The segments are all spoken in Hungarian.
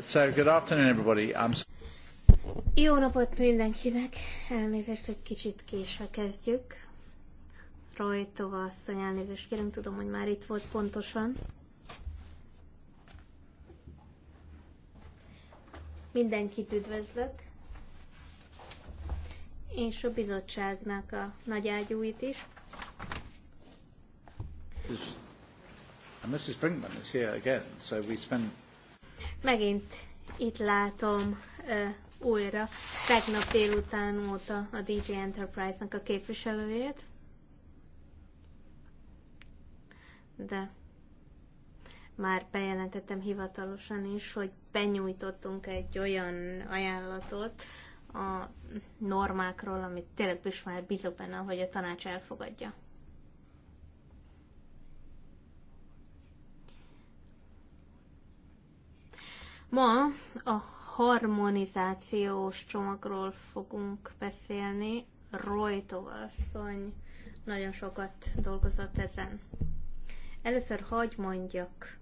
So, good afternoon everybody. I'm... Jó napot mindenkinek! Elnézést, hogy kicsit késve kezdjük. Rajtova asszony, elnézést kérem, tudom, hogy már itt volt pontosan. Mindenkit üdvözlök. És a bizottságnak a nagy ágyúit is. And Mrs. Brinkman is here again, so we spent Megint itt látom újra tegnap délután óta a DJ Enterprise-nak a képviselőjét. De már bejelentettem hivatalosan is, hogy benyújtottunk egy olyan ajánlatot a normákról, amit tényleg is már bízok benne, hogy a tanács elfogadja. Ma a harmonizációs csomagról fogunk beszélni. Rojtó asszony nagyon sokat dolgozott ezen. Először hagy mondjak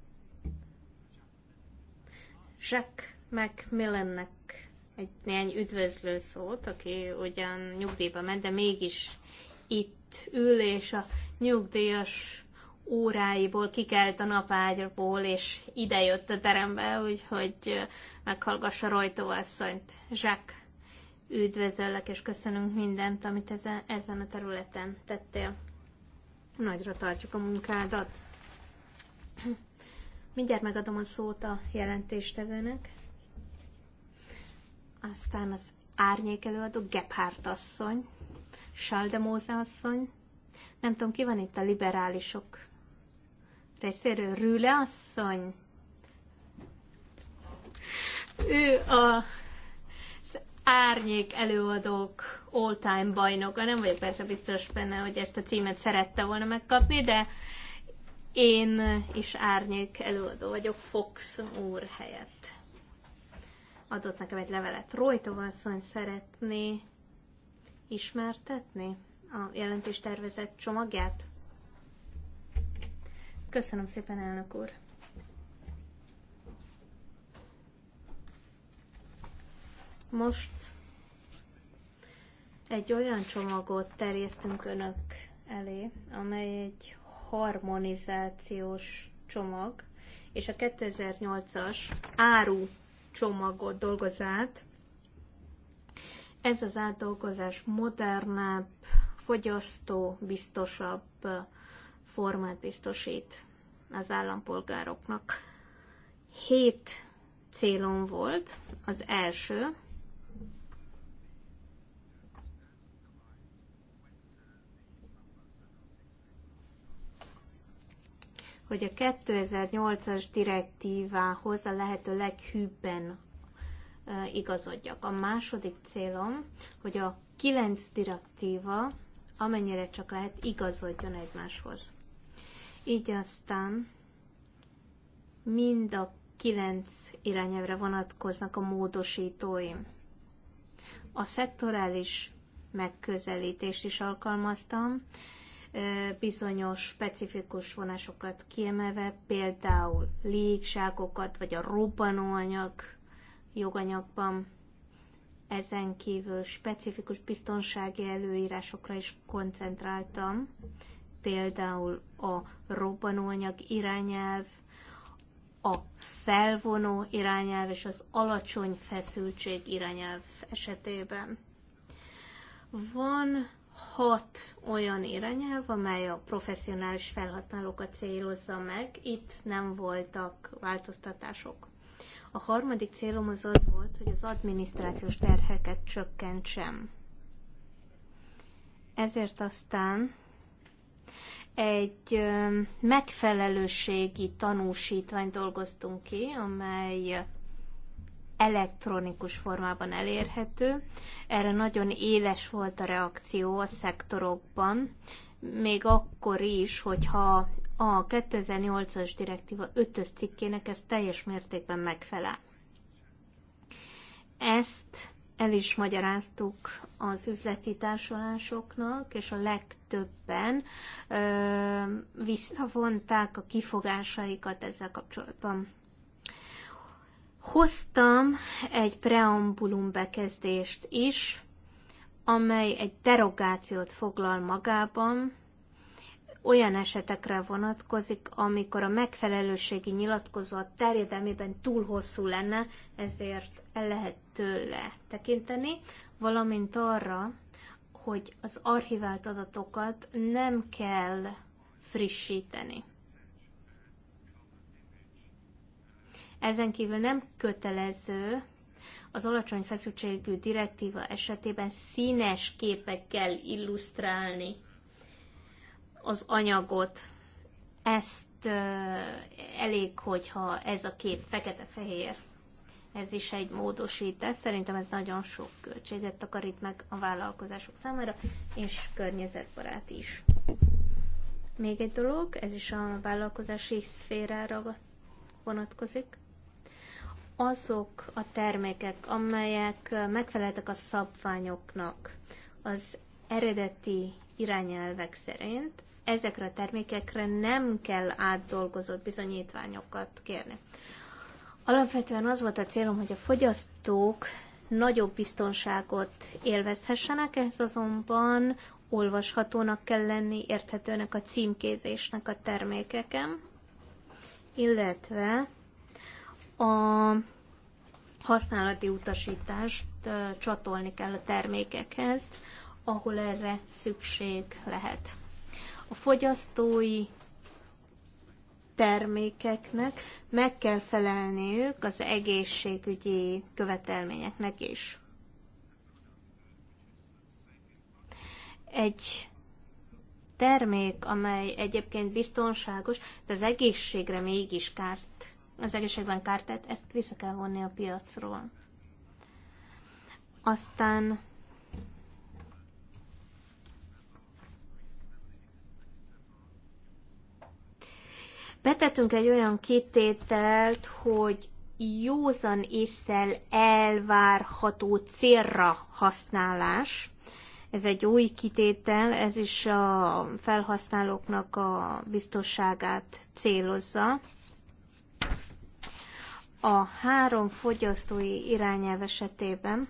Jack Macmillannek egy néhány üdvözlő szót, aki ugyan nyugdíjba ment, de mégis itt ül, és a nyugdíjas óráiból kikelt a napágyból, és idejött a terembe, úgyhogy meghallgassa asszonyt. Zsák, üdvözöllek, és köszönünk mindent, amit ezen, ezen a területen tettél. Nagyra tartjuk a munkádat. Mindjárt megadom a szót a jelentéstevőnek. Aztán az árnyék előadó Gephardt asszony, Saldemóze asszony. Nem tudom, ki van itt a liberálisok részéről Rüle asszony. Ő a árnyék előadók all-time bajnoka. Nem vagyok persze biztos benne, hogy ezt a címet szerette volna megkapni, de én is árnyék előadó vagyok Fox úr helyett. Adott nekem egy levelet. Rojtov asszony szeretné ismertetni a jelentéstervezett csomagját? Köszönöm szépen, elnök úr. Most egy olyan csomagot terjesztünk önök elé, amely egy harmonizációs csomag, és a 2008-as áru csomagot dolgoz át. Ez az átdolgozás modernebb, fogyasztó, biztosabb formát biztosít az állampolgároknak. Hét célom volt. Az első, hogy a 2008-as direktívához a lehető leghűbben igazodjak. A második célom, hogy a 9 direktíva amennyire csak lehet igazodjon egymáshoz. Így aztán mind a kilenc irányelvre vonatkoznak a módosítóim. A szektorális megközelítést is alkalmaztam, bizonyos specifikus vonásokat kiemelve, például légságokat, vagy a robbanóanyag joganyagban. Ezen kívül specifikus biztonsági előírásokra is koncentráltam, például a robbanóanyag irányelv, a felvonó irányelv és az alacsony feszültség irányelv esetében. Van hat olyan irányelv, amely a professzionális felhasználókat célozza meg, itt nem voltak változtatások. A harmadik célom az az volt, hogy az adminisztrációs terheket csökkentsem. Ezért aztán egy megfelelőségi tanúsítványt dolgoztunk ki, amely elektronikus formában elérhető. Erre nagyon éles volt a reakció a szektorokban, még akkor is, hogyha a 2008-as direktíva 5-ös cikkének ez teljes mértékben megfelel. Ezt el is magyaráztuk az üzleti társulásoknak, és a legtöbben ö, visszavonták a kifogásaikat ezzel kapcsolatban. Hoztam egy preambulum bekezdést is, amely egy derogációt foglal magában, olyan esetekre vonatkozik, amikor a megfelelőségi nyilatkozat terjedelmében túl hosszú lenne, ezért el lehet tőle tekinteni, valamint arra, hogy az archivált adatokat nem kell frissíteni. Ezen kívül nem kötelező az alacsony feszültségű direktíva esetében színes képekkel illusztrálni az anyagot. Ezt elég, hogyha ez a kép fekete-fehér. Ez is egy módosítás. Szerintem ez nagyon sok költséget takarít meg a vállalkozások számára, és környezetbarát is. Még egy dolog, ez is a vállalkozási szférára vonatkozik. Azok a termékek, amelyek megfeleltek a szabványoknak az eredeti irányelvek szerint, ezekre a termékekre nem kell átdolgozott bizonyítványokat kérni. Alapvetően az volt a célom, hogy a fogyasztók nagyobb biztonságot élvezhessenek, ehhez azonban olvashatónak kell lenni, érthetőnek a címkézésnek a termékeken, illetve a használati utasítást csatolni kell a termékekhez, ahol erre szükség lehet a fogyasztói termékeknek meg kell felelniük az egészségügyi követelményeknek is. Egy termék, amely egyébként biztonságos, de az egészségre mégis kárt, az egészségben kárt tehát ezt vissza kell vonni a piacról. Aztán Betettünk egy olyan kitételt, hogy józan észel elvárható célra használás. Ez egy új kitétel, ez is a felhasználóknak a biztonságát célozza. A három fogyasztói irányelv esetében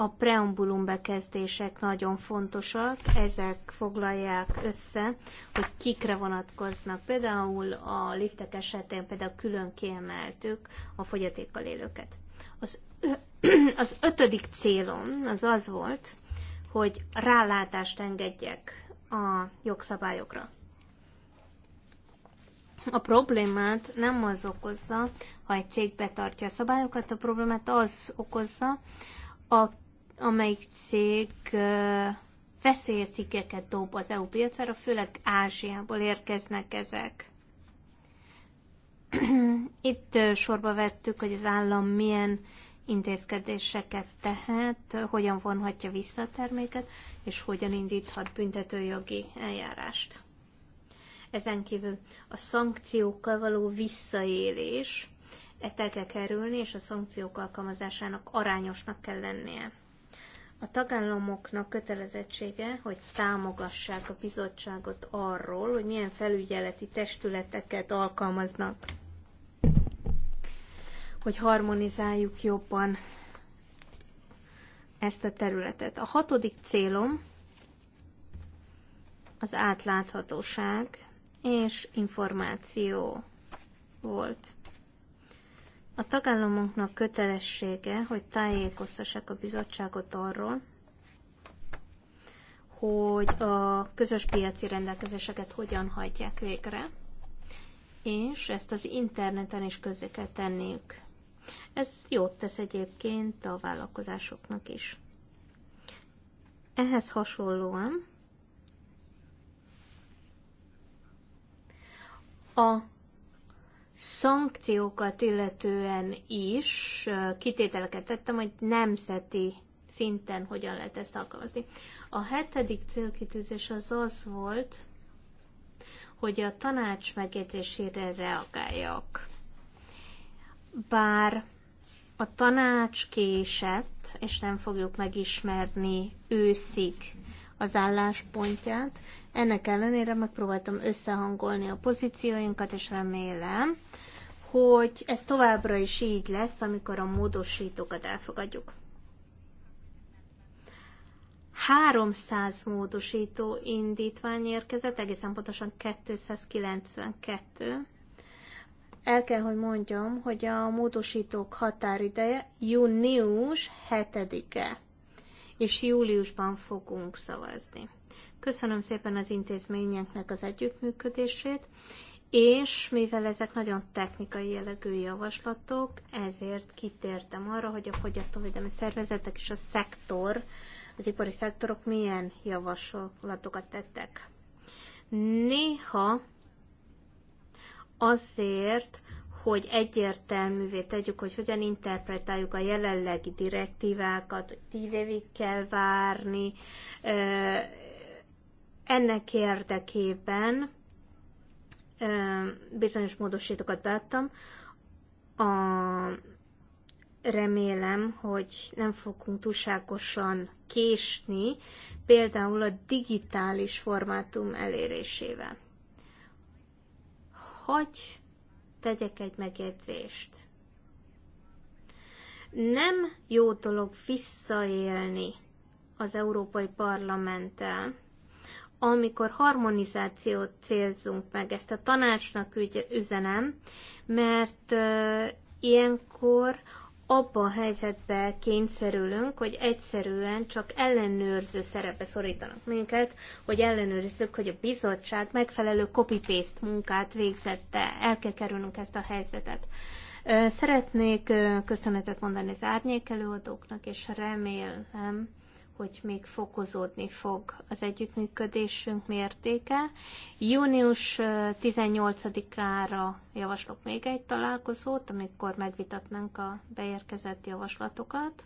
a preambulum bekezdések nagyon fontosak, ezek foglalják össze, hogy kikre vonatkoznak. Például a liftek esetén például külön kiemeltük a fogyatékkal élőket. Az, az ötödik célom az az volt, hogy rálátást engedjek a jogszabályokra. A problémát nem az okozza, ha egy cég betartja a szabályokat, a problémát az okozza, a amelyik cég veszélyes cikkeket dob az EU piacára, főleg Ázsiából érkeznek ezek. Itt sorba vettük, hogy az állam milyen intézkedéseket tehet, hogyan vonhatja vissza a terméket, és hogyan indíthat büntetőjogi eljárást. Ezen kívül a szankciókkal való visszaélés, ezt el kell kerülni, és a szankciók alkalmazásának arányosnak kell lennie a tagállamoknak kötelezettsége, hogy támogassák a bizottságot arról, hogy milyen felügyeleti testületeket alkalmaznak, hogy harmonizáljuk jobban ezt a területet. A hatodik célom az átláthatóság és információ volt. A tagállamoknak kötelessége, hogy tájékoztassák a bizottságot arról, hogy a közös piaci rendelkezéseket hogyan hajtják végre, és ezt az interneten is közé kell tenniük. Ez jót tesz egyébként a vállalkozásoknak is. Ehhez hasonlóan a szankciókat illetően is kitételeket tettem, hogy nemzeti szinten hogyan lehet ezt alkalmazni. A hetedik célkitűzés az az volt, hogy a tanács megjegyzésére reagáljak. Bár a tanács késett, és nem fogjuk megismerni őszig az álláspontját. Ennek ellenére megpróbáltam összehangolni a pozícióinkat, és remélem, hogy ez továbbra is így lesz, amikor a módosítókat elfogadjuk. 300 módosító indítvány érkezett, egészen pontosan 292. El kell, hogy mondjam, hogy a módosítók határideje június 7-e és júliusban fogunk szavazni. Köszönöm szépen az intézményeknek az együttműködését, és mivel ezek nagyon technikai jellegű javaslatok, ezért kitértem arra, hogy a fogyasztóvédelmi szervezetek és a szektor, az ipari szektorok milyen javaslatokat tettek. Néha azért, hogy egyértelművé tegyük, hogy hogyan interpretáljuk a jelenlegi direktívákat, tíz évig kell várni. Ennek érdekében bizonyos módosítókat beadtam. A, remélem, hogy nem fogunk túlságosan késni, például a digitális formátum elérésével. Hogy tegyek egy megjegyzést. Nem jó dolog visszaélni az Európai Parlamenttel, amikor harmonizációt célzunk meg, ezt a tanácsnak üzenem, mert ilyenkor abba a helyzetbe kényszerülünk, hogy egyszerűen csak ellenőrző szerepe szorítanak minket, hogy ellenőrizzük, hogy a bizottság megfelelő copy-paste munkát végzette. El kell kerülnünk ezt a helyzetet. Szeretnék köszönetet mondani az árnyék előadóknak, és remélem, hogy még fokozódni fog az együttműködésünk mértéke. Június 18-ára javaslok még egy találkozót, amikor megvitatnánk a beérkezett javaslatokat.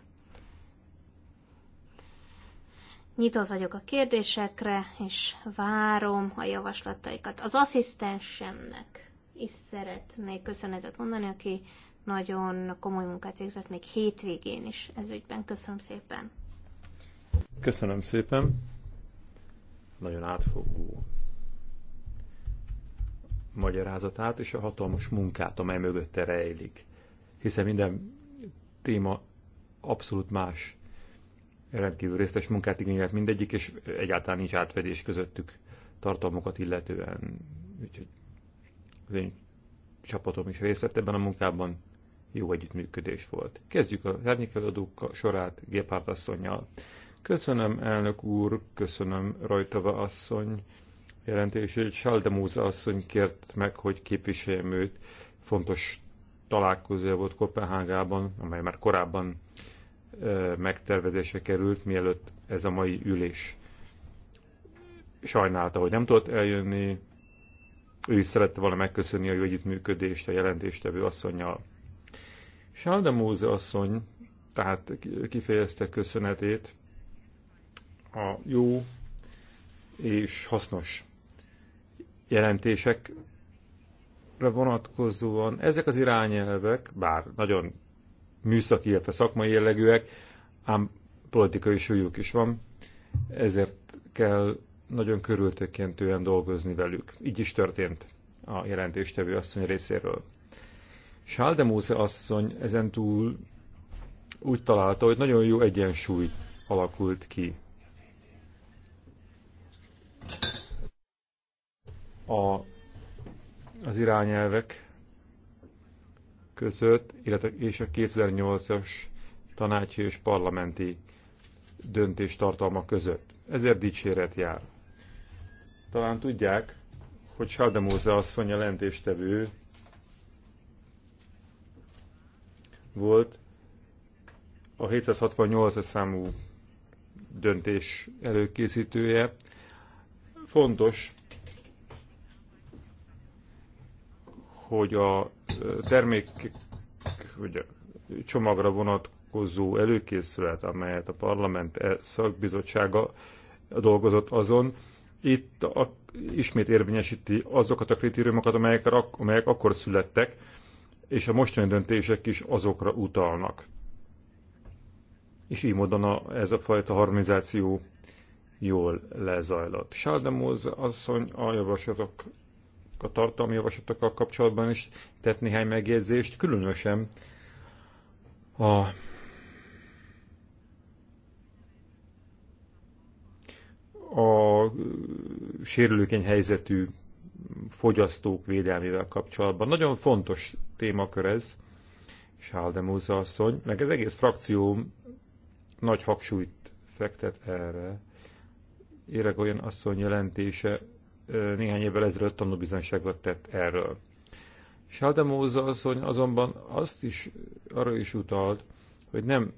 Nyitott vagyok a kérdésekre, és várom a javaslataikat. Az asszisztensemnek is szeretnék köszönetet mondani, aki nagyon komoly munkát végzett még hétvégén is ez ügyben. Köszönöm szépen! Köszönöm szépen. Nagyon átfogó magyarázatát és a hatalmas munkát, amely mögötte rejlik. Hiszen minden téma abszolút más rendkívül részletes munkát igényelt mindegyik, és egyáltalán nincs átfedés közöttük tartalmokat illetően. Úgyhogy az én csapatom is részt vett ebben a munkában, jó együttműködés volt. Kezdjük a árnyékelőadók sorát Gépárt asszonynal. Köszönöm, elnök úr, köszönöm Rajtava asszony jelentését. Saldemúza asszony kért meg, hogy képviseljem őt. Fontos találkozója volt Kopenhágában, amely már korábban e, megtervezése került, mielőtt ez a mai ülés sajnálta, hogy nem tudott eljönni. Ő is szerette volna megköszönni a jó együttműködést a jelentéstevő asszonynal. Saldemúze asszony tehát kifejezte köszönetét a jó és hasznos jelentésekre vonatkozóan ezek az irányelvek, bár nagyon műszaki, illetve szakmai jellegűek, ám politikai súlyuk is van, ezért kell nagyon körültekintően dolgozni velük. Így is történt a jelentéstevő asszony részéről. Sáldemóze asszony ezentúl úgy találta, hogy nagyon jó egyensúly alakult ki a, az irányelvek között, illetve és a 2008-as tanácsi és parlamenti döntés között. Ezért dicséret jár. Talán tudják, hogy Saldemóze asszony a lentéstevő volt a 768-as számú döntés előkészítője. Fontos hogy a termék hogy a csomagra vonatkozó előkészület, amelyet a parlament e szakbizottsága dolgozott azon, itt a, ismét érvényesíti azokat a kritériumokat, amelyek, amelyek akkor születtek, és a mostani döntések is azokra utalnak. És így módon a, ez a fajta harmonizáció jól lezajlott. Sáldemóz asszony a javaslatok a tartalmi javaslatokkal kapcsolatban is tett néhány megjegyzést, különösen a a sérülőkeny helyzetű fogyasztók védelmével kapcsolatban. Nagyon fontos témakör ez, Sáldemúza asszony, meg az egész frakció nagy hangsúlyt fektet erre. Éregolyan asszony jelentése néhány évvel ezelőtt tanúbizonyságot tett erről. Sáldemóza asszony azonban azt is, arra is utalt, hogy nem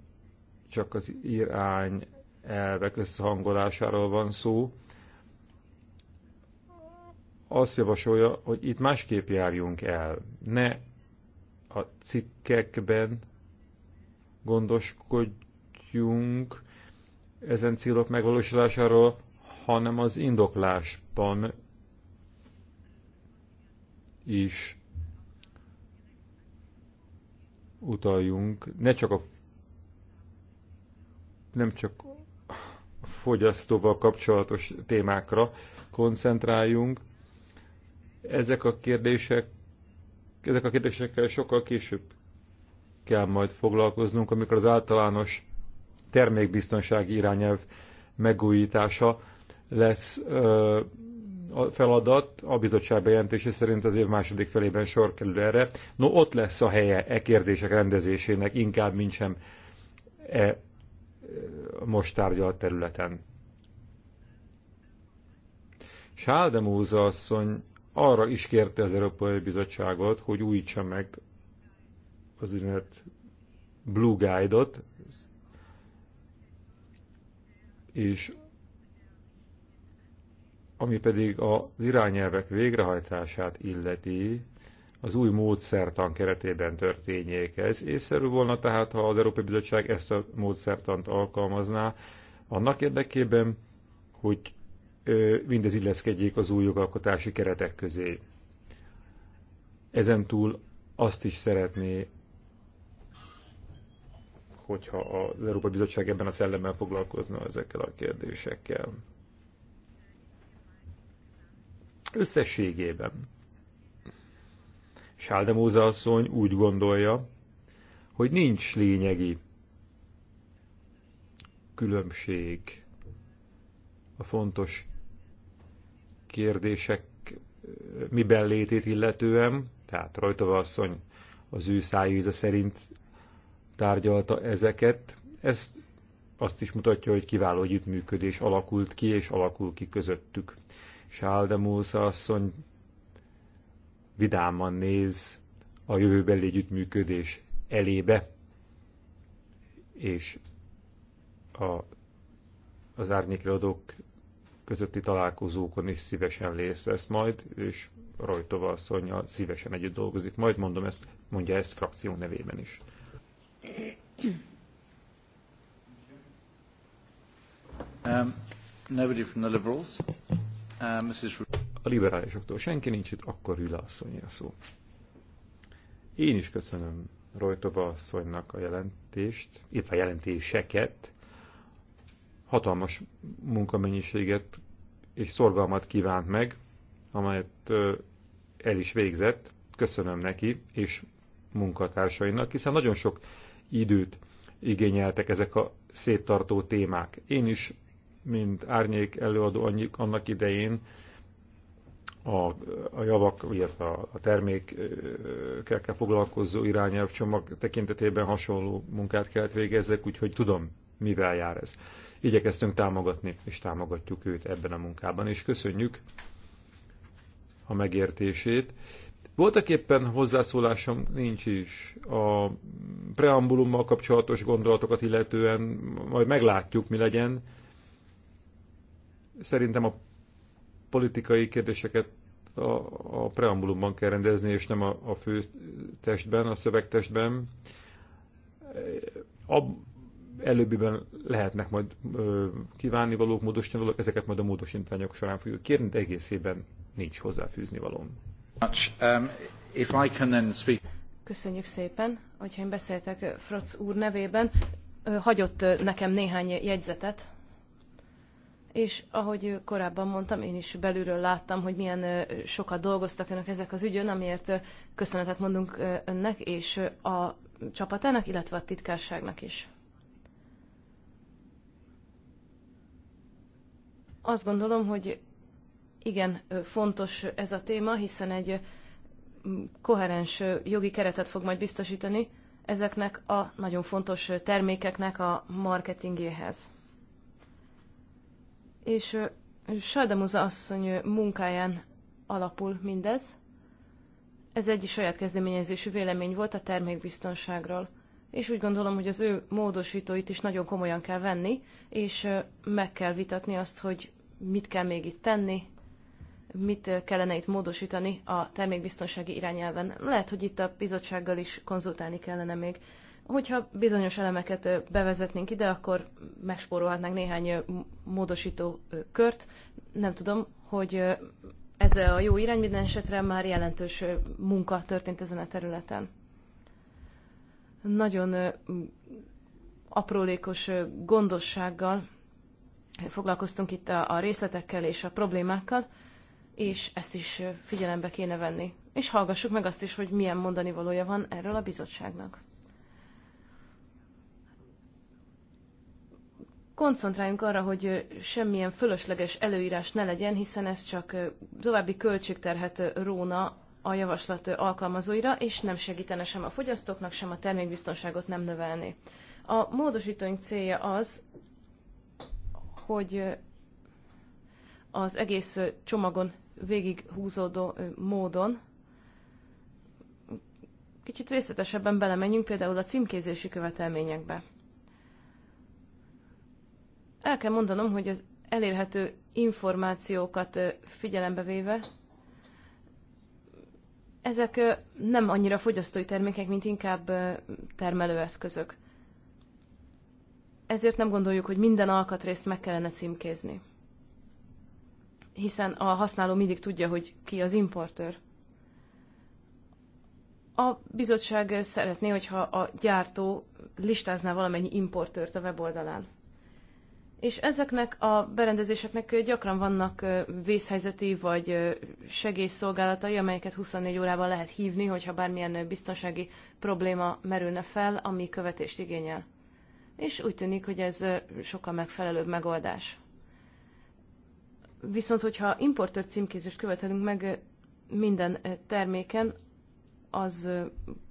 csak az irány elvek összehangolásáról van szó, azt javasolja, hogy itt másképp járjunk el. Ne a cikkekben gondoskodjunk ezen célok megvalósulásáról, hanem az indoklásban is utaljunk, ne csak a nem csak a fogyasztóval kapcsolatos témákra koncentráljunk. Ezek a kérdések, ezek a kérdésekkel sokkal később kell majd foglalkoznunk, amikor az általános termékbiztonsági irányelv megújítása lesz a feladat, a bizottság bejelentése szerint az év második felében sor kerül erre. No, ott lesz a helye e kérdések rendezésének, inkább, mint sem e most tárgyal területen. Sáldemúza asszony arra is kérte az Európai Bizottságot, hogy újítsa meg az úgynevezett Blue Guide-ot, és ami pedig az irányelvek végrehajtását illeti, az új módszertan keretében történjék ez. Észszerű volna tehát, ha az Európai Bizottság ezt a módszertant alkalmazná, annak érdekében, hogy mindez illeszkedjék az új jogalkotási keretek közé. Ezen túl azt is szeretné, hogyha az Európai Bizottság ebben a szellemben foglalkozna ezekkel a kérdésekkel. Összességében Sáldemóza asszony úgy gondolja, hogy nincs lényegi különbség a fontos kérdések eh, miben létét illetően, tehát Rajtova asszony az ő szájűze szerint tárgyalta ezeket. Ez azt is mutatja, hogy kiváló együttműködés alakult ki és alakul ki közöttük. Sáldemúsza asszony vidáman néz a jövőbeli együttműködés elébe, és a, az árnyékradók közötti találkozókon is szívesen részt vesz majd, és Rojtova asszonya szívesen együtt dolgozik. Majd mondom ezt, mondja ezt frakció nevében is. Um, nobody from the Liberals. A liberálisoktól senki nincs itt, akkor Hüla a szó. Én is köszönöm Rojtova asszonynak a jelentést, illetve a jelentéseket. Hatalmas munkamennyiséget és szorgalmat kívánt meg, amelyet el is végzett. Köszönöm neki és munkatársainak, hiszen nagyon sok időt igényeltek ezek a széttartó témák. Én is mint árnyék előadó annak idején a, a javak, illetve a termékekkel foglalkozó irányelv csomag tekintetében hasonló munkát kellett végezzek, úgyhogy tudom, mivel jár ez. Igyekeztünk támogatni, és támogatjuk őt ebben a munkában, és köszönjük a megértését. Voltak éppen hozzászólásom nincs is a preambulummal kapcsolatos gondolatokat illetően, majd meglátjuk, mi legyen. Szerintem a politikai kérdéseket a, a preambulumban kell rendezni, és nem a, a fő testben, a szövegtestben. A előbbiben lehetnek majd kívánni valók, módosítani valók, ezeket majd a módosítványok során fogjuk kérni, de egészében nincs hozzáfűzni valóm. Um, Köszönjük szépen, hogyha én beszéltek Fratz úr nevében, hagyott nekem néhány jegyzetet, és ahogy korábban mondtam, én is belülről láttam, hogy milyen sokat dolgoztak önök ezek az ügyön, amiért köszönetet mondunk önnek és a csapatának, illetve a titkárságnak is. Azt gondolom, hogy igen, fontos ez a téma, hiszen egy koherens jogi keretet fog majd biztosítani ezeknek a nagyon fontos termékeknek a marketingéhez és Sajdamuza asszony munkáján alapul mindez. Ez egy saját kezdeményezésű vélemény volt a termékbiztonságról, és úgy gondolom, hogy az ő módosítóit is nagyon komolyan kell venni, és meg kell vitatni azt, hogy mit kell még itt tenni, mit kellene itt módosítani a termékbiztonsági irányelven. Lehet, hogy itt a bizottsággal is konzultálni kellene még. Hogyha bizonyos elemeket bevezetnénk ide, akkor megspórolhatnánk néhány módosító kört. Nem tudom, hogy ez a jó irány, minden esetre már jelentős munka történt ezen a területen. Nagyon aprólékos gondossággal foglalkoztunk itt a részletekkel és a problémákkal, és ezt is figyelembe kéne venni. És hallgassuk meg azt is, hogy milyen mondani valója van erről a bizottságnak. koncentráljunk arra, hogy semmilyen fölösleges előírás ne legyen, hiszen ez csak további költségterhet róna a javaslat alkalmazóira, és nem segítene sem a fogyasztóknak, sem a termékbiztonságot nem növelni. A módosítóink célja az, hogy az egész csomagon végig húzódó módon kicsit részletesebben belemenjünk például a címkézési követelményekbe el kell mondanom, hogy az elérhető információkat figyelembe véve, ezek nem annyira fogyasztói termékek, mint inkább termelőeszközök. Ezért nem gondoljuk, hogy minden alkatrészt meg kellene címkézni. Hiszen a használó mindig tudja, hogy ki az importőr. A bizottság szeretné, hogyha a gyártó listázná valamennyi importőrt a weboldalán. És ezeknek a berendezéseknek gyakran vannak vészhelyzeti vagy segélyszolgálatai, amelyeket 24 órában lehet hívni, hogyha bármilyen biztonsági probléma merülne fel, ami követést igényel. És úgy tűnik, hogy ez sokkal megfelelőbb megoldás. Viszont, hogyha importőr címkézést követelünk meg minden terméken, az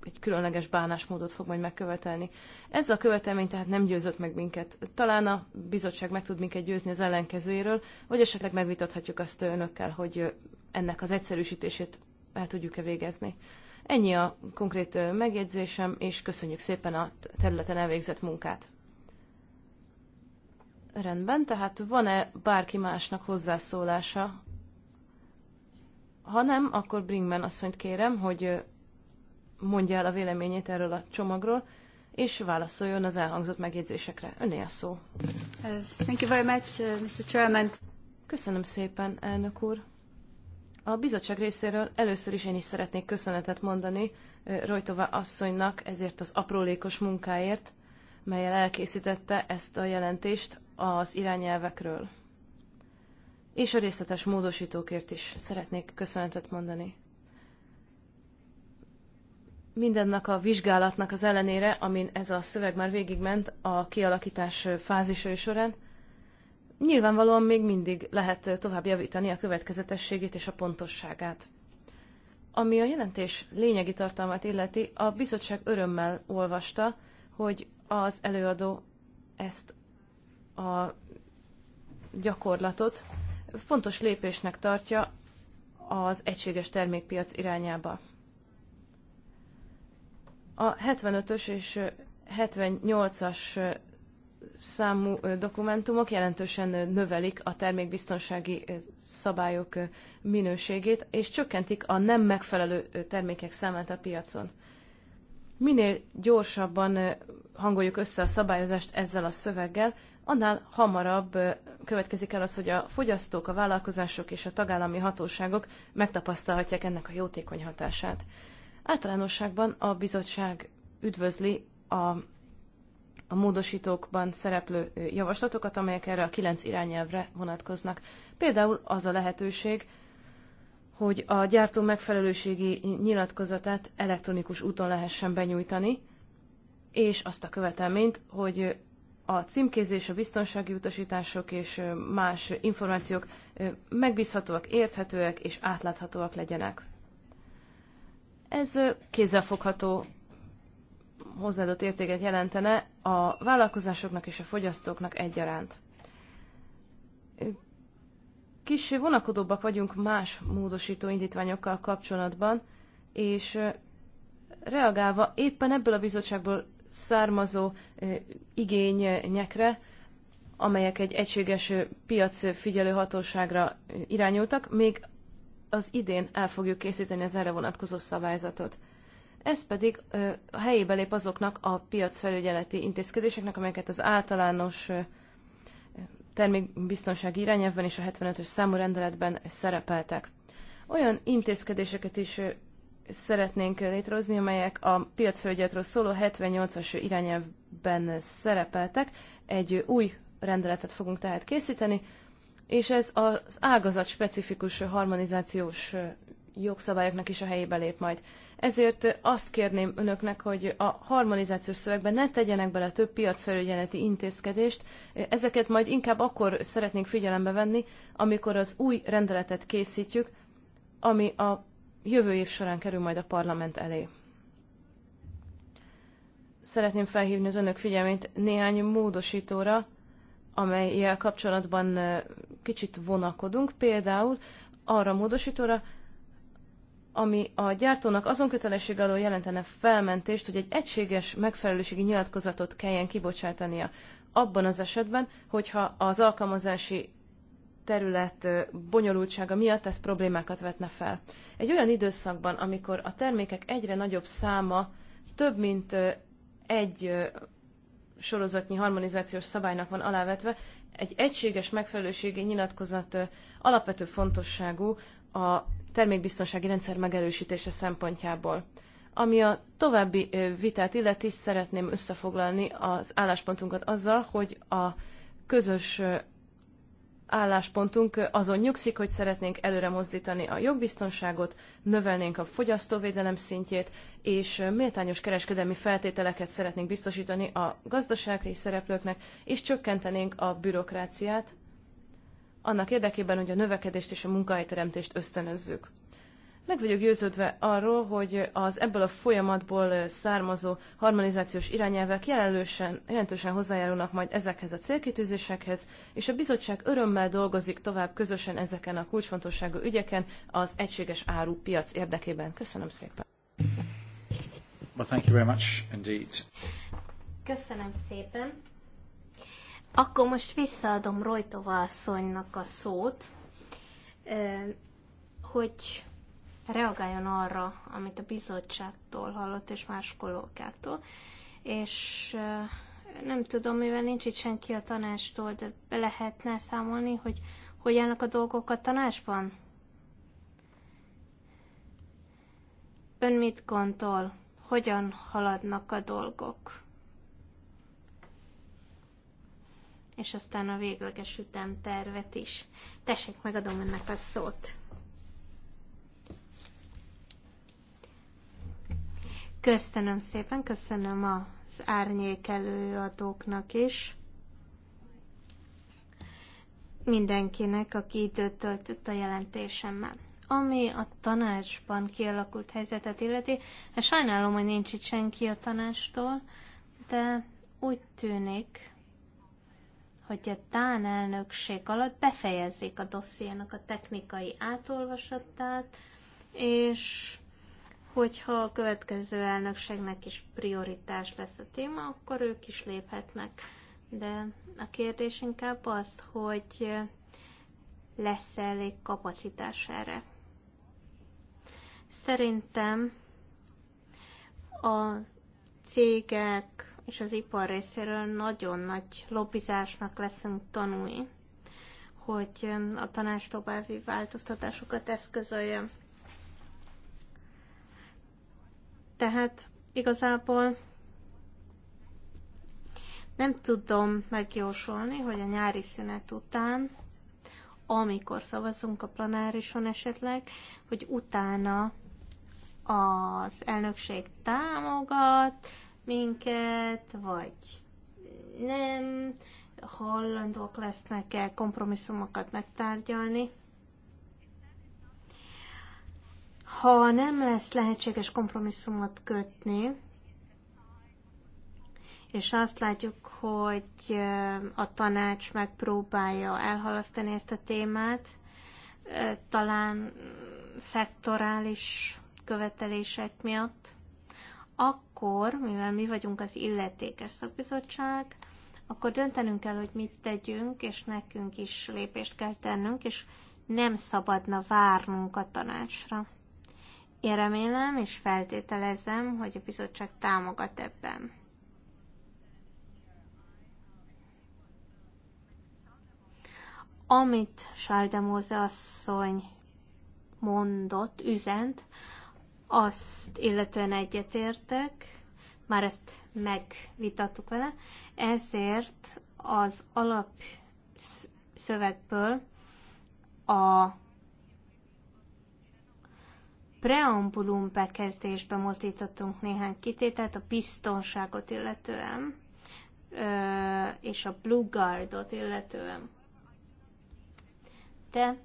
egy különleges bánásmódot fog majd megkövetelni. Ez a követelmény tehát nem győzött meg minket. Talán a bizottság meg tud minket győzni az ellenkezőjéről, vagy esetleg megvitathatjuk azt önökkel, hogy ennek az egyszerűsítését el tudjuk-e végezni. Ennyi a konkrét megjegyzésem, és köszönjük szépen a területen elvégzett munkát. Rendben, tehát van-e bárki másnak hozzászólása? Ha nem, akkor Bringman asszonyt kérem, hogy mondja el a véleményét erről a csomagról, és válaszoljon az elhangzott megjegyzésekre. Önné a szó. Uh, thank you very much, uh, Mr. Chairman. Köszönöm szépen, elnök úr. A bizottság részéről először is én is szeretnék köszönetet mondani uh, Rojtova asszonynak ezért az aprólékos munkáért, melyel elkészítette ezt a jelentést az irányelvekről. És a részletes módosítókért is szeretnék köszönetet mondani mindennek a vizsgálatnak az ellenére, amin ez a szöveg már végigment a kialakítás fázisai során, nyilvánvalóan még mindig lehet tovább javítani a következetességét és a pontosságát. Ami a jelentés lényegi tartalmát illeti, a bizottság örömmel olvasta, hogy az előadó ezt a gyakorlatot fontos lépésnek tartja az egységes termékpiac irányába. A 75-ös és 78-as számú dokumentumok jelentősen növelik a termékbiztonsági szabályok minőségét, és csökkentik a nem megfelelő termékek számát a piacon. Minél gyorsabban hangoljuk össze a szabályozást ezzel a szöveggel, annál hamarabb következik el az, hogy a fogyasztók, a vállalkozások és a tagállami hatóságok megtapasztalhatják ennek a jótékony hatását. Általánosságban a bizottság üdvözli a a módosítókban szereplő javaslatokat, amelyek erre a kilenc irányelvre vonatkoznak. Például az a lehetőség, hogy a gyártó megfelelőségi nyilatkozatát elektronikus úton lehessen benyújtani, és azt a követelményt, hogy a címkézés, a biztonsági utasítások és más információk megbízhatóak, érthetőek és átláthatóak legyenek. Ez kézzelfogható hozzáadott értéket jelentene a vállalkozásoknak és a fogyasztóknak egyaránt. Kis vonakodóbbak vagyunk más módosító indítványokkal kapcsolatban, és reagálva éppen ebből a bizottságból származó igényekre, amelyek egy egységes piac figyelőhatóságra irányultak, még az idén el fogjuk készíteni az erre vonatkozó szabályzatot. Ez pedig ö, a helyébe lép azoknak a piacfelügyeleti intézkedéseknek, amelyeket az általános ö, termékbiztonsági irányelvben és a 75-ös számú rendeletben szerepeltek. Olyan intézkedéseket is ö, szeretnénk létrehozni, amelyek a piacfelügyeletről szóló 78-as irányelvben szerepeltek. Egy új rendeletet fogunk tehát készíteni, és ez az ágazat specifikus harmonizációs jogszabályoknak is a helyébe lép majd. Ezért azt kérném önöknek, hogy a harmonizációs szövegben ne tegyenek bele több piacfelügyeleti intézkedést, ezeket majd inkább akkor szeretnénk figyelembe venni, amikor az új rendeletet készítjük, ami a jövő év során kerül majd a parlament elé. Szeretném felhívni az önök figyelmét néhány módosítóra, amelyel kapcsolatban kicsit vonakodunk, például arra módosítóra, ami a gyártónak azon kötelesség alól jelentene felmentést, hogy egy egységes megfelelőségi nyilatkozatot kelljen kibocsátania. Abban az esetben, hogyha az alkalmazási terület bonyolultsága miatt ez problémákat vetne fel. Egy olyan időszakban, amikor a termékek egyre nagyobb száma több mint egy sorozatnyi harmonizációs szabálynak van alávetve, egy egységes megfelelőségi nyilatkozat alapvető fontosságú a termékbiztonsági rendszer megerősítése szempontjából. Ami a további vitát illeti, szeretném összefoglalni az álláspontunkat azzal, hogy a közös álláspontunk azon nyugszik, hogy szeretnénk előre mozdítani a jogbiztonságot, növelnénk a fogyasztóvédelem szintjét, és méltányos kereskedelmi feltételeket szeretnénk biztosítani a gazdasági szereplőknek, és csökkentenénk a bürokráciát, annak érdekében, hogy a növekedést és a munkahelyteremtést ösztönözzük. Meg vagyok győződve arról, hogy az ebből a folyamatból származó harmonizációs irányelvek jelentősen, jelentősen hozzájárulnak majd ezekhez a célkitűzésekhez, és a bizottság örömmel dolgozik tovább közösen ezeken a kulcsfontosságú ügyeken az egységes árupiac érdekében. Köszönöm szépen! Well, thank you very much indeed. Köszönöm szépen. Akkor most visszaadom Rojtova asszonynak a szót, hogy reagáljon arra, amit a bizottságtól hallott, és más kollókától. És nem tudom, mivel nincs itt senki a tanástól, de be lehetne számolni, hogy hogy állnak a dolgok a tanásban? Ön mit gondol? hogyan haladnak a dolgok. És aztán a végleges ütemtervet is. Tessék, megadom ennek a szót. Köszönöm szépen, köszönöm az árnyék előadóknak is. Mindenkinek, aki időt töltött a jelentésemmel. Ami a tanácsban kialakult helyzetet illeti, hát sajnálom, hogy nincs itt senki a tanástól, de úgy tűnik, hogy a Dán elnökség alatt befejezzék a dossziénak a technikai átolvasatát, és hogyha a következő elnökségnek is prioritás lesz a téma, akkor ők is léphetnek. De a kérdés inkább az, hogy lesz elég kapacitás erre. Szerintem a cégek és az ipar részéről nagyon nagy lobbizásnak leszünk tanulni, hogy a tanács további változtatásokat eszközölje. Tehát igazából nem tudom megjósolni, hogy a nyári szünet után, amikor szavazunk a planárison esetleg, hogy utána az elnökség támogat minket, vagy nem, hajlandók lesznek-e kompromisszumokat megtárgyalni. Ha nem lesz lehetséges kompromisszumot kötni, és azt látjuk, hogy a tanács megpróbálja elhalasztani ezt a témát, talán szektorális követelések miatt, akkor, mivel mi vagyunk az illetékes szakbizottság, akkor döntenünk kell, hogy mit tegyünk, és nekünk is lépést kell tennünk, és nem szabadna várnunk a tanácsra. Én remélem és feltételezem, hogy a bizottság támogat ebben. Amit Saldemóze asszony mondott, üzent, azt illetően egyetértek, már ezt megvitattuk vele, ezért az alapszövegből a preambulum bekezdésbe mozdítottunk néhány kitételt a biztonságot illetően, és a Blue Guardot illetően. De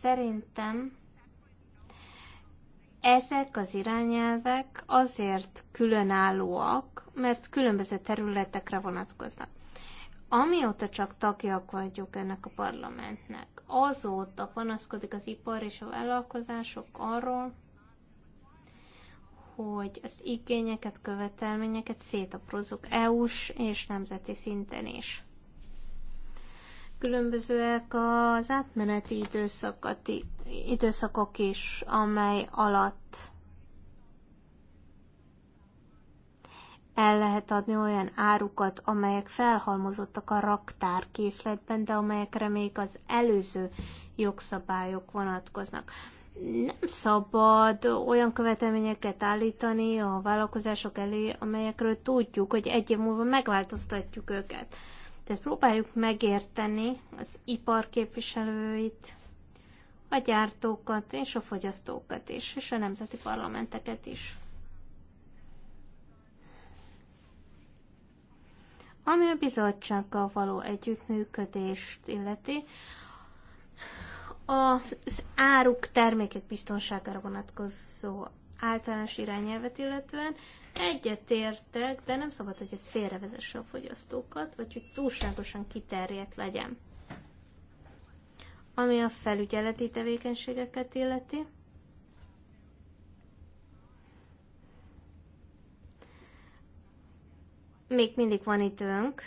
szerintem ezek az irányelvek azért különállóak, mert különböző területekre vonatkoznak. Amióta csak tagjak vagyok ennek a parlamentnek, azóta panaszkodik az ipar és a vállalkozások arról, hogy az igényeket, követelményeket szétaprózzuk EU-s és nemzeti szinten is. Különbözőek az átmeneti időszakok is, amely alatt el lehet adni olyan árukat, amelyek felhalmozottak a raktárkészletben, de amelyekre még az előző jogszabályok vonatkoznak. Nem szabad olyan követelményeket állítani a vállalkozások elé, amelyekről tudjuk, hogy egy év múlva megváltoztatjuk őket. Tehát próbáljuk megérteni az ipar képviselőit, a gyártókat és a fogyasztókat is, és a nemzeti parlamenteket is. Ami a bizottsággal való együttműködést illeti, az áruk termékek biztonságára vonatkozó általános irányelvet illetően Egyetértek, de nem szabad, hogy ez félrevezesse a fogyasztókat, vagy hogy túlságosan kiterjedt legyen. Ami a felügyeleti tevékenységeket illeti, még mindig van időnk,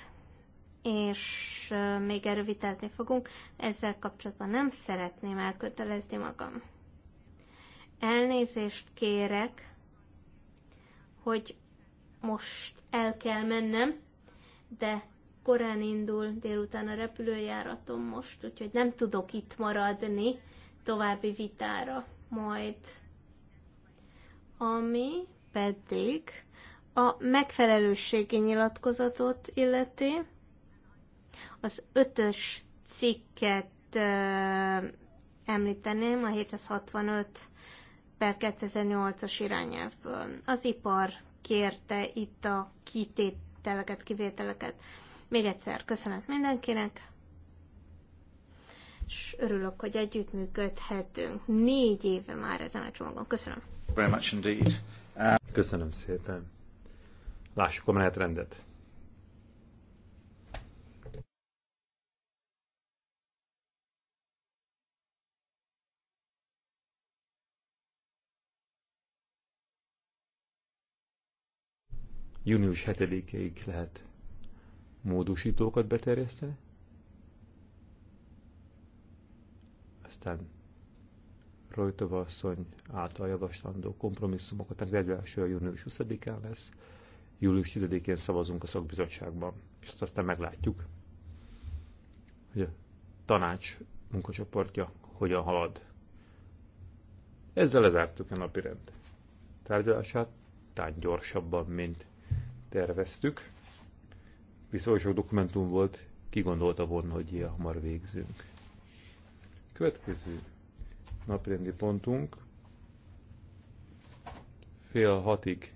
és még erről vitázni fogunk. Ezzel kapcsolatban nem szeretném elkötelezni magam. Elnézést kérek, hogy most el kell mennem, de korán indul délután a repülőjáratom most, úgyhogy nem tudok itt maradni további vitára majd. Ami pedig a megfelelősségi nyilatkozatot illeti, az ötös cikket ö, említeném, a 765 per 2008-as irányelvből. Az ipar kérte itt a kitételeket, kivételeket. Még egyszer köszönet mindenkinek, és örülök, hogy együttműködhetünk. Négy éve már ezen a csomagon. Köszönöm. Very much indeed. Uh, Köszönöm szépen. Lássuk a menetrendet. június 7-ig lehet módosítókat beterjeszteni. Aztán Rojtova asszony által javaslandó kompromisszumokat, meg 41. június 20-án lesz, július 10-én szavazunk a szakbizottságban, és azt aztán meglátjuk, hogy a tanács munkacsoportja hogyan halad. Ezzel lezártuk a napirend tárgyalását, tehát gyorsabban, mint terveztük, viszont sok dokumentum volt, kigondolta volna, hogy ilyen hamar végzünk. Következő naprendi pontunk fél hatig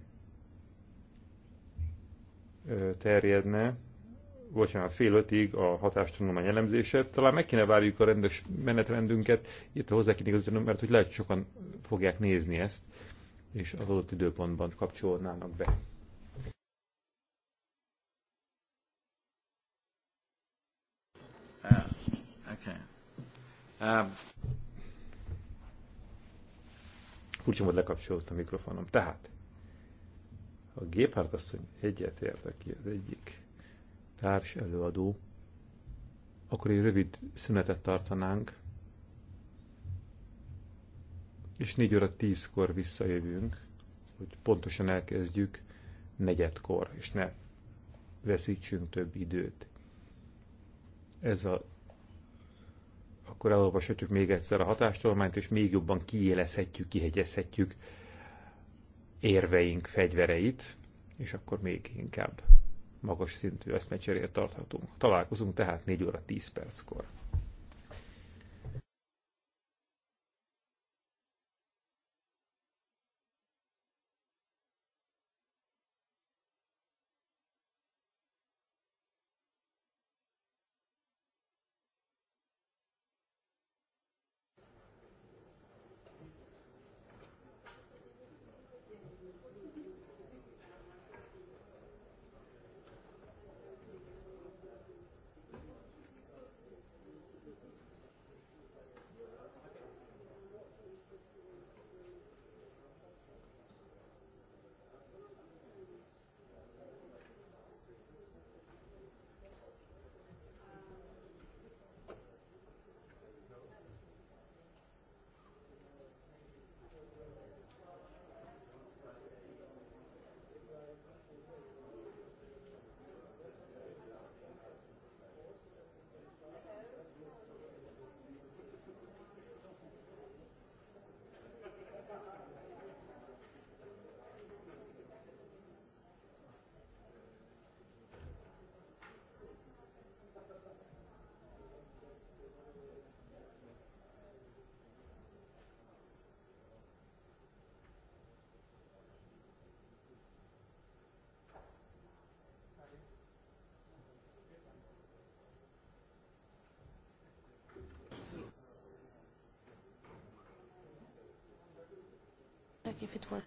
terjedne, bocsánat, fél ötig a hatástanulmány elemzése. Talán meg kéne várjuk a rendes menetrendünket, itt hozzá kéne igazítanom, mert hogy lehet, sokan fogják nézni ezt, és az adott időpontban kapcsolnának be. Furcsa um, módon lekapcsolódott a mikrofonom. Tehát, a Géphárt asszony ért aki az egyik társ előadó, akkor egy rövid szünetet tartanánk, és 4 óra 10-kor visszajövünk, hogy pontosan elkezdjük negyedkor, és ne veszítsünk több időt. Ez a akkor elolvashatjuk még egyszer a hatástolmányt, és még jobban kiélezhetjük, kihegyezhetjük érveink fegyvereit, és akkor még inkább magas szintű eszmecserét tarthatunk. Találkozunk tehát 4 óra 10 perckor. if it were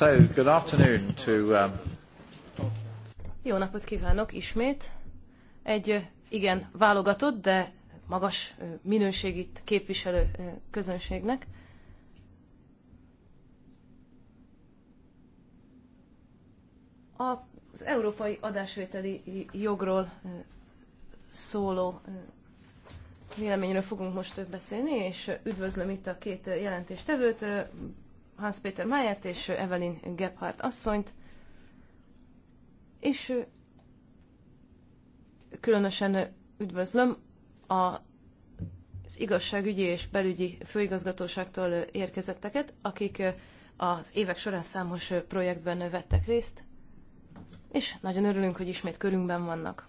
So, good afternoon to, um... Jó napot kívánok ismét. Egy igen válogatott, de magas minőségit képviselő közönségnek. Az európai adásvételi jogról szóló véleményről fogunk most beszélni, és üdvözlöm itt a két jelentéstevőt, Hans-Peter Mayert és Evelyn Gebhardt asszonyt, és különösen üdvözlöm a, az igazságügyi és belügyi főigazgatóságtól érkezetteket, akik az évek során számos projektben vettek részt, és nagyon örülünk, hogy ismét körünkben vannak.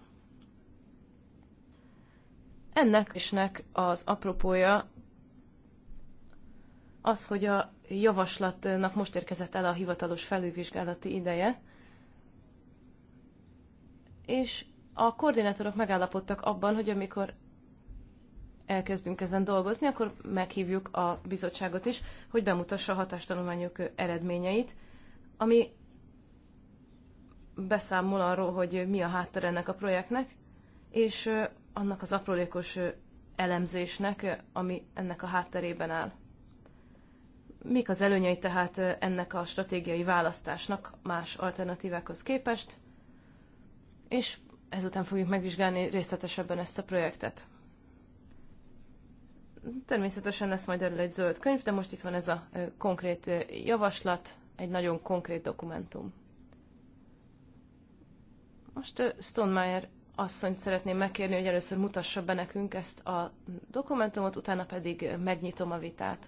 Ennek isnek az apropója az, hogy a javaslatnak most érkezett el a hivatalos felülvizsgálati ideje, és a koordinátorok megállapodtak abban, hogy amikor elkezdünk ezen dolgozni, akkor meghívjuk a bizottságot is, hogy bemutassa a hatástanulmányok eredményeit, ami beszámol arról, hogy mi a háttere ennek a projektnek, és annak az aprólékos elemzésnek, ami ennek a hátterében áll. Mik az előnyei tehát ennek a stratégiai választásnak más alternatívákhoz képest? És ezután fogjuk megvizsgálni részletesebben ezt a projektet. Természetesen lesz majd erről egy zöld könyv, de most itt van ez a konkrét javaslat, egy nagyon konkrét dokumentum. Most Stonemeyer asszonyt szeretném megkérni, hogy először mutassa be nekünk ezt a dokumentumot, utána pedig megnyitom a vitát.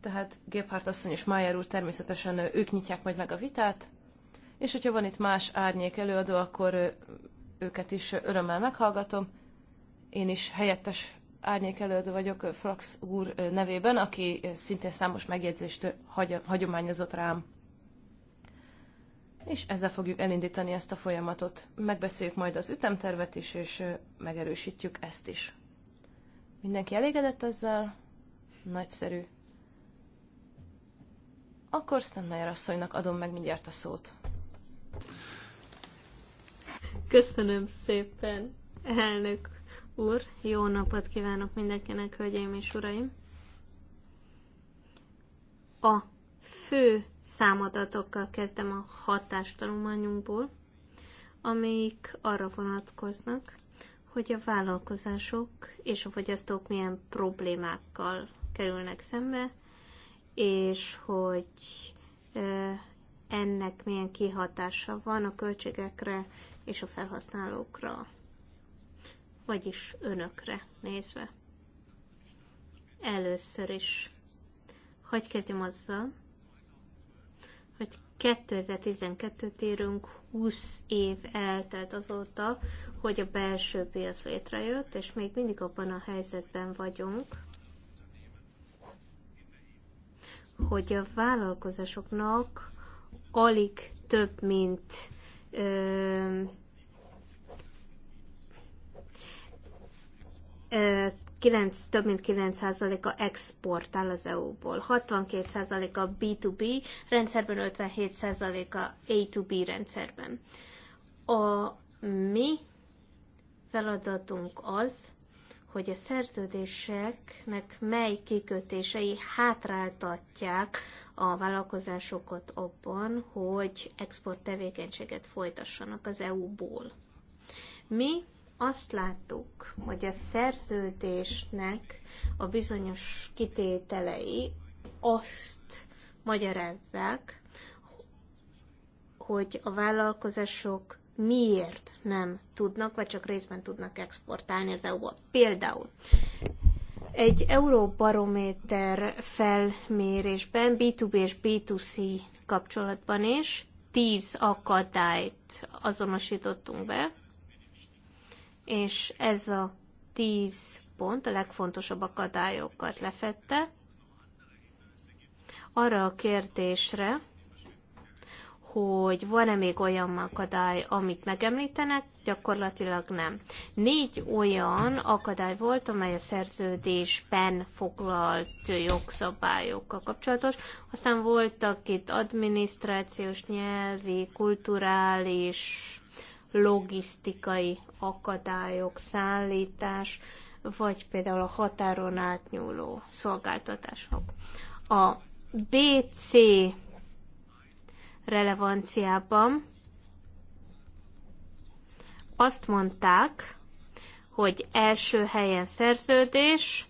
tehát Géphárt asszony és Májer úr természetesen ők nyitják majd meg a vitát, és hogyha van itt más árnyék előadó, akkor őket is örömmel meghallgatom. Én is helyettes árnyék előadó vagyok Flax úr nevében, aki szintén számos megjegyzést hagyományozott rám. És ezzel fogjuk elindítani ezt a folyamatot. Megbeszéljük majd az ütemtervet is, és megerősítjük ezt is. Mindenki elégedett ezzel? Nagyszerű. Akkor Stenmeyer asszonynak adom meg mindjárt a szót. Köszönöm szépen, elnök úr. Jó napot kívánok mindenkinek, hölgyeim és uraim. A fő számadatokkal kezdem a hatástanulmányunkból, amelyik arra vonatkoznak, hogy a vállalkozások és a fogyasztók milyen problémákkal kerülnek szembe, és hogy ennek milyen kihatása van a költségekre és a felhasználókra, vagyis önökre nézve. Először is, hogy kezdjem azzal, hogy 2012-t írunk, 20 év eltelt azóta, hogy a belső piac létrejött, és még mindig abban a helyzetben vagyunk, hogy a vállalkozásoknak alig több, mint ö, ö, 9, több mint 9%-a exportál az EU-ból, 62%-a B2B rendszerben, 57%-a A2B rendszerben. A mi feladatunk az, hogy a szerződéseknek mely kikötései hátráltatják a vállalkozásokat abban, hogy export tevékenységet folytassanak az EU-ból. Mi azt láttuk, hogy a szerződésnek a bizonyos kitételei azt magyarázzák, hogy a vállalkozások miért nem tudnak, vagy csak részben tudnak exportálni az EU-ba. Például egy euróbarométer felmérésben, B2B és B2C kapcsolatban is 10 akadályt azonosítottunk be, és ez a 10 pont a legfontosabb akadályokat lefette. Arra a kérdésre, hogy van-e még olyan akadály, amit megemlítenek, gyakorlatilag nem. Négy olyan akadály volt, amely a szerződésben foglalt jogszabályokkal kapcsolatos, aztán voltak itt adminisztrációs, nyelvi, kulturális, logisztikai akadályok, szállítás, vagy például a határon átnyúló szolgáltatások. A BC relevanciában azt mondták, hogy első helyen szerződés,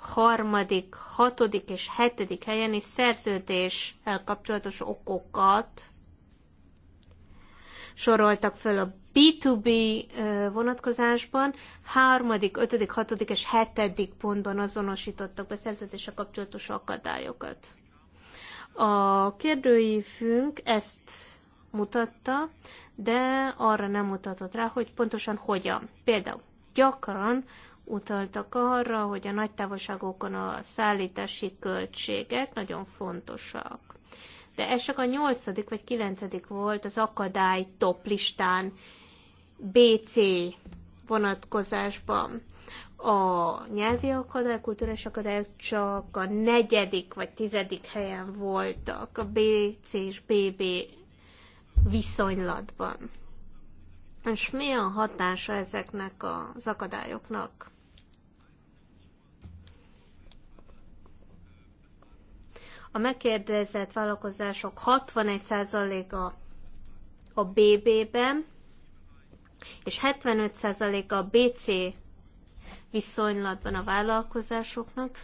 harmadik, hatodik és hetedik helyen is szerződéssel kapcsolatos okokat soroltak föl a B2B vonatkozásban, harmadik, ötödik, hatodik és hetedik pontban azonosítottak be szerződéssel kapcsolatos akadályokat. A kérdőívünk ezt mutatta, de arra nem mutatott rá, hogy pontosan hogyan. Például gyakran utaltak arra, hogy a nagy távolságokon a szállítási költségek nagyon fontosak. De ez csak a nyolcadik vagy kilencedik volt az akadály top listán BC vonatkozásban. A nyelvi akadály, kulturális akadályok csak a negyedik vagy tizedik helyen voltak a BC és BB viszonylatban. És mi a hatása ezeknek az akadályoknak? A megkérdezett vállalkozások 61%-a a BB-ben, és 75% a BC viszonylatban a vállalkozásoknak,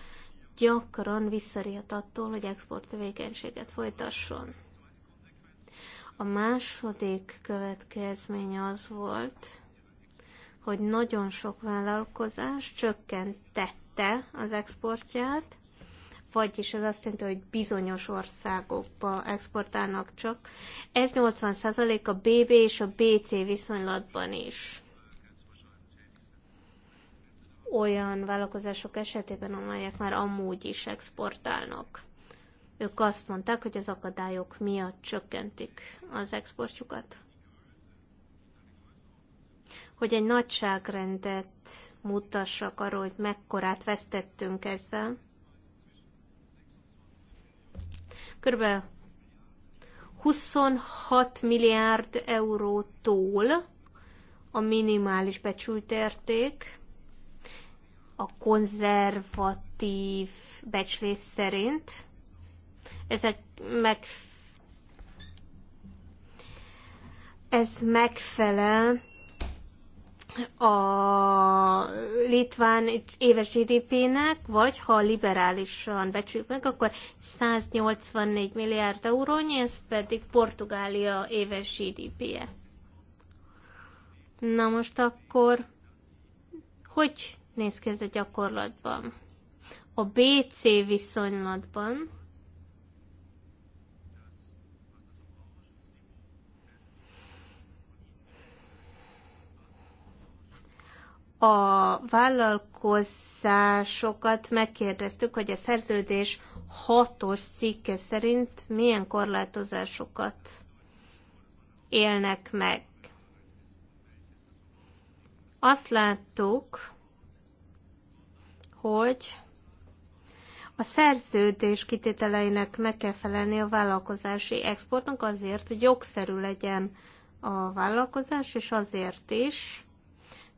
gyakran visszariad attól, hogy export tevékenységet folytasson. A második következmény az volt, hogy nagyon sok vállalkozás csökkentette az exportját, vagyis ez azt jelenti, hogy bizonyos országokba exportálnak csak. Ez 80% a BB és a BC viszonylatban is olyan vállalkozások esetében, amelyek már amúgy is exportálnak. Ők azt mondták, hogy az akadályok miatt csökkentik az exportjukat. Hogy egy nagyságrendet mutassak arról, hogy mekkorát vesztettünk ezzel. Körülbelül 26 milliárd eurótól a minimális becsült érték a konzervatív becslés szerint ezek meg ez megfelel a litván éves GDP-nek, vagy ha liberálisan becsüljük meg, akkor 184 milliárd eurónyi, ez pedig Portugália éves GDP-je. Na most akkor, hogy néz ki ez a gyakorlatban. A BC viszonylatban a vállalkozásokat megkérdeztük, hogy a szerződés hatos cikke szerint milyen korlátozásokat élnek meg. Azt láttuk, hogy a szerződés kitételeinek meg kell felelni a vállalkozási exportnak azért, hogy jogszerű legyen a vállalkozás, és azért is,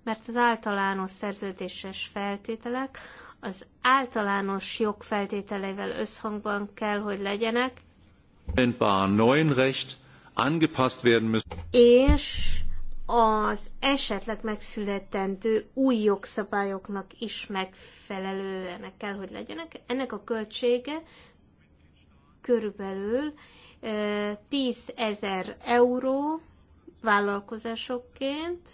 mert az általános szerződéses feltételek az általános jog feltételeivel összhangban kell, hogy legyenek. Recht angepasst werden müssen. És az esetleg megszületendő új jogszabályoknak is megfelelően kell, hogy legyenek. Ennek a költsége körülbelül 10 ezer euró vállalkozásokként,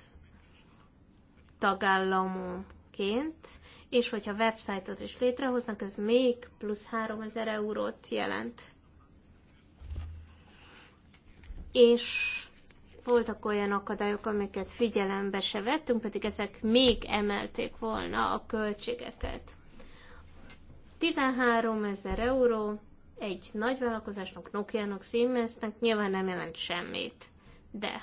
tagállamonként, és hogyha websájtot is létrehoznak, ez még plusz ezer eurót jelent. És voltak olyan akadályok, amiket figyelembe se vettünk, pedig ezek még emelték volna a költségeket. 13 ezer euró egy nagy vállalkozásnak, Nokia-nak, Siemensnek nyilván nem jelent semmit, de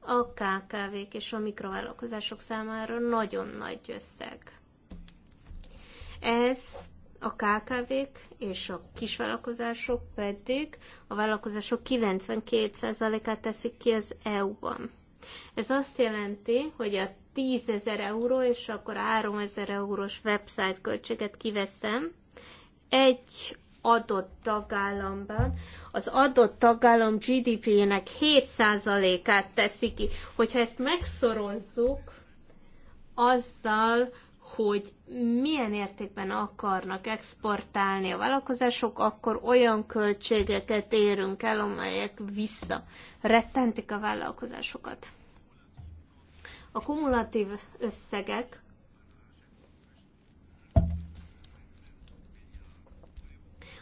a KKV-k és a mikrovállalkozások számára nagyon nagy összeg. Ez a KKV-k és a kisvállalkozások pedig a vállalkozások 92%-át teszik ki az EU-ban. Ez azt jelenti, hogy a 10 ezer euró és akkor 3 ezer eurós website költséget kiveszem egy adott tagállamban, az adott tagállam GDP-nek 7%-át teszi ki. Hogyha ezt megszorozzuk azzal, hogy milyen értékben akarnak exportálni a vállalkozások, akkor olyan költségeket érünk el, amelyek vissza rettentik a vállalkozásokat. A kumulatív összegek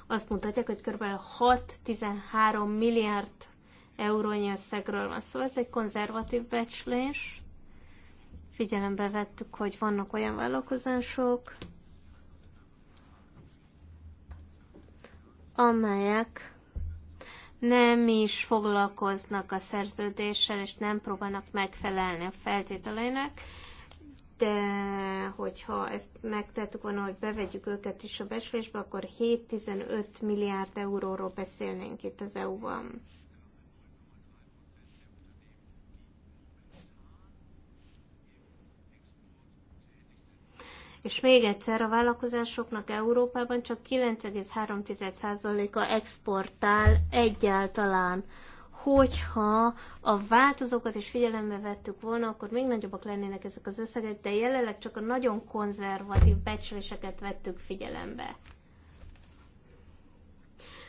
azt mutatják, hogy kb. 6-13 milliárd eurónyi összegről van szó. Szóval ez egy konzervatív becslés, Figyelembe vettük, hogy vannak olyan vállalkozások, amelyek nem is foglalkoznak a szerződéssel, és nem próbálnak megfelelni a feltételeinek, de hogyha ezt megtettük volna, hogy bevegyük őket is a beszélésbe, akkor 7-15 milliárd euróról beszélnénk itt az EU-ban. És még egyszer, a vállalkozásoknak Európában csak 9,3%-a exportál egyáltalán. Hogyha a változókat is figyelembe vettük volna, akkor még nagyobbak lennének ezek az összegek, de jelenleg csak a nagyon konzervatív becsléseket vettük figyelembe.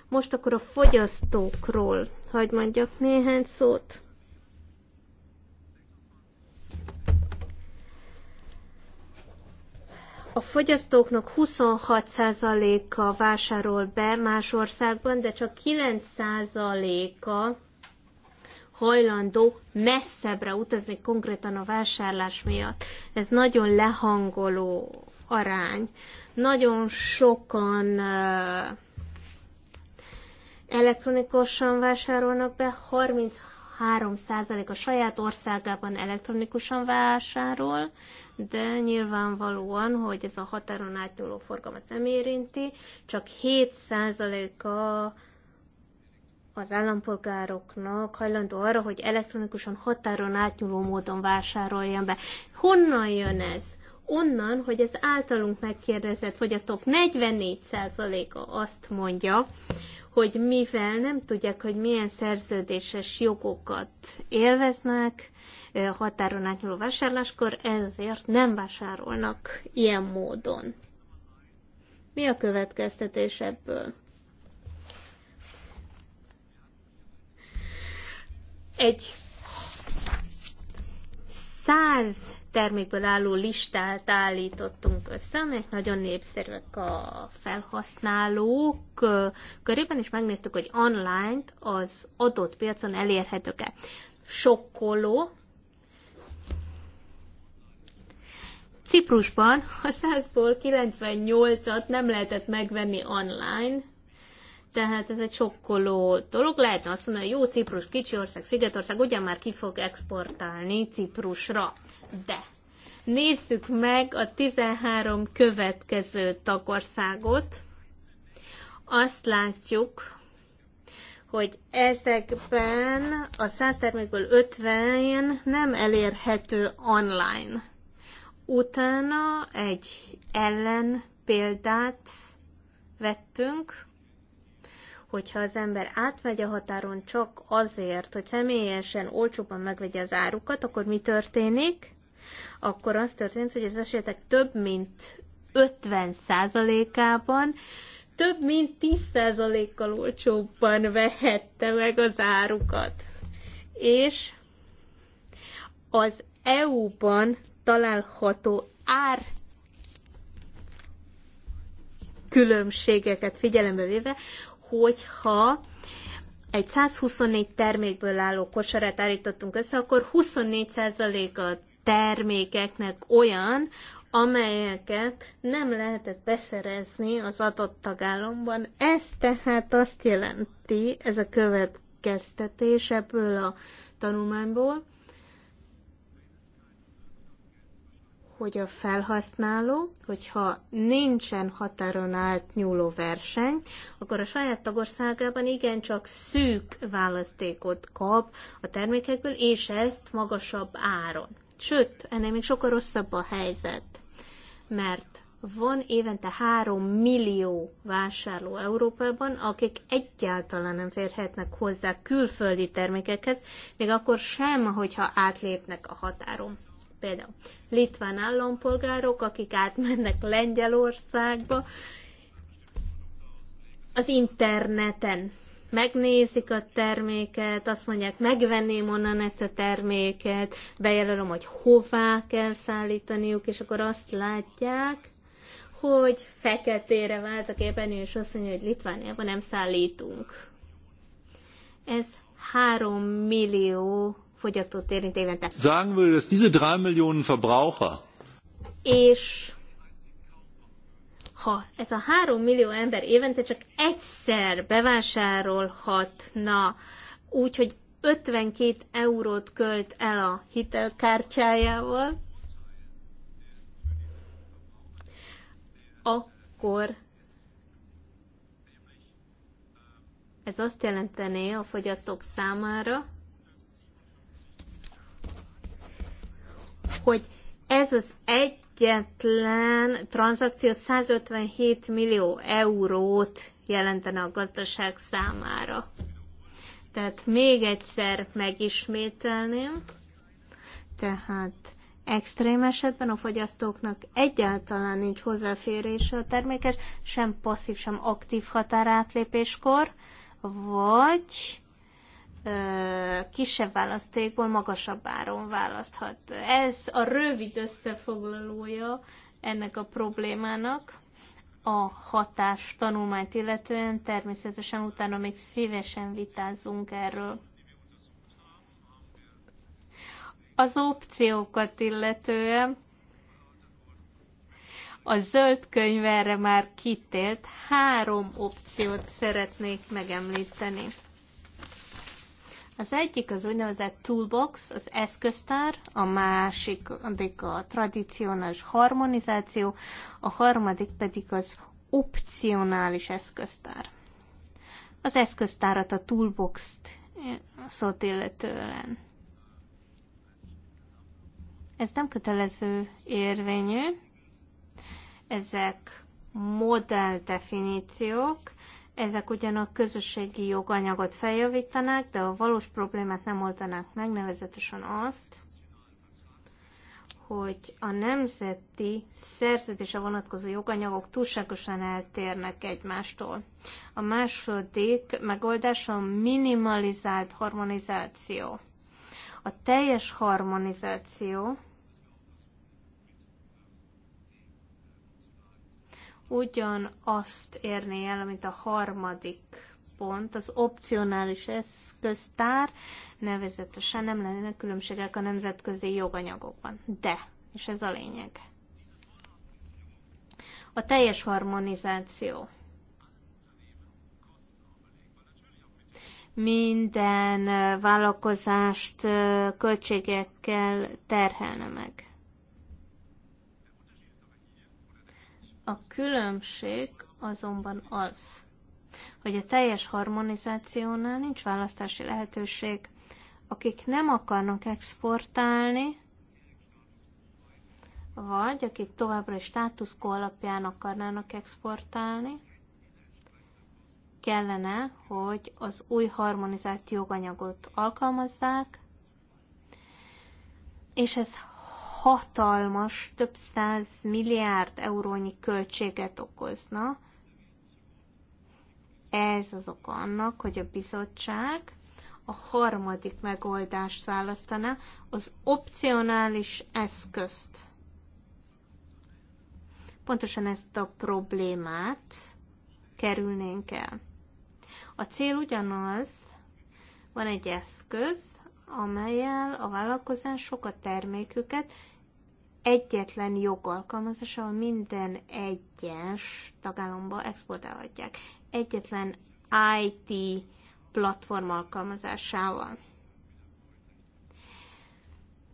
Most akkor a fogyasztókról hagyd mondjak néhány szót. A fogyasztóknak 26%-a vásárol be más országban, de csak 9%-a hajlandó messzebbre utazni konkrétan a vásárlás miatt. Ez nagyon lehangoló arány. Nagyon sokan elektronikusan vásárolnak be, 3% a saját országában elektronikusan vásárol, de nyilvánvalóan, hogy ez a határon átnyúló forgalmat nem érinti, csak 7%-a az állampolgároknak hajlandó arra, hogy elektronikusan határon átnyúló módon vásároljon be. Honnan jön ez? Onnan, hogy az általunk megkérdezett fogyasztók 44%-a azt mondja, hogy mivel nem tudják, hogy milyen szerződéses jogokat élveznek határon átnyúló vásárláskor, ezért nem vásárolnak ilyen módon. Mi a következtetés ebből? Egy száz termékből álló listát állítottunk össze, amelyek nagyon népszerűek a felhasználók körében, és megnéztük, hogy online az adott piacon elérhetők-e. Sokkoló. Ciprusban a 100-ból 98-at nem lehetett megvenni online, tehát ez egy sokkoló dolog. Lehetne azt mondani, hogy jó, Ciprus kicsi ország, Szigetország, ugyan már ki fog exportálni Ciprusra. De nézzük meg a 13 következő tagországot. Azt látjuk, hogy ezekben a 100 termékből 50 nem elérhető online. Utána egy ellen példát vettünk, hogyha az ember átmegy a határon csak azért, hogy személyesen olcsóban megvegye az árukat, akkor mi történik? Akkor az történt, hogy az esetek több mint 50%-ában több mint 10%-kal olcsóbban vehette meg az árukat. És az EU-ban található ár különbségeket figyelembe véve hogyha egy 124 termékből álló kosarat állítottunk össze, akkor 24% a termékeknek olyan, amelyeket nem lehetett beszerezni az adott tagállamban. Ez tehát azt jelenti, ez a következtetés ebből a tanulmányból, hogy a felhasználó, hogyha nincsen határon át nyúló verseny, akkor a saját tagországában igencsak szűk választékot kap a termékekből, és ezt magasabb áron. Sőt, ennél még sokkal rosszabb a helyzet, mert van évente 3 millió vásárló Európában, akik egyáltalán nem férhetnek hozzá külföldi termékekhez, még akkor sem, hogyha átlépnek a határon. Például litván állampolgárok, akik átmennek Lengyelországba, az interneten megnézik a terméket, azt mondják, megvenném onnan ezt a terméket, bejelölöm, hogy hová kell szállítaniuk, és akkor azt látják, hogy feketére vált a képernyő, és azt mondja, hogy Litvániában nem szállítunk. Ez három millió fogyasztót érint évente. Sagen würde, dass diese 3 Millionen Verbraucher és ha ez a három millió ember évente csak egyszer bevásárolhatna úgy, hogy 52 eurót költ el a hitelkártyájával, akkor ez azt jelentené a fogyasztók számára, hogy ez az egyetlen tranzakció 157 millió eurót jelentene a gazdaság számára. Tehát még egyszer megismételném. Tehát extrém esetben a fogyasztóknak egyáltalán nincs hozzáférése a termékes, sem passzív, sem aktív határátlépéskor, vagy kisebb választékból magasabb áron választhat. Ez a rövid összefoglalója ennek a problémának a hatás tanulmányt illetően, természetesen utána még szívesen vitázunk erről. Az opciókat illetően a zöld könyv erre már kitért, három opciót szeretnék megemlíteni. Az egyik az úgynevezett toolbox, az eszköztár, a másik a tradicionális harmonizáció, a harmadik pedig az opcionális eszköztár. Az eszköztárat, a toolbox-t eh, szót illetően. Ez nem kötelező érvényű, ezek modelldefiníciók, ezek ugyan a közösségi joganyagot feljavítanák, de a valós problémát nem oldanák meg, nevezetesen azt, hogy a nemzeti szerződése vonatkozó joganyagok túlságosan eltérnek egymástól. A második megoldás a minimalizált harmonizáció. A teljes harmonizáció ugyanazt érné el, mint a harmadik pont, az opcionális eszköztár, nevezetesen nem lenne különbségek a nemzetközi joganyagokban. De, és ez a lényeg. A teljes harmonizáció. Minden vállalkozást költségekkel terhelne meg. A különbség azonban az, hogy a teljes harmonizációnál nincs választási lehetőség. Akik nem akarnak exportálni, vagy akik továbbra is státuszkó alapján akarnának exportálni, kellene, hogy az új harmonizált joganyagot alkalmazzák, és ez hatalmas, több száz milliárd eurónyi költséget okozna. Ez az oka annak, hogy a bizottság a harmadik megoldást választana, az opcionális eszközt. Pontosan ezt a problémát kerülnénk el. A cél ugyanaz, van egy eszköz, amelyel a vállalkozások a terméküket egyetlen jogalkalmazásával minden egyes tagállamba exportálhatják. Egyetlen IT platform alkalmazásával.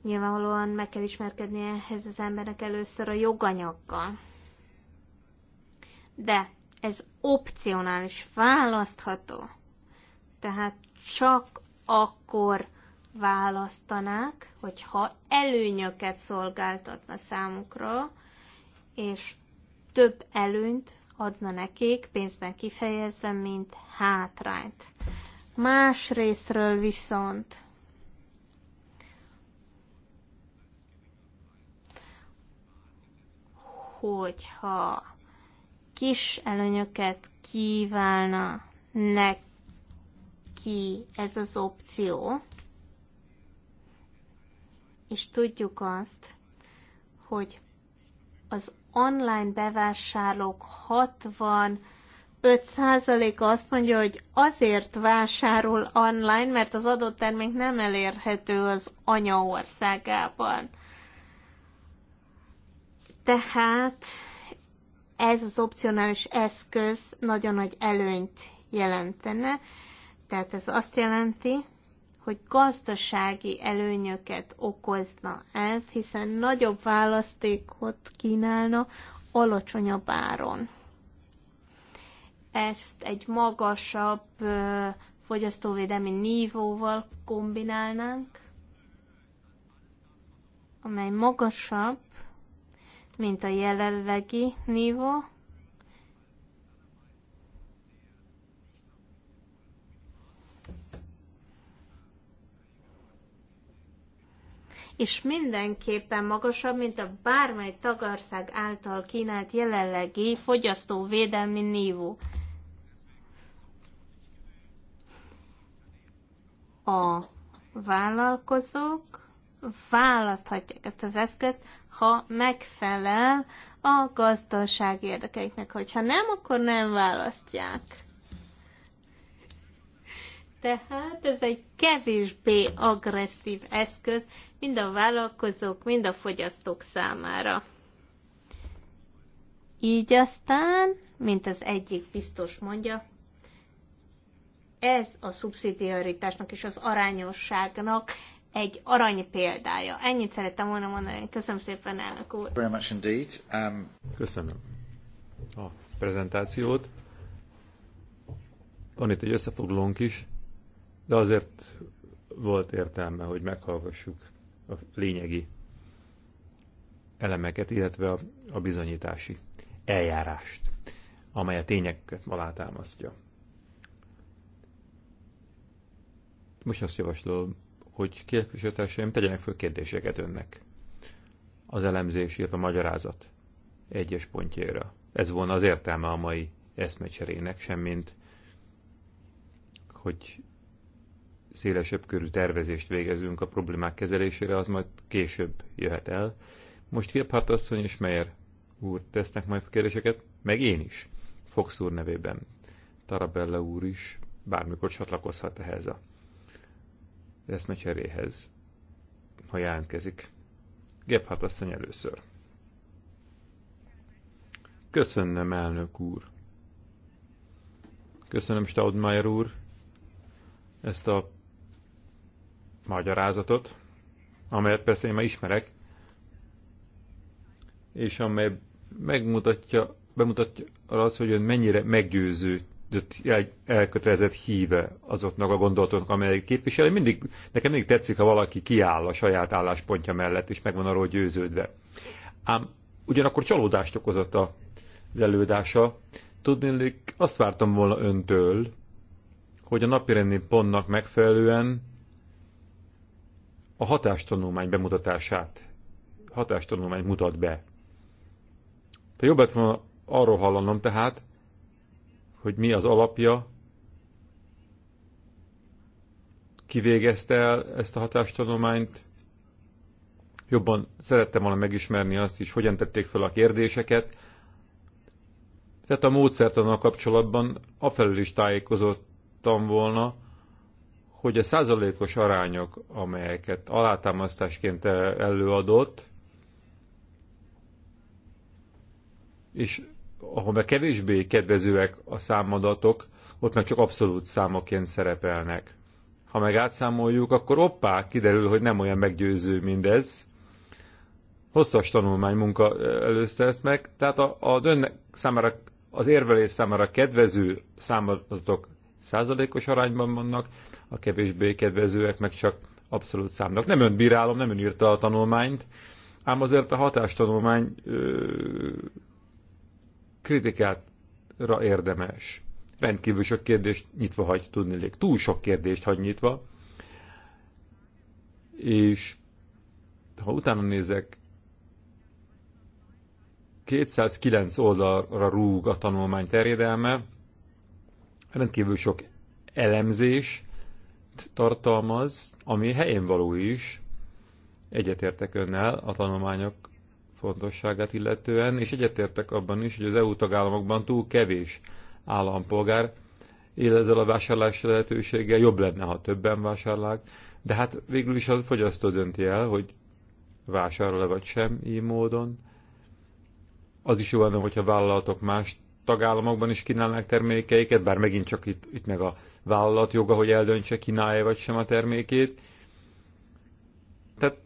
Nyilvánvalóan meg kell ismerkedni ehhez az embernek először a joganyaggal. De ez opcionális, választható. Tehát csak akkor választanák, hogyha előnyöket szolgáltatna számukra, és több előnyt adna nekik, pénzben kifejezve, mint hátrányt. Más részről viszont hogyha kis előnyöket kívánna neki ez az opció, és tudjuk azt, hogy az online bevásárlók 60 5%-a azt mondja, hogy azért vásárol online, mert az adott termék nem elérhető az anyaországában. Tehát ez az opcionális eszköz nagyon nagy előnyt jelentene. Tehát ez azt jelenti, hogy gazdasági előnyöket okozna ez, hiszen nagyobb választékot kínálna alacsonyabb áron. Ezt egy magasabb fogyasztóvédelmi nívóval kombinálnánk, amely magasabb, mint a jelenlegi nívó, és mindenképpen magasabb, mint a bármely tagország által kínált jelenlegi fogyasztóvédelmi nívó. A vállalkozók választhatják ezt az eszközt, ha megfelel a gazdaság érdekeiknek. Hogyha nem, akkor nem választják. Tehát ez egy kevésbé agresszív eszköz mind a vállalkozók, mind a fogyasztók számára. Így aztán, mint az egyik biztos mondja, ez a szubszidiaritásnak és az arányosságnak egy arany példája. Ennyit szerettem volna mondani. Köszönöm szépen, elnök úr. Very much indeed. Um... Köszönöm a prezentációt. Van itt egy összefoglalónk is de azért volt értelme, hogy meghallgassuk a lényegi elemeket, illetve a, a bizonyítási eljárást, amely a tényeket alátámasztja. Most azt javaslom, hogy képviselőtársaim tegyenek föl kérdéseket önnek. Az elemzés, illetve a magyarázat egyes pontjára. Ez volna az értelme a mai eszmecserének, semmint, hogy szélesebb körű tervezést végezünk a problémák kezelésére, az majd később jöhet el. Most Gebhardt asszony és Meyer úr tesznek majd kérdéseket, meg én is, Fox úr nevében. Tarabella úr is bármikor csatlakozhat ehhez a eszmecseréhez, ha jelentkezik. Gephardt asszony először. Köszönöm, elnök úr. Köszönöm, Staudmeier úr, ezt a magyarázatot, amelyet persze én már ismerek, és amely megmutatja, bemutatja az, hogy ön mennyire meggyőző elkötelezett híve azoknak a gondolatoknak, amelyek képvisel. Mindig, nekem mindig tetszik, ha valaki kiáll a saját álláspontja mellett, és megvan arról győződve. Ám ugyanakkor csalódást okozott az előadása. Tudnélik, azt vártam volna öntől, hogy a napirendi pontnak megfelelően a hatástanulmány bemutatását, hatástanulmány mutat be. Te jobb lett volna arról hallanom tehát, hogy mi az alapja, kivégezte el ezt a hatástanulmányt, jobban szerettem volna megismerni azt is, hogyan tették fel a kérdéseket. Tehát a módszertanal kapcsolatban afelől is tájékozottam volna, hogy a százalékos arányok, amelyeket alátámasztásként e- előadott, és ahol meg kevésbé kedvezőek a számadatok, ott meg csak abszolút számoként szerepelnek. Ha meg átszámoljuk, akkor oppá, kiderül, hogy nem olyan meggyőző mindez. Hosszas tanulmány munka e, előzte ezt meg, tehát az önnek számára, az érvelés számára kedvező számadatok százalékos arányban vannak, a kevésbé kedvezőek meg csak abszolút számnak. Nem ön bírálom, nem ön írta a tanulmányt, ám azért a hatástanulmány ö, kritikára érdemes. Rendkívül sok kérdést nyitva hagy tudni, túl sok kérdést hagy nyitva, és ha utána nézek, 209 oldalra rúg a tanulmány terjedelme, rendkívül sok elemzés tartalmaz, ami helyén való is. Egyetértek önnel a tanulmányok fontosságát illetően, és egyetértek abban is, hogy az EU tagállamokban túl kevés állampolgár él ezzel a vásárlás lehetőséggel, jobb lenne, ha többen vásárlák, de hát végül is a fogyasztó dönti el, hogy vásárol-e vagy sem így módon. Az is jó lenne, hogyha vállalatok más tagállamokban is kínálnák termékeiket, bár megint csak itt, itt meg a vállalat joga, hogy eldöntse, kínálja vagy sem a termékét. Tehát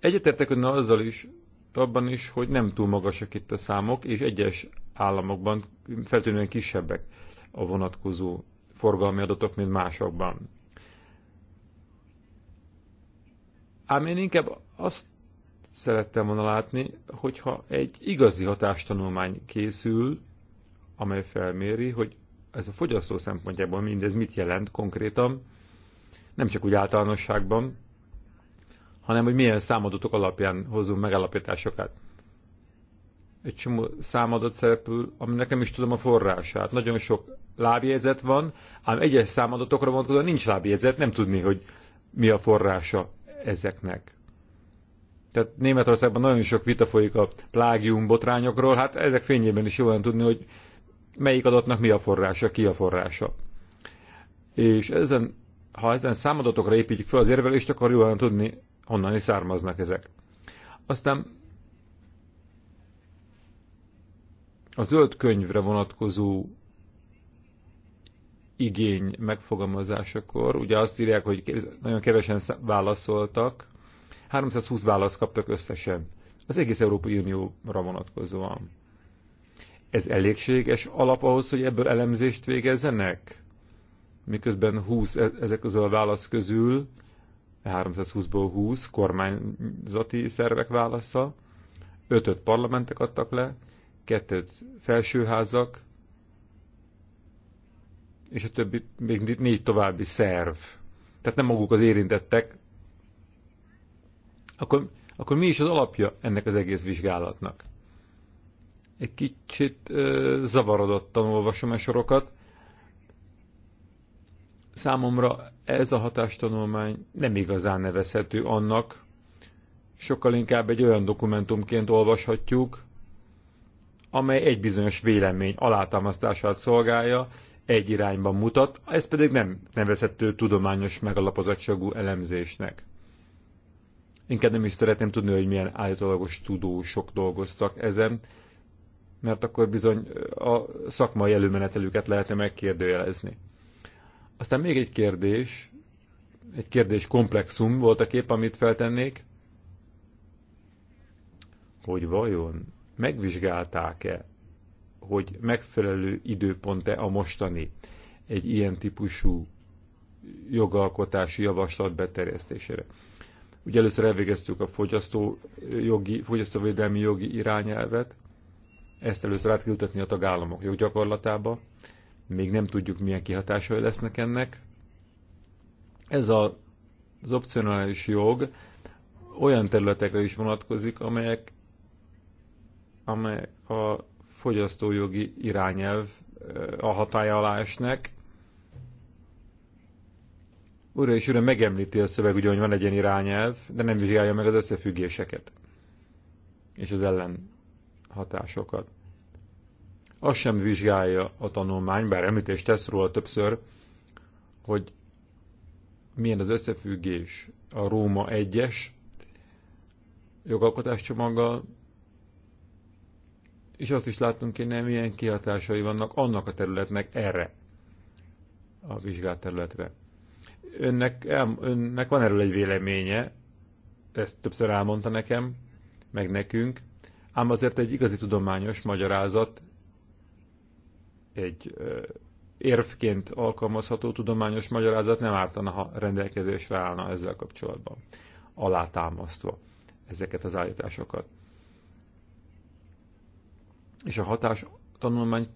egyetértek önne azzal is, abban is, hogy nem túl magasak itt a számok, és egyes államokban feltűnően kisebbek a vonatkozó forgalmi adatok, mint másokban. Ám én inkább azt szerettem volna látni, hogyha egy igazi hatástanulmány készül, amely felméri, hogy ez a fogyasztó szempontjából mindez mit jelent konkrétan, nem csak úgy általánosságban, hanem hogy milyen számadatok alapján hozunk megállapításokat. Egy csomó számadat szerepül, ami nekem is tudom a forrását. Nagyon sok lábjegyzet van, ám egyes számadatokra vonatkozóan nincs lábjegyzet, nem tudni, hogy mi a forrása ezeknek. Tehát Németországban nagyon sok vita folyik a plágium botrányokról, hát ezek fényében is jól tudni, hogy melyik adatnak mi a forrása, ki a forrása. És ezen, ha ezen számadatokra építjük fel az érvelést, akkor jól lehet tudni, honnan is származnak ezek. Aztán a zöld könyvre vonatkozó igény megfogalmazásakor, ugye azt írják, hogy nagyon kevesen válaszoltak, 320 választ kaptak összesen. Az egész Európai Unióra vonatkozóan. Ez elégséges alap ahhoz, hogy ebből elemzést végezzenek? Miközben 20 e- ezek közül a válasz közül, 320-ból 20 kormányzati szervek válasza, 5-öt parlamentek adtak le, 2 felsőházak, és a többi, még négy további szerv. Tehát nem maguk az érintettek. Akkor, akkor mi is az alapja ennek az egész vizsgálatnak? egy kicsit zavarodottan olvasom a sorokat. Számomra ez a hatástanulmány nem igazán nevezhető annak, sokkal inkább egy olyan dokumentumként olvashatjuk, amely egy bizonyos vélemény alátámasztását szolgálja, egy irányban mutat, ez pedig nem nevezhető tudományos megalapozottságú elemzésnek. Inkább nem is szeretném tudni, hogy milyen állítólagos tudósok dolgoztak ezen, mert akkor bizony a szakmai előmenetelüket lehetne megkérdőjelezni. Aztán még egy kérdés, egy kérdés komplexum volt a kép, amit feltennék, hogy vajon megvizsgálták-e, hogy megfelelő időpont-e a mostani egy ilyen típusú jogalkotási javaslat beterjesztésére. Ugye először elvégeztük a fogyasztó jogi, fogyasztóvédelmi jogi irányelvet, ezt először át kell jutatni a tagállamok gyakorlatába. Még nem tudjuk, milyen kihatásai lesznek ennek. Ez a, az opcionális jog olyan területekre is vonatkozik, amelyek, amelyek a fogyasztójogi irányelv eh, a hatája alá esnek. Újra és újra megemlíti a szöveg, ugye, hogy van egy ilyen irányelv, de nem vizsgálja meg az összefüggéseket és az ellen hatásokat azt sem vizsgálja a tanulmány, bár említést tesz róla többször, hogy milyen az összefüggés a Róma 1-es jogalkotáscsomaggal, és azt is hogy kéne, milyen kihatásai vannak annak a területnek erre, a vizsgált területre. Önnek, önnek van erről egy véleménye, ezt többször elmondta nekem, meg nekünk, ám azért egy igazi tudományos magyarázat egy érvként alkalmazható tudományos magyarázat nem ártana, ha rendelkezésre állna ezzel kapcsolatban, alátámasztva ezeket az állításokat. És a hatás tanulmány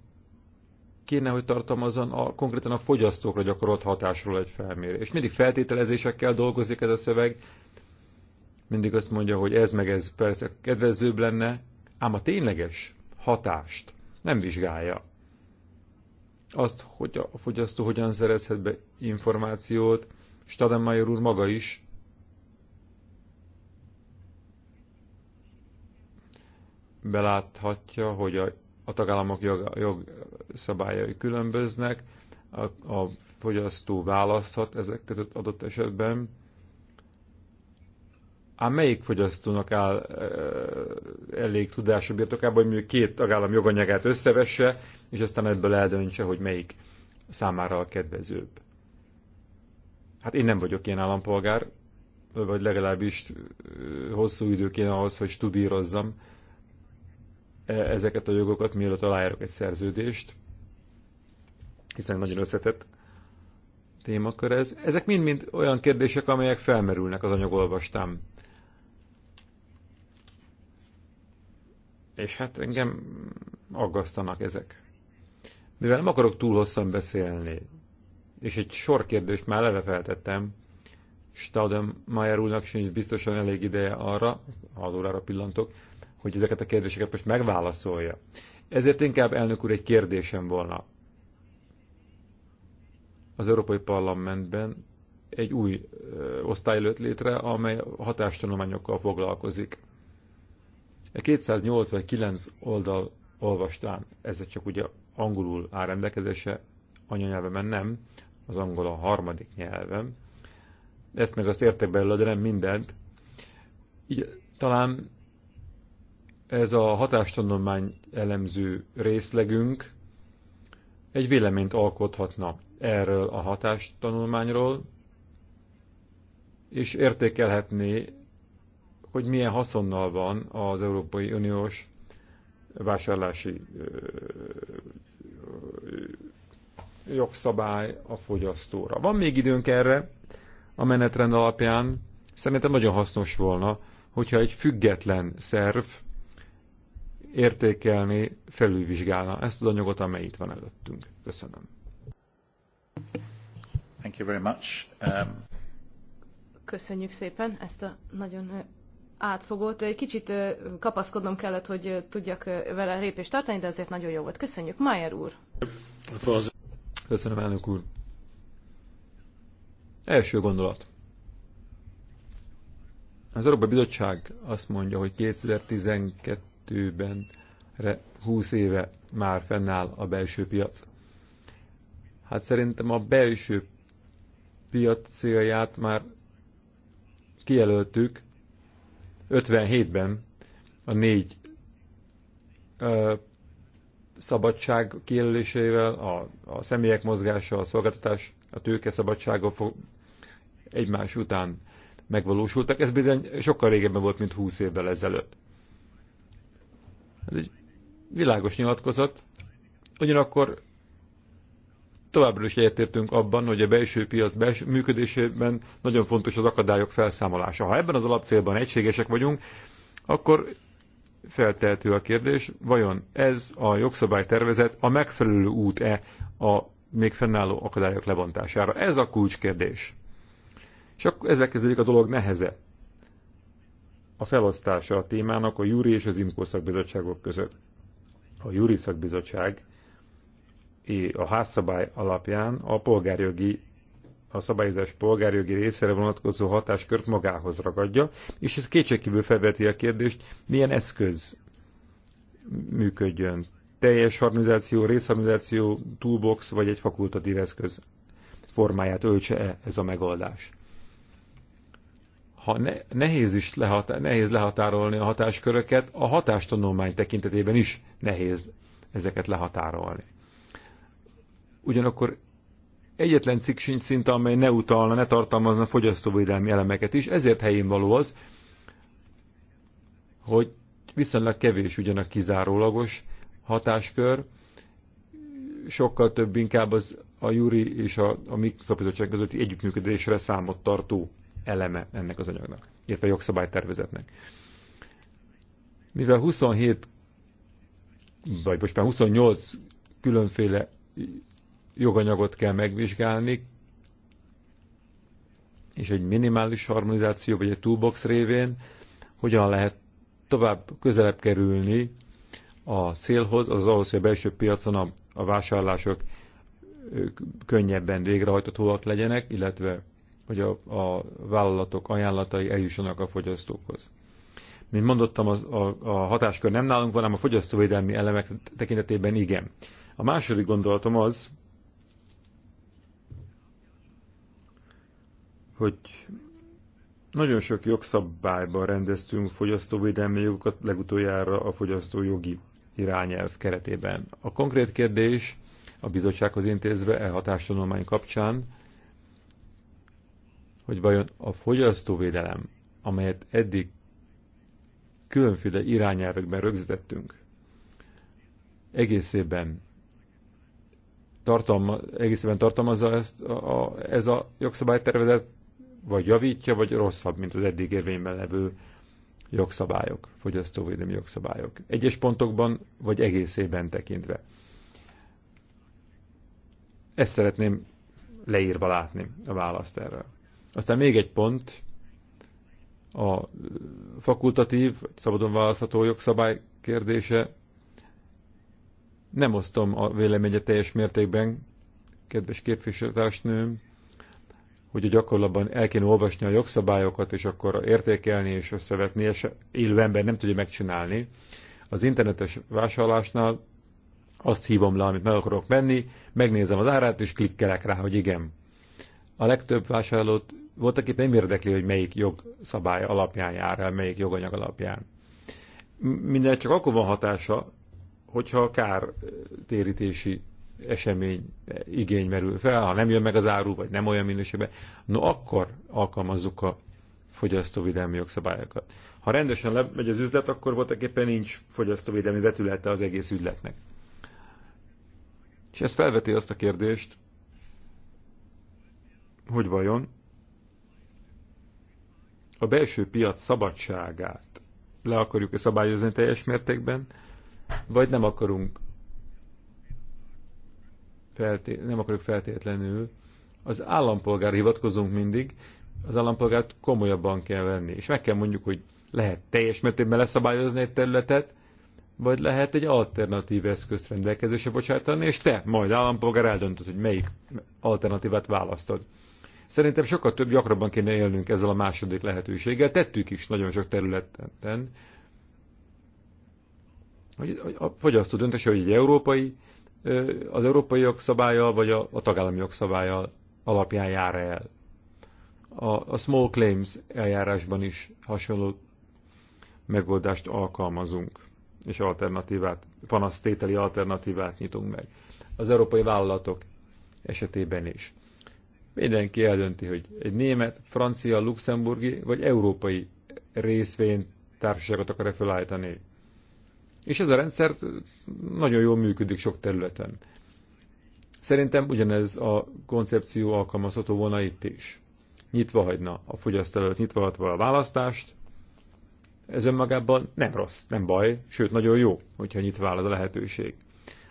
kéne, hogy tartalmazzon a, konkrétan a fogyasztókra gyakorolt hatásról egy felmérés. Mindig feltételezésekkel dolgozik ez a szöveg, mindig azt mondja, hogy ez meg ez persze kedvezőbb lenne, ám a tényleges hatást nem vizsgálja azt, hogy a fogyasztó hogyan szerezhet be információt, Stadenmayer úr maga is beláthatja, hogy a, a tagállamok jog, szabályai különböznek, a, a fogyasztó választhat ezek között adott esetben. Ám melyik fogyasztónak áll e, elég tudása birtokában, hogy mondjuk két tagállam joganyagát összevesse, és aztán ebből eldöntse, hogy melyik számára a kedvezőbb. Hát én nem vagyok ilyen állampolgár, vagy legalábbis hosszú idő kéne ahhoz, hogy studírozzam e, ezeket a jogokat, mielőtt aláírok egy szerződést, hiszen nagyon összetett témakör ez. Ezek mind-mind olyan kérdések, amelyek felmerülnek az anyagolvastám. És hát engem aggasztanak ezek. Mivel nem akarok túl hosszan beszélni, és egy sor kérdést már lelefeltettem, Staudenmayer úrnak sincs biztosan elég ideje arra, az órára pillantok, hogy ezeket a kérdéseket most megválaszolja. Ezért inkább elnök úr egy kérdésem volna. Az Európai Parlamentben egy új ö, osztály lőtt létre, amely hatástanulmányokkal foglalkozik. E 289 oldal olvastán, ez csak ugye angolul áll rendelkezésre, anyanyelvemen nem, az angol a harmadik nyelvem. Ezt meg azt értek belőle, de nem mindent. Így, talán ez a hatástanulmány elemző részlegünk egy véleményt alkothatna erről a hatástanulmányról, és értékelhetné, hogy milyen haszonnal van az Európai Uniós vásárlási jogszabály a fogyasztóra. Van még időnk erre a menetrend alapján. Szerintem nagyon hasznos volna, hogyha egy független szerv értékelni, felülvizsgálna ezt az anyagot, amely itt van előttünk. Köszönöm. Thank you very much. Um... Köszönjük szépen ezt a nagyon átfogott. Egy kicsit kapaszkodnom kellett, hogy tudjak vele répést tartani, de azért nagyon jó volt. Köszönjük, Mayer úr! Köszönöm, elnök úr! Első gondolat. Az Európai Bizottság azt mondja, hogy 2012-ben 20 éve már fennáll a belső piac. Hát szerintem a belső piac célját már kijelöltük 57-ben a négy ö, szabadság kijelölésével, a, a személyek mozgása, a szolgáltatás, a tőke szabadsága fog, egymás után megvalósultak. Ez bizony sokkal régebben volt, mint 20 évvel ezelőtt. Ez egy világos nyilatkozat, ugyanakkor továbbra is egyetértünk abban, hogy a belső piac belső működésében nagyon fontos az akadályok felszámolása. Ha ebben az alapcélban egységesek vagyunk, akkor feltehető a kérdés, vajon ez a jogszabálytervezet a megfelelő út-e a még fennálló akadályok lebontására? Ez a kulcskérdés. És akkor ezzel kezdődik a dolog neheze. A felosztása a témának a júri és az imkó szakbizottságok között. A júri szakbizottság a házszabály alapján a polgárjogi a szabályozás polgárjogi részére vonatkozó hatáskört magához ragadja, és ez kétségkívül felveti a kérdést, milyen eszköz működjön. Teljes harmonizáció, részharmonizáció, toolbox vagy egy fakultatív eszköz formáját öltse-e ez a megoldás. Ha ne, nehéz, is lehatá, nehéz lehatárolni a hatásköröket, a hatástanulmány tekintetében is nehéz ezeket lehatárolni. Ugyanakkor egyetlen cikk sincs szinte, amely ne utalna, ne tartalmazna fogyasztóvédelmi elemeket is, ezért helyén való az, hogy viszonylag kevés a kizárólagos hatáskör, sokkal több inkább az a Júri és a, a mi szabizottság közötti együttműködésre számot tartó eleme ennek az anyagnak, illetve a jogszabálytervezetnek. Mivel 27, vagy most már 28 különféle joganyagot kell megvizsgálni, és egy minimális harmonizáció, vagy egy toolbox révén hogyan lehet tovább közelebb kerülni a célhoz, az ahhoz, hogy a belső piacon a, a vásárlások könnyebben végrehajtatóak legyenek, illetve hogy a, a vállalatok ajánlatai eljussanak a fogyasztókhoz. Mint mondottam, az, a, a hatáskör nem nálunk van, hanem a fogyasztóvédelmi elemek tekintetében igen. A második gondolatom az, hogy nagyon sok jogszabályban rendeztünk fogyasztóvédelmi jogokat legutoljára a fogyasztójogi irányelv keretében. A konkrét kérdés a bizottsághoz intézve e hatástanulmány kapcsán, hogy vajon a fogyasztóvédelem, amelyet eddig különféle irányelvekben rögzítettünk, egészében, tartalma, egészében tartalmazza ezt a, a, ez a jogszabálytervezet vagy javítja, vagy rosszabb, mint az eddig érvényben levő jogszabályok, fogyasztóvédelmi jogszabályok. Egyes pontokban, vagy egészében tekintve. Ezt szeretném leírva látni a választ erről. Aztán még egy pont, a fakultatív, szabadon választható jogszabály kérdése. Nem osztom a véleménye teljes mértékben, kedves képviselőtársnőm, hogy a gyakorlatban el kéne olvasni a jogszabályokat, és akkor értékelni és összevetni, és élő ember nem tudja megcsinálni. Az internetes vásárlásnál azt hívom le, amit meg akarok menni, megnézem az árát, és klikkelek rá, hogy igen. A legtöbb vásárlót volt, akit nem érdekli, hogy melyik jogszabály alapján jár el, melyik joganyag alapján. Minden csak akkor van hatása, hogyha kártérítési esemény igény merül fel, ha nem jön meg az áru, vagy nem olyan minőségben, no akkor alkalmazzuk a fogyasztóvédelmi jogszabályokat. Ha rendesen lemegy az üzlet, akkor voltaképpen éppen nincs fogyasztóvédelmi vetülete az egész ügyletnek. És ez felveti azt a kérdést, hogy vajon a belső piac szabadságát le akarjuk-e szabályozni teljes mértékben, vagy nem akarunk felté- nem akarjuk feltétlenül, az állampolgár hivatkozunk mindig, az állampolgárt komolyabban kell venni. És meg kell mondjuk, hogy lehet teljes mértékben leszabályozni egy területet, vagy lehet egy alternatív eszközt rendelkezésre bocsátani, és te majd állampolgár eldöntöd, hogy melyik alternatívát választod. Szerintem sokkal több gyakrabban kéne élnünk ezzel a második lehetőséggel. Tettük is nagyon sok területen, hogy a fogyasztó döntése, hogy egy európai az európai jogszabályal vagy a, a tagállami jogszabályal alapján jár el. A, a small claims eljárásban is hasonló megoldást alkalmazunk, és alternatívát, panasztételi alternatívát nyitunk meg. Az európai vállalatok esetében is. Mindenki eldönti, hogy egy német, francia, luxemburgi vagy európai részvény társaságot akar-e felállítani. És ez a rendszer nagyon jól működik sok területen. Szerintem ugyanez a koncepció alkalmazható volna itt is. Nyitva hagyna a fogyasztó előtt, nyitva hagyva a választást, ez önmagában nem rossz, nem baj, sőt nagyon jó, hogyha nyitva áll a lehetőség.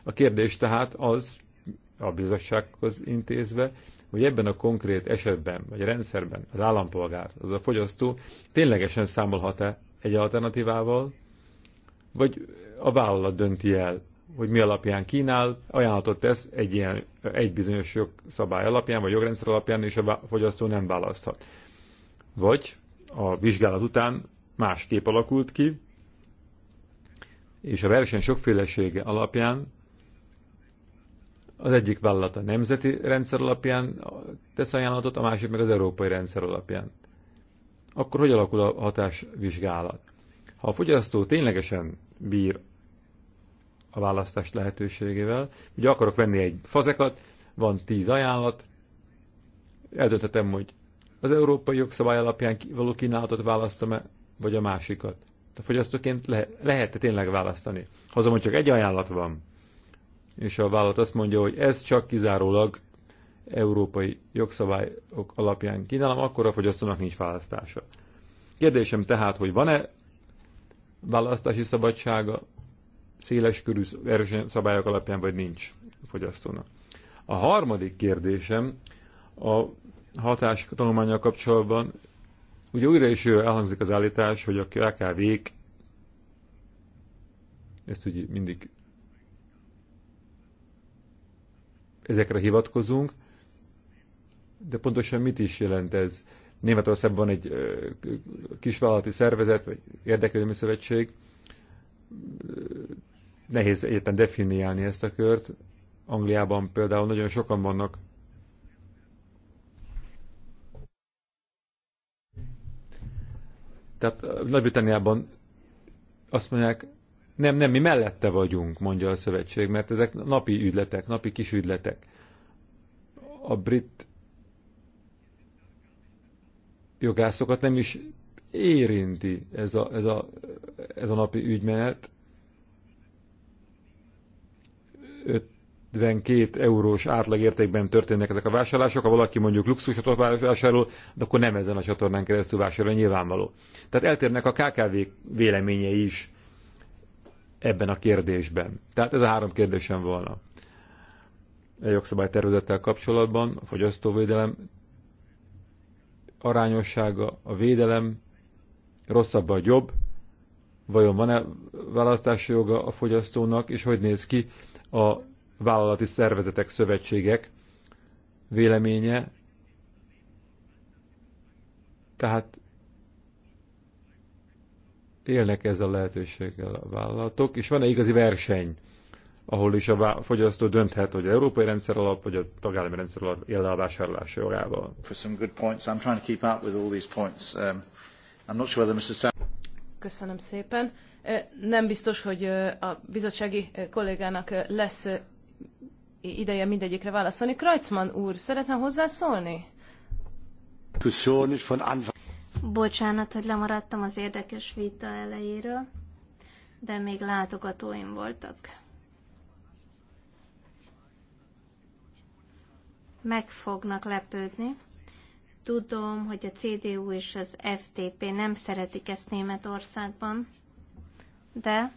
A kérdés tehát az, a bizottsághoz intézve, hogy ebben a konkrét esetben, vagy a rendszerben az állampolgár, az a fogyasztó ténylegesen számolhat-e egy alternatívával, vagy a vállalat dönti el, hogy mi alapján kínál, ajánlatot tesz egy, ilyen, egy bizonyos jogszabály alapján, vagy jogrendszer alapján, és a fogyasztó nem választhat. Vagy a vizsgálat után más kép alakult ki, és a verseny sokfélesége alapján az egyik vállalat a nemzeti rendszer alapján tesz ajánlatot, a másik meg az európai rendszer alapján. Akkor hogy alakul a hatásvizsgálat? Ha a fogyasztó ténylegesen bír a választás lehetőségével. Ugye akarok venni egy fazekat, van tíz ajánlat, eldönthetem, hogy az európai jogszabály alapján való kínálatot választom-e, vagy a másikat. Tehát fogyasztóként le- lehet -e tényleg választani. Ha azonban csak egy ajánlat van, és a vállalat azt mondja, hogy ez csak kizárólag európai jogszabályok alapján kínálom, akkor a fogyasztónak nincs választása. Kérdésem tehát, hogy van-e választási szabadsága széles körű szabályok alapján, vagy nincs fogyasztónak. A harmadik kérdésem a hatás tanulmányal kapcsolatban, ugye újra is elhangzik az állítás, hogy a KKV-k, ezt ugye mindig ezekre hivatkozunk, de pontosan mit is jelent ez? Németországban van egy kisvállalati szervezet, vagy érdeklődő szövetség, nehéz egyetlen definiálni ezt a kört. Angliában például nagyon sokan vannak Tehát Nagy-Britanniában azt mondják, nem, nem, mi mellette vagyunk, mondja a szövetség, mert ezek napi ügyletek, napi kis ügyletek. A brit jogászokat nem is érinti ez a, ez a, ez a napi ügymenet. 52 eurós átlagértékben történnek ezek a vásárlások, ha valaki mondjuk luxusot vásárol, de akkor nem ezen a csatornán keresztül vásárol, nyilvánvaló. Tehát eltérnek a KKV véleménye is ebben a kérdésben. Tehát ez a három kérdésem volna. A jogszabálytervezettel kapcsolatban, a fogyasztóvédelem arányossága, a védelem, rosszabb vagy jobb, vajon van-e választási joga a fogyasztónak, és hogy néz ki a vállalati szervezetek, szövetségek véleménye. Tehát élnek ezzel a lehetőséggel a vállalatok, és van-e igazi verseny ahol is a fogyasztó dönthet, hogy a európai rendszer alap, vagy a tagállami rendszer alap él a vásárlása jogával. Köszönöm szépen. Nem biztos, hogy a bizottsági kollégának lesz ideje mindegyikre válaszolni. Kreutzmann úr, szeretne hozzászólni? Bocsánat, hogy lemaradtam az érdekes vita elejéről, de még látogatóim voltak. meg fognak lepődni. Tudom, hogy a CDU és az FDP nem szeretik ezt Németországban, de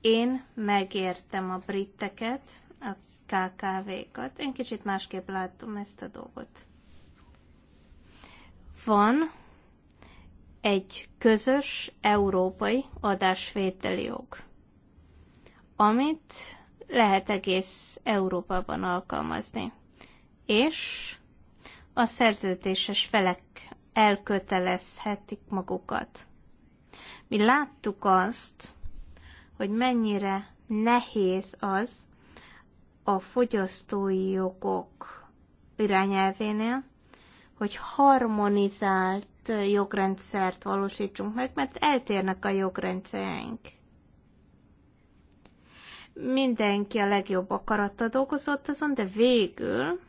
én megértem a britteket, a KKV-kat. Én kicsit másképp látom ezt a dolgot. Van egy közös európai adásvételi jog, amit lehet egész Európában alkalmazni. És a szerződéses felek elkötelezhetik magukat. Mi láttuk azt, hogy mennyire nehéz az a fogyasztói jogok irányelvénél, hogy harmonizált jogrendszert valósítsunk meg, mert eltérnek a jogrendszereink. Mindenki a legjobb akarattal dolgozott azon, de végül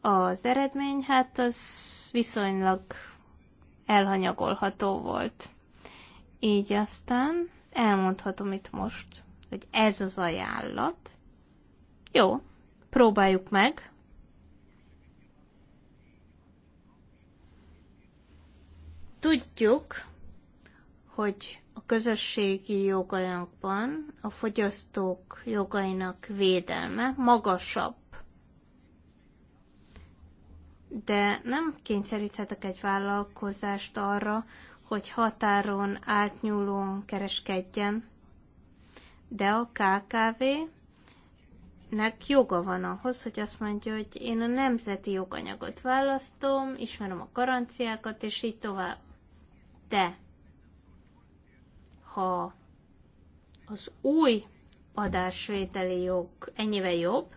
az eredmény, hát az viszonylag elhanyagolható volt. Így aztán elmondhatom itt most, hogy ez az ajánlat. Jó, próbáljuk meg. Tudjuk, hogy a közösségi joganyagban a fogyasztók jogainak védelme magasabb. De nem kényszeríthetek egy vállalkozást arra, hogy határon átnyúlón kereskedjen, de a KKV nek joga van ahhoz, hogy azt mondja, hogy én a nemzeti joganyagot választom, ismerem a garanciákat, és így tovább. De ha az új adásvételi jog ennyivel jobb,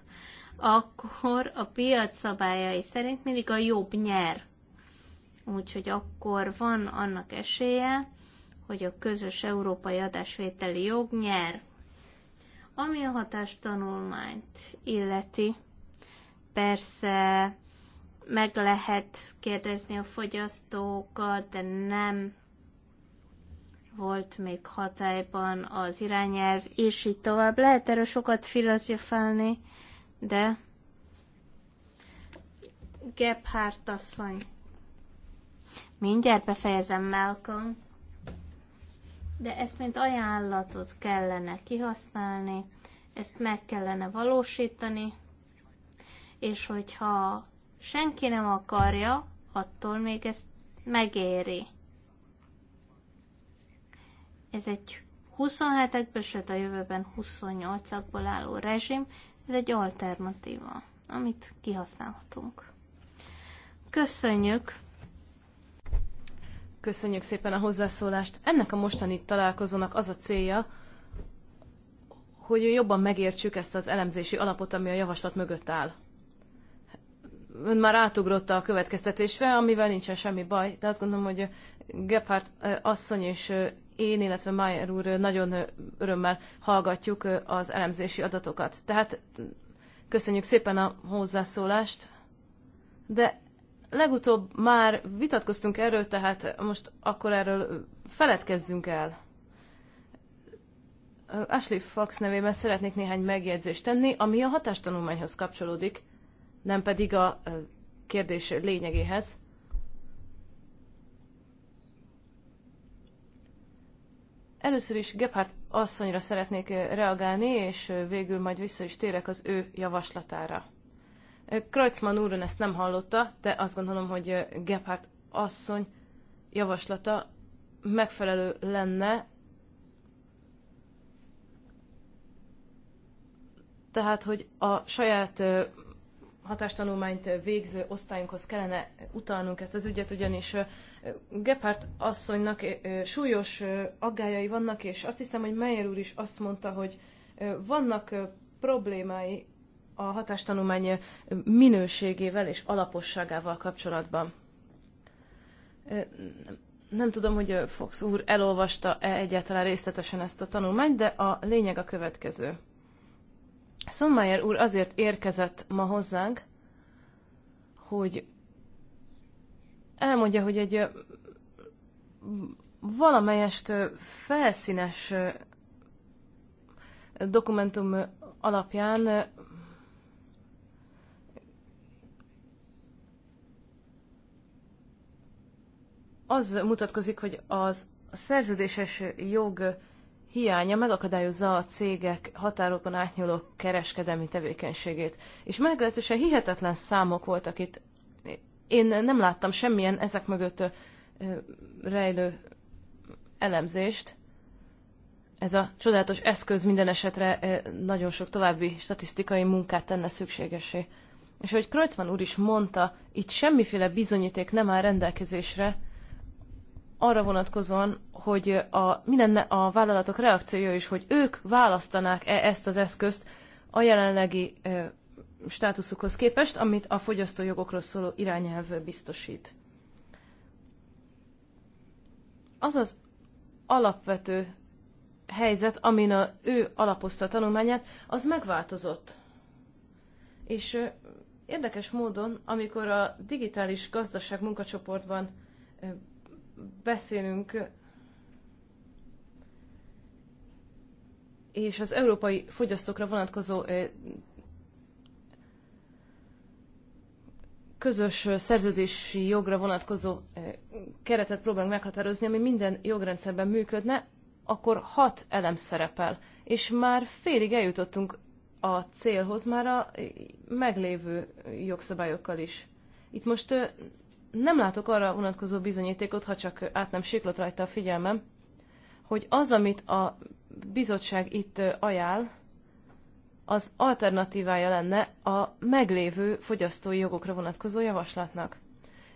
akkor a piac szabályai szerint mindig a jobb nyer. Úgyhogy akkor van annak esélye, hogy a közös európai adásvételi jog nyer. Ami a hatástanulmányt illeti, persze meg lehet kérdezni a fogyasztókat, de nem volt még hatályban az irányelv, és így tovább. Lehet erről sokat filozofálni, de Gebhardt asszony. Mindjárt befejezem, Malcolm. De ezt mint ajánlatot kellene kihasználni, ezt meg kellene valósítani, és hogyha senki nem akarja, attól még ezt megéri. Ez egy 27-ekből, sőt a jövőben 28-akból álló rezsim, ez egy alternatíva, amit kihasználhatunk. Köszönjük! Köszönjük szépen a hozzászólást. Ennek a mostani találkozónak az a célja, hogy jobban megértsük ezt az elemzési alapot, ami a javaslat mögött áll. Ön már átugrott a következtetésre, amivel nincsen semmi baj, de azt gondolom, hogy Gephardt eh, asszony és eh, én, illetve Mayer úr nagyon örömmel hallgatjuk az elemzési adatokat. Tehát köszönjük szépen a hozzászólást, de legutóbb már vitatkoztunk erről, tehát most akkor erről feledkezzünk el. Ashley Fox nevében szeretnék néhány megjegyzést tenni, ami a hatástanulmányhoz kapcsolódik, nem pedig a kérdés lényegéhez. Először is Gebhardt asszonyra szeretnék reagálni, és végül majd vissza is térek az ő javaslatára. Kreutzmann úrön ezt nem hallotta, de azt gondolom, hogy Gebhardt asszony javaslata megfelelő lenne. Tehát, hogy a saját hatástanulmányt végző osztályunkhoz kellene utalnunk ezt az ügyet, ugyanis Gephardt asszonynak súlyos aggájai vannak, és azt hiszem, hogy Meyer úr is azt mondta, hogy vannak problémái a hatástanulmány minőségével és alaposságával kapcsolatban. Nem tudom, hogy Fox úr elolvasta-e egyáltalán részletesen ezt a tanulmányt, de a lényeg a következő. Sonnmeyer úr azért érkezett ma hozzánk, hogy elmondja, hogy egy valamelyest felszínes dokumentum alapján az mutatkozik, hogy az szerződéses jog hiánya megakadályozza a cégek határokon átnyúló kereskedelmi tevékenységét. És meglehetősen hihetetlen számok voltak itt én nem láttam semmilyen ezek mögött rejlő elemzést. Ez a csodálatos eszköz minden esetre nagyon sok további statisztikai munkát tenne szükségesé. És ahogy Kreutzmann úr is mondta, itt semmiféle bizonyíték nem áll rendelkezésre arra vonatkozóan, hogy a, mi lenne a vállalatok reakciója is, hogy ők választanák-e ezt az eszközt a jelenlegi státuszukhoz képest, amit a fogyasztójogokról szóló irányelv biztosít. Az az alapvető helyzet, amin a, ő alapozta a tanulmányát, az megváltozott. És érdekes módon, amikor a digitális gazdaság munkacsoportban beszélünk, és az európai fogyasztókra vonatkozó közös szerződési jogra vonatkozó keretet próbálunk meghatározni, ami minden jogrendszerben működne, akkor hat elem szerepel. És már félig eljutottunk a célhoz, már a meglévő jogszabályokkal is. Itt most nem látok arra vonatkozó bizonyítékot, ha csak át nem siklott rajta a figyelmem, hogy az, amit a bizottság itt ajánl, az alternatívája lenne a meglévő fogyasztói jogokra vonatkozó javaslatnak.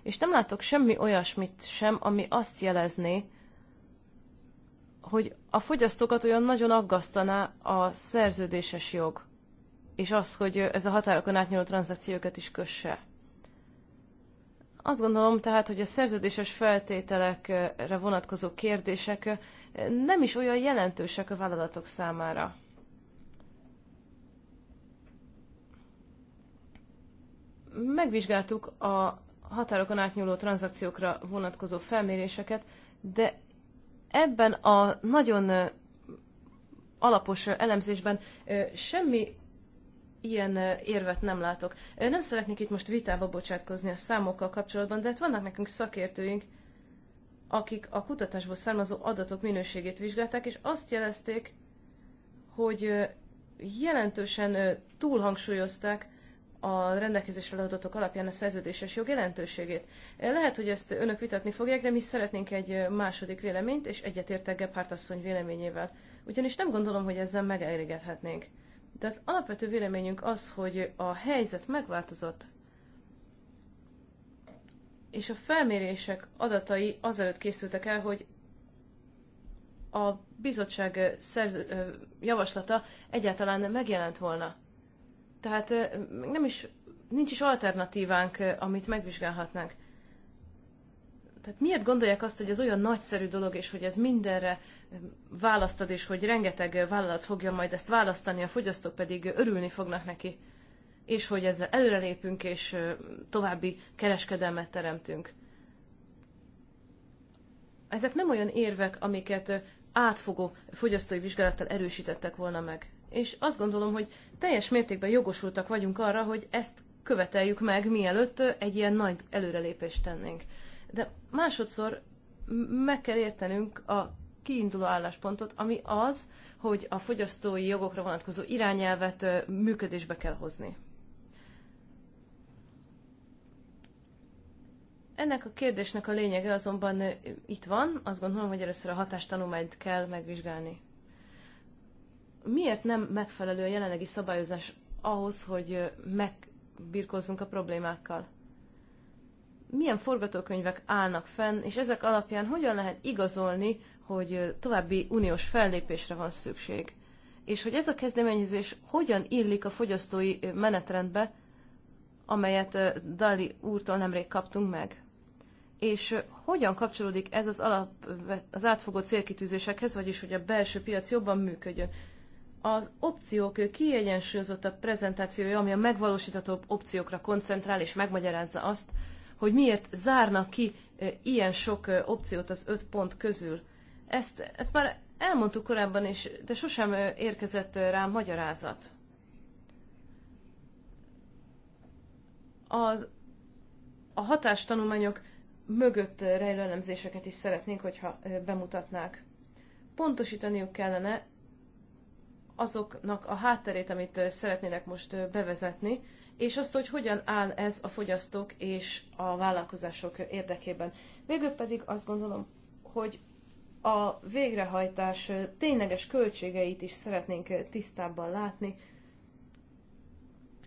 És nem látok semmi olyasmit sem, ami azt jelezné, hogy a fogyasztókat olyan nagyon aggasztaná a szerződéses jog, és az, hogy ez a határokon átnyúló tranzakciókat is kösse. Azt gondolom tehát, hogy a szerződéses feltételekre vonatkozó kérdések nem is olyan jelentősek a vállalatok számára. megvizsgáltuk a határokon átnyúló tranzakciókra vonatkozó felméréseket, de ebben a nagyon alapos elemzésben semmi ilyen érvet nem látok. Nem szeretnék itt most vitába bocsátkozni a számokkal kapcsolatban, de hát vannak nekünk szakértőink, akik a kutatásból származó adatok minőségét vizsgálták, és azt jelezték, hogy jelentősen túlhangsúlyozták a rendelkezésre adatok alapján a szerződéses jog jelentőségét. Lehet, hogy ezt önök vitatni fogják, de mi szeretnénk egy második véleményt, és egyetértek Gephardt véleményével. Ugyanis nem gondolom, hogy ezzel megelégedhetnénk. De az alapvető véleményünk az, hogy a helyzet megváltozott. És a felmérések adatai azelőtt készültek el, hogy a bizottság szerző, javaslata egyáltalán megjelent volna. Tehát nem is, nincs is alternatívánk, amit megvizsgálhatnánk. Tehát miért gondolják azt, hogy ez olyan nagyszerű dolog, és hogy ez mindenre választad, és hogy rengeteg vállalat fogja majd ezt választani, a fogyasztók pedig örülni fognak neki, és hogy ezzel előrelépünk, és további kereskedelmet teremtünk. Ezek nem olyan érvek, amiket átfogó fogyasztói vizsgálattal erősítettek volna meg és azt gondolom, hogy teljes mértékben jogosultak vagyunk arra, hogy ezt követeljük meg, mielőtt egy ilyen nagy előrelépést tennénk. De másodszor meg kell értenünk a kiinduló álláspontot, ami az, hogy a fogyasztói jogokra vonatkozó irányelvet működésbe kell hozni. Ennek a kérdésnek a lényege azonban itt van, azt gondolom, hogy először a hatástanulmányt kell megvizsgálni miért nem megfelelő a jelenlegi szabályozás ahhoz, hogy megbirkózzunk a problémákkal? Milyen forgatókönyvek állnak fenn, és ezek alapján hogyan lehet igazolni, hogy további uniós fellépésre van szükség? És hogy ez a kezdeményezés hogyan illik a fogyasztói menetrendbe, amelyet Dali úrtól nemrég kaptunk meg? és hogyan kapcsolódik ez az, alap, az átfogó célkitűzésekhez, vagyis hogy a belső piac jobban működjön az opciók kiegyensúlyozottabb prezentációja, ami a megvalósítható opciókra koncentrál és megmagyarázza azt, hogy miért zárnak ki ilyen sok opciót az öt pont közül. Ezt, ezt már elmondtuk korábban is, de sosem érkezett rá magyarázat. Az, a hatástanulmányok mögött rejlő elemzéseket is szeretnénk, hogyha bemutatnák. Pontosítaniuk kellene azoknak a hátterét, amit szeretnének most bevezetni, és azt, hogy hogyan áll ez a fogyasztók és a vállalkozások érdekében. Végül pedig azt gondolom, hogy a végrehajtás tényleges költségeit is szeretnénk tisztábban látni,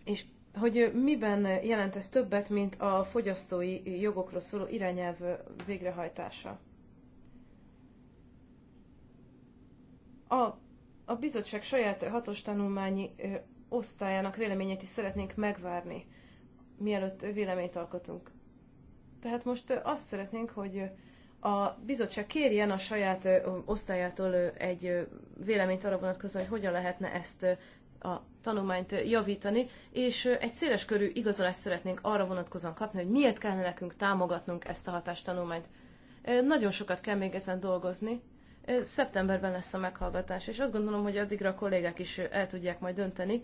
és hogy miben jelent ez többet, mint a fogyasztói jogokról szóló irányelv végrehajtása. A a bizottság saját hatos tanulmányi osztályának véleményét is szeretnénk megvárni, mielőtt véleményt alkotunk. Tehát most azt szeretnénk, hogy a bizottság kérjen a saját osztályától egy véleményt arra vonatkozóan, hogy hogyan lehetne ezt a tanulmányt javítani, és egy széles körű igazolást szeretnénk arra vonatkozóan kapni, hogy miért kellene nekünk támogatnunk ezt a hatástanulmányt. Nagyon sokat kell még ezen dolgozni, Szeptemberben lesz a meghallgatás, és azt gondolom, hogy addigra a kollégák is el tudják majd dönteni,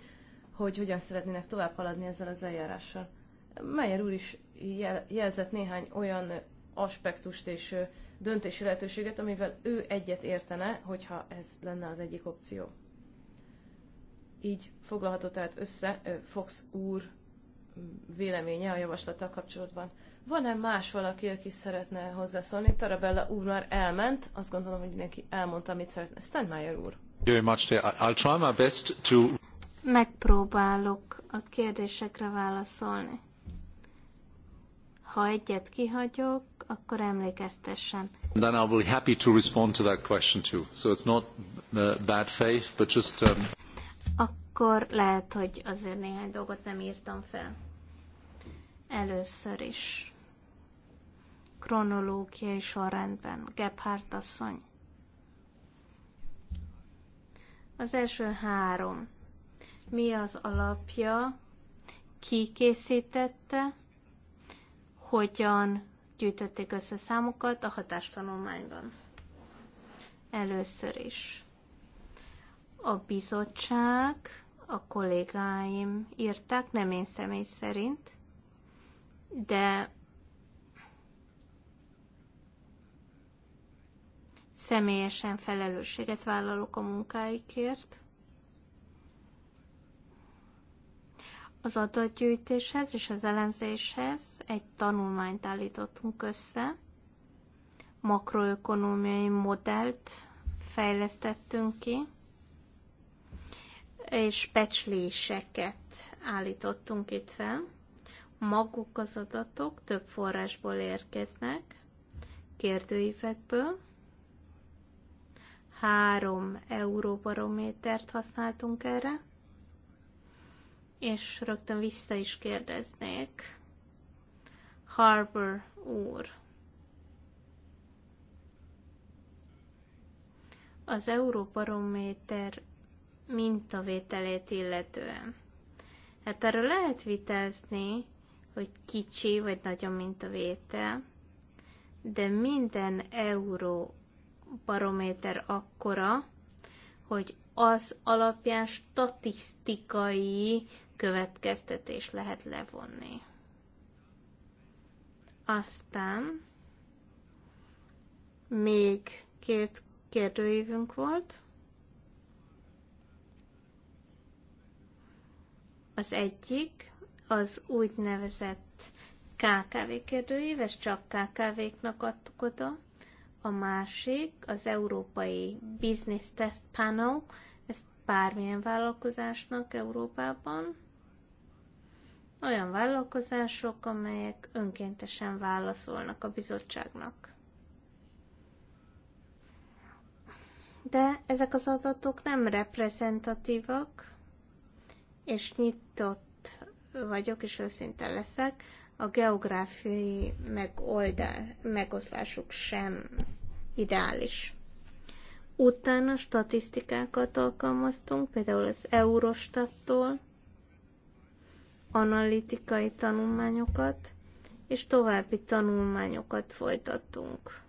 hogy hogyan szeretnének tovább haladni ezzel az eljárással. Meyer úr is jel- jelzett néhány olyan aspektust és döntési lehetőséget, amivel ő egyet értene, hogyha ez lenne az egyik opció. Így foglalható tehát össze Fox úr véleménye a javaslattal kapcsolatban. Van-e más valaki, aki szeretne hozzászólni? Tarabella úr már elment, azt gondolom, hogy neki elmondta, amit szeretne. Steinmeier úr. Megpróbálok a kérdésekre válaszolni. Ha egyet kihagyok, akkor emlékeztessen. Then I will be happy to respond to that question too. So it's not uh, bad faith, but just... Um... Akkor lehet, hogy azért néhány dolgot nem írtam fel. Először is kronológiai sorrendben. Gebhardt asszony. Az első három. Mi az alapja? Ki készítette? Hogyan gyűjtötték össze számokat a hatástanulmányban? Először is. A bizottság, a kollégáim írták, nem én személy szerint, de személyesen felelősséget vállalok a munkáikért. Az adatgyűjtéshez és az elemzéshez egy tanulmányt állítottunk össze, makroökonomiai modellt fejlesztettünk ki, és pecsléseket állítottunk itt fel. Maguk az adatok több forrásból érkeznek, kérdőívekből, három euróbarométert használtunk erre, és rögtön vissza is kérdeznék. Harbour úr, az euróbarométer mintavételét illetően. Hát erről lehet vitázni, hogy kicsi vagy nagyon mintavétel, de minden euró barométer akkora, hogy az alapján statisztikai következtetés lehet levonni. Aztán még két kérdőívünk volt. Az egyik az úgynevezett KKV kérdőív, ezt csak KKV-knak adtuk oda a másik, az Európai Business Test Panel, ez bármilyen vállalkozásnak Európában, olyan vállalkozások, amelyek önkéntesen válaszolnak a bizottságnak. De ezek az adatok nem reprezentatívak, és nyitott vagyok, és őszinte leszek, a geográfiai megoldás, megoszlásuk sem ideális. Utána statisztikákat alkalmaztunk, például az Eurostattól, analitikai tanulmányokat, és további tanulmányokat folytattunk.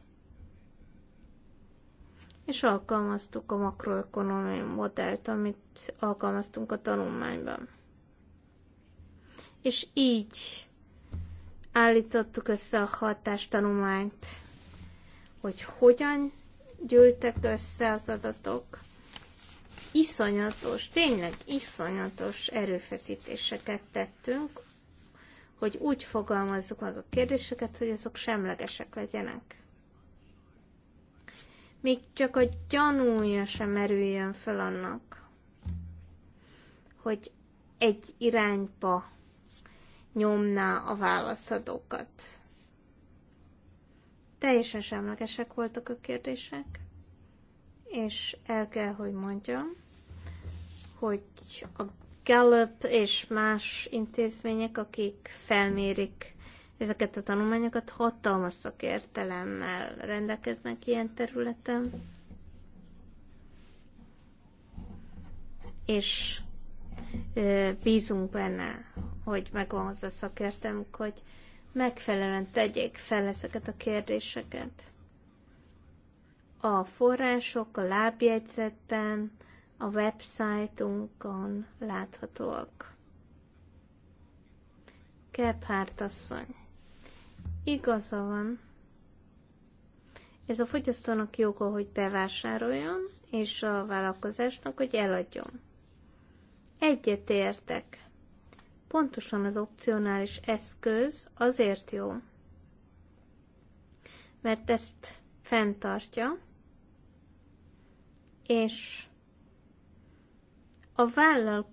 És alkalmaztuk a makroekonomiai modellt, amit alkalmaztunk a tanulmányban. És így állítottuk össze a hatástanulmányt hogy hogyan gyűltek össze az adatok. Iszonyatos, tényleg iszonyatos erőfeszítéseket tettünk, hogy úgy fogalmazzuk meg a kérdéseket, hogy azok semlegesek legyenek. Még csak a gyanúja sem merüljön fel annak, hogy egy irányba nyomná a válaszadókat. Teljesen semlegesek voltak a kérdések, és el kell, hogy mondjam, hogy a Gallup és más intézmények, akik felmérik ezeket a tanulmányokat, hatalmas szakértelemmel rendelkeznek ilyen területen. És bízunk benne, hogy megvan az a szakértelmük, hogy megfelelően tegyék fel ezeket a kérdéseket. A források a lábjegyzetben, a websájtunkon láthatóak. Kephárt asszony. Igaza van. Ez a fogyasztónak joga, hogy bevásároljon, és a vállalkozásnak, hogy eladjon. Egyet értek pontosan az opcionális eszköz azért jó, mert ezt fenntartja, és a vállal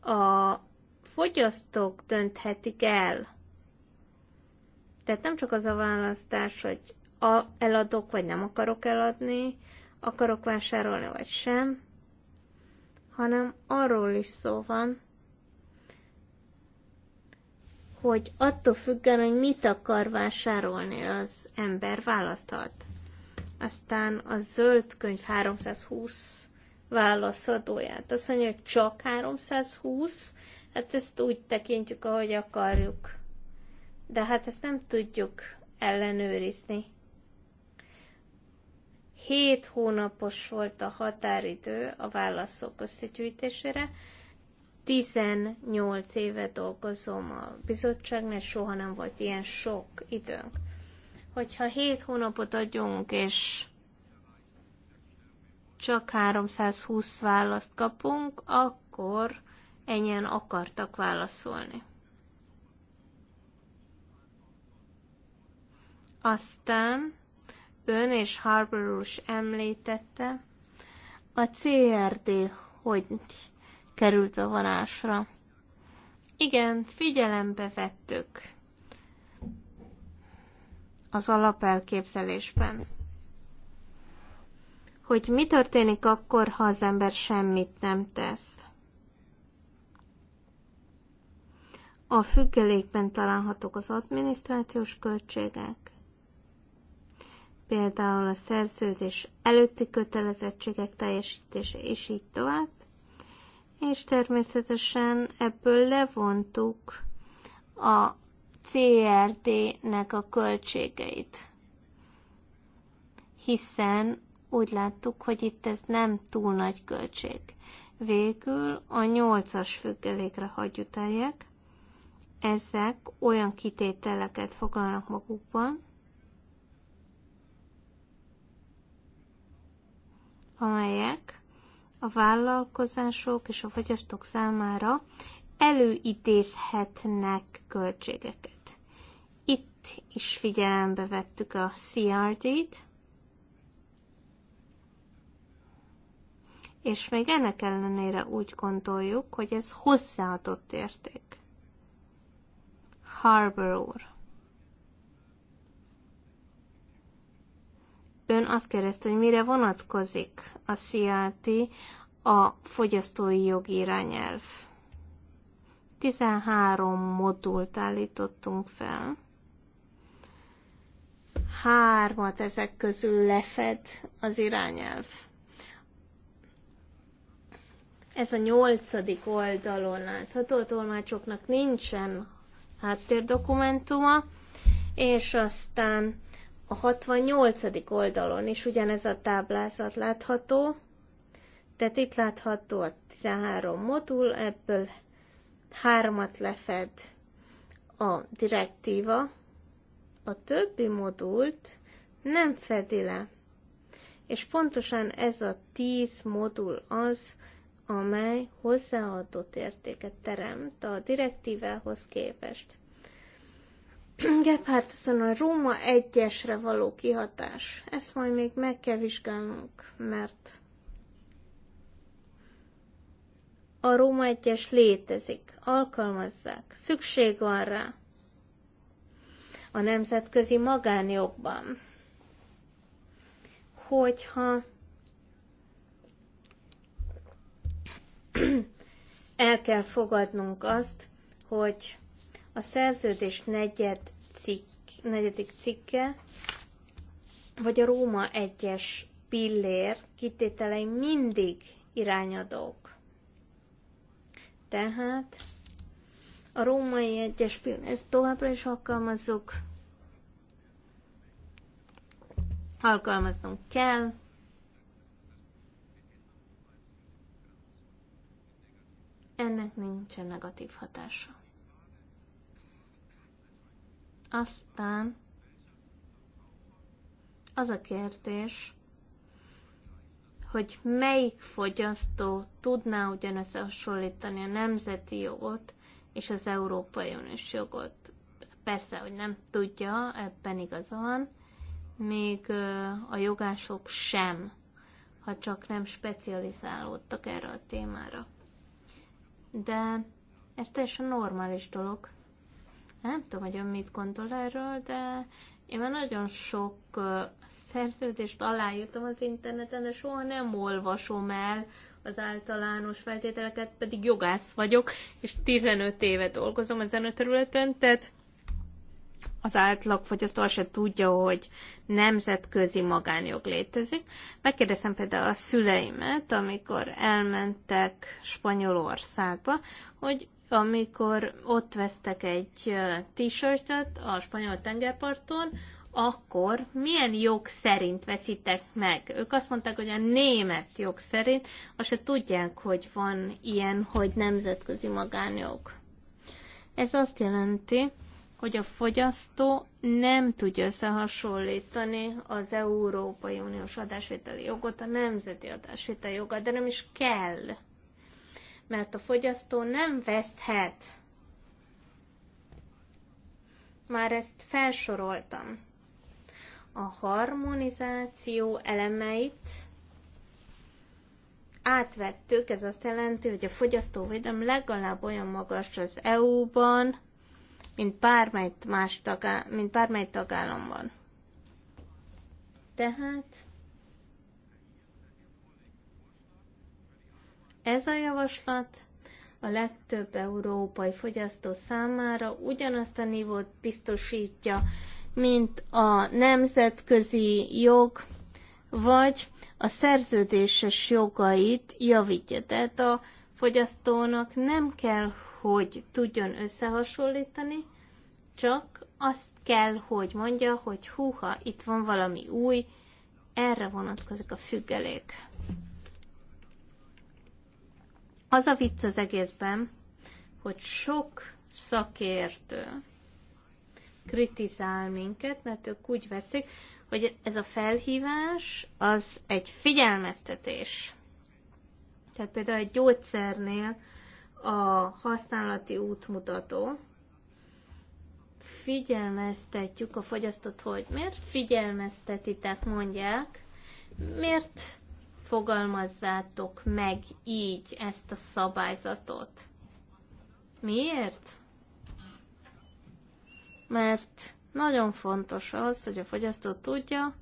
a fogyasztók dönthetik el. Tehát nem csak az a választás, hogy a, eladok, vagy nem akarok eladni, akarok vásárolni, vagy sem, hanem arról is szó van, hogy attól függően, hogy mit akar vásárolni az ember, választhat. Aztán a zöld könyv 320 válaszadóját. Azt mondja, hogy csak 320, hát ezt úgy tekintjük, ahogy akarjuk. De hát ezt nem tudjuk ellenőrizni. Hét hónapos volt a határidő a válaszok összegyűjtésére, 18 éve dolgozom a bizottságnál, soha nem volt ilyen sok időnk. Hogyha 7 hónapot adjunk, és csak 320 választ kapunk, akkor ennyien akartak válaszolni. Aztán ön és Harbour említette, a CRD hogy került bevonásra. Igen, figyelembe vettük az alapelképzelésben, hogy mi történik akkor, ha az ember semmit nem tesz. A függelékben találhatók az adminisztrációs költségek, például a szerződés előtti kötelezettségek teljesítése, és így tovább, és természetesen ebből levontuk a CRD-nek a költségeit, hiszen úgy láttuk, hogy itt ez nem túl nagy költség. Végül a nyolcas függelékre hagyjutelják. Ezek olyan kitételeket foglalnak magukban, amelyek a vállalkozások és a fogyasztók számára előidézhetnek költségeket. Itt is figyelembe vettük a CRD-t, és még ennek ellenére úgy gondoljuk, hogy ez hozzáadott érték. Harbor úr. ön azt kérdezte, hogy mire vonatkozik a CRT, a fogyasztói jogi irányelv. 13 modult állítottunk fel. Hármat ezek közül lefed az irányelv. Ez a nyolcadik oldalon látható, a tolmácsoknak nincsen háttérdokumentuma, és aztán a 68. oldalon is ugyanez a táblázat látható, tehát itt látható a 13 modul, ebből 3-at lefed a direktíva, a többi modult nem fedi le. És pontosan ez a 10 modul az, amely hozzáadott értéket teremt a direktívához képest. Gephardt szóval a Róma egyesre való kihatás. Ezt majd még meg kell vizsgálnunk, mert a Róma egyes létezik, alkalmazzák, szükség van rá a nemzetközi magánjogban. Hogyha el kell fogadnunk azt, hogy a szerződés negyed cikk, negyedik cikke, vagy a Róma egyes pillér kitételei mindig irányadók. Tehát a római egyes pillért továbbra is alkalmazzuk, alkalmaznunk kell, ennek nincsen negatív hatása. Aztán az a kérdés, hogy melyik fogyasztó tudná ugyanezt hasonlítani a nemzeti jogot és az Európai Uniós jogot. Persze, hogy nem tudja, ebben igaza van, még a jogások sem, ha csak nem specializálódtak erre a témára. De ez teljesen normális dolog. Nem tudom, hogy ön mit gondol erről, de én már nagyon sok szerződést aláírtam az interneten, de soha nem olvasom el az általános feltételeket, pedig jogász vagyok, és 15 éve dolgozom ezen a területen, tehát az átlagfogyasztó se tudja, hogy nemzetközi magánjog létezik. Megkérdezem például a szüleimet, amikor elmentek Spanyolországba, hogy amikor ott vesztek egy t-shirtet a spanyol tengerparton, akkor milyen jog szerint veszitek meg? Ők azt mondták, hogy a német jog szerint, azt se tudják, hogy van ilyen, hogy nemzetközi magánjog. Ez azt jelenti, hogy a fogyasztó nem tudja összehasonlítani az Európai Uniós adásvételi jogot a nemzeti adásvételi jogot, de nem is kell mert a fogyasztó nem veszthet. Már ezt felsoroltam. A harmonizáció elemeit átvettük, ez azt jelenti, hogy a fogyasztóvédelem legalább olyan magas az EU-ban, mint bármely más tagá- mint bármely tagállamban. Tehát Ez a javaslat a legtöbb európai fogyasztó számára ugyanazt a nívót biztosítja, mint a nemzetközi jog, vagy a szerződéses jogait javítja. Tehát a fogyasztónak nem kell, hogy tudjon összehasonlítani, csak azt kell, hogy mondja, hogy húha, itt van valami új, erre vonatkozik a függelék. Az a vicc az egészben, hogy sok szakértő kritizál minket, mert ők úgy veszik, hogy ez a felhívás az egy figyelmeztetés. Tehát például egy gyógyszernél a használati útmutató, figyelmeztetjük a fogyasztót, hogy miért figyelmeztetitek, mondják, miért fogalmazzátok meg így ezt a szabályzatot. Miért? Mert nagyon fontos az, hogy a fogyasztó tudja,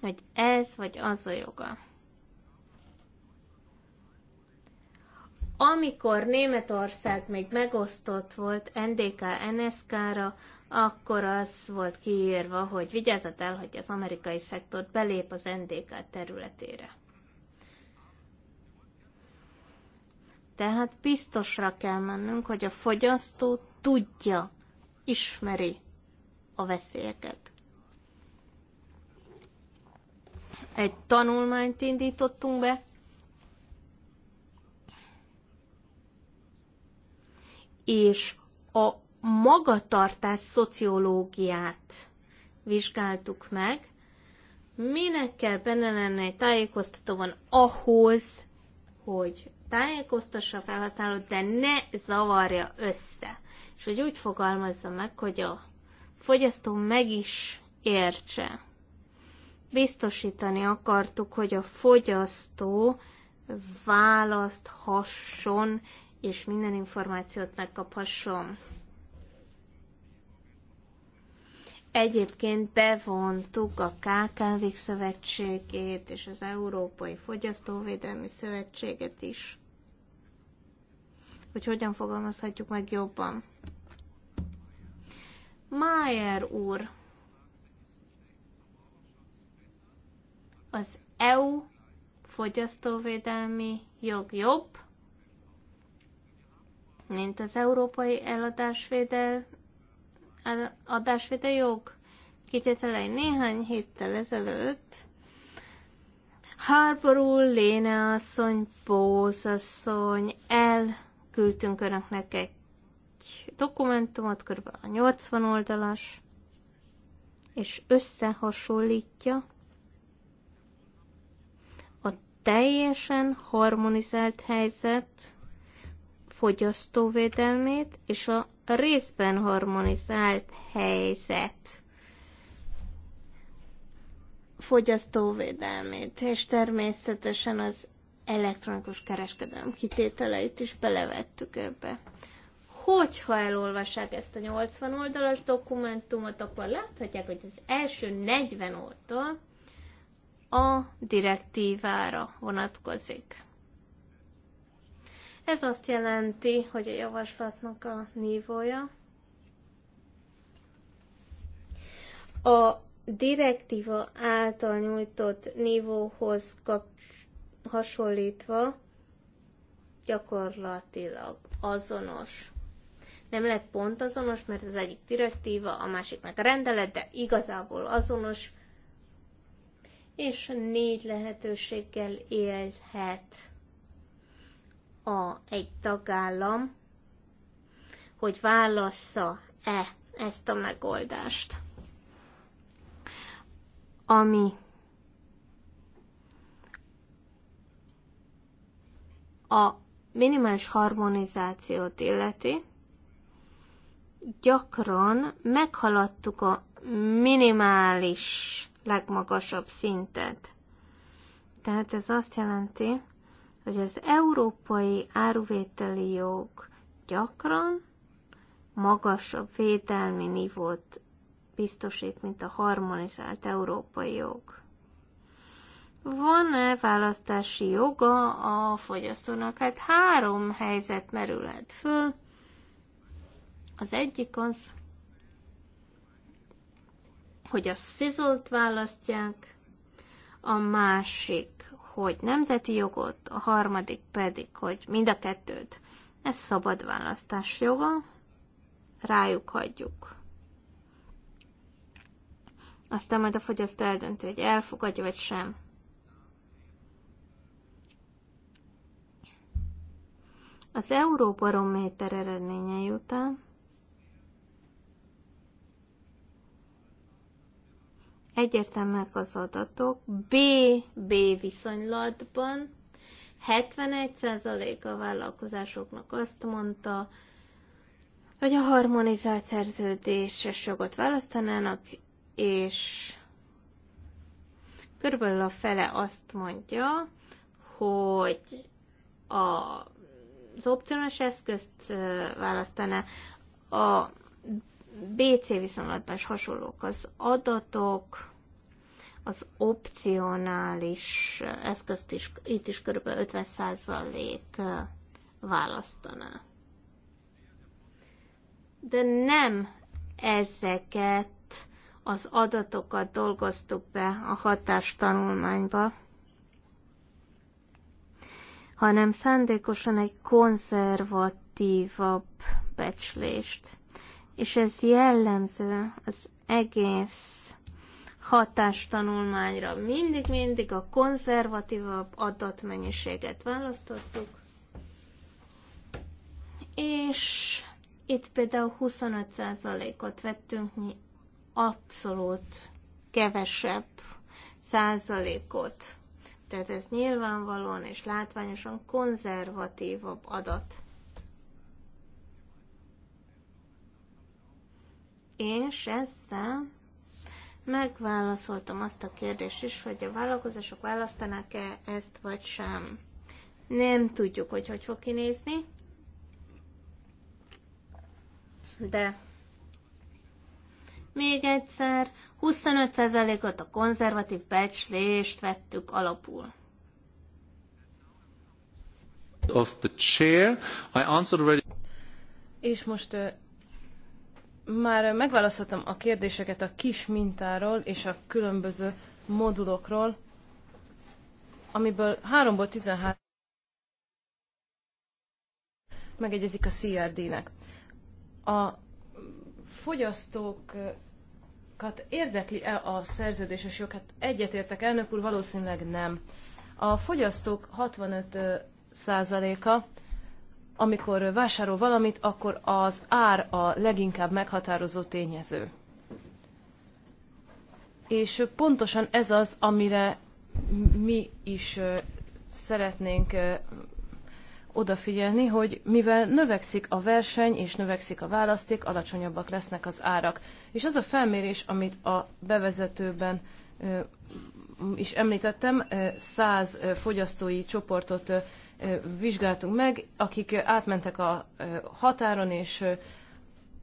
hogy ez vagy az a joga. Amikor Németország még megosztott volt NDK-NSK-ra, akkor az volt kiírva, hogy vigyázzat el, hogy az amerikai szektor belép az NDK területére. Tehát biztosra kell mennünk, hogy a fogyasztó tudja, ismeri a veszélyeket. Egy tanulmányt indítottunk be, és a magatartás szociológiát vizsgáltuk meg, minek kell benne lenni egy tájékoztatóban ahhoz, hogy tájékoztassa a felhasználót, de ne zavarja össze. És hogy úgy fogalmazza meg, hogy a fogyasztó meg is értse. Biztosítani akartuk, hogy a fogyasztó választhasson, és minden információt megkaphasson. Egyébként bevontuk a kkv szövetségét és az Európai Fogyasztóvédelmi Szövetséget is. Hogy hogyan fogalmazhatjuk meg jobban. Mayer úr, az EU fogyasztóvédelmi jog jobb, mint az európai eladásvédelmi adásvideók jog néhány héttel ezelőtt Harború, Léne asszony, Póz asszony, elküldtünk önöknek egy dokumentumot, kb. 80 oldalas, és összehasonlítja a teljesen harmonizált helyzet fogyasztóvédelmét és a részben harmonizált helyzet fogyasztóvédelmét, és természetesen az elektronikus kereskedelem kitételeit is belevettük ebbe. Hogyha elolvassák ezt a 80 oldalas dokumentumot, akkor láthatják, hogy az első 40 oldal a direktívára vonatkozik. Ez azt jelenti, hogy a javaslatnak a nívója a direktíva által nyújtott nívóhoz hasonlítva gyakorlatilag azonos. Nem lett pont azonos, mert az egyik direktíva, a másik meg a rendelet, de igazából azonos, és négy lehetőséggel élhet a, egy tagállam, hogy válassza-e ezt a megoldást. Ami a minimális harmonizációt illeti, gyakran meghaladtuk a minimális legmagasabb szintet. Tehát ez azt jelenti, hogy az európai áruvételi jog gyakran magasabb védelmi nívót biztosít, mint a harmonizált európai jog. Van-e választási joga a fogyasztónak? Hát három helyzet merülhet föl. Az egyik az, hogy a szizolt választják, a másik hogy nemzeti jogot, a harmadik pedig, hogy mind a kettőt. Ez szabad választás joga, rájuk hagyjuk. Aztán majd a fogyasztó eldönti, hogy elfogadja vagy sem. Az Euróbarométer eredményei után egyértelműek az adatok, B-B viszonylatban 71% a vállalkozásoknak azt mondta, hogy a harmonizált szerződéses jogot választanának, és körülbelül a fele azt mondja, hogy a, az opcionális eszközt választaná, a BC viszonylatban is hasonlók az adatok, az opcionális eszközt is, itt is kb. 50% választaná. De nem ezeket az adatokat dolgoztuk be a hatástanulmányba, hanem szándékosan egy konzervatívabb becslést és ez jellemző az egész hatástanulmányra. Mindig-mindig a konzervatívabb adatmennyiséget választottuk, és itt például 25%-ot vettünk mi abszolút kevesebb százalékot. Tehát ez nyilvánvalóan és látványosan konzervatívabb adat. és ezzel megválaszoltam azt a kérdést is, hogy a vállalkozások választanak-e ezt vagy sem. Nem tudjuk, hogy hogy fog kinézni, de még egyszer, 25%-ot a konzervatív becslést vettük alapul. Of the chair, I answered already... És most már megválaszoltam a kérdéseket a kis mintáról és a különböző modulokról, amiből 3-ból 13 megegyezik a CRD-nek. A fogyasztókat érdekli-e a szerződéses jog? Hát egyetértek, elnök úr, valószínűleg nem. A fogyasztók 65 százaléka amikor vásárol valamit, akkor az ár a leginkább meghatározó tényező. És pontosan ez az, amire mi is szeretnénk odafigyelni, hogy mivel növekszik a verseny és növekszik a választék, alacsonyabbak lesznek az árak. És az a felmérés, amit a bevezetőben is említettem, 100 fogyasztói csoportot vizsgáltunk meg, akik átmentek a határon, és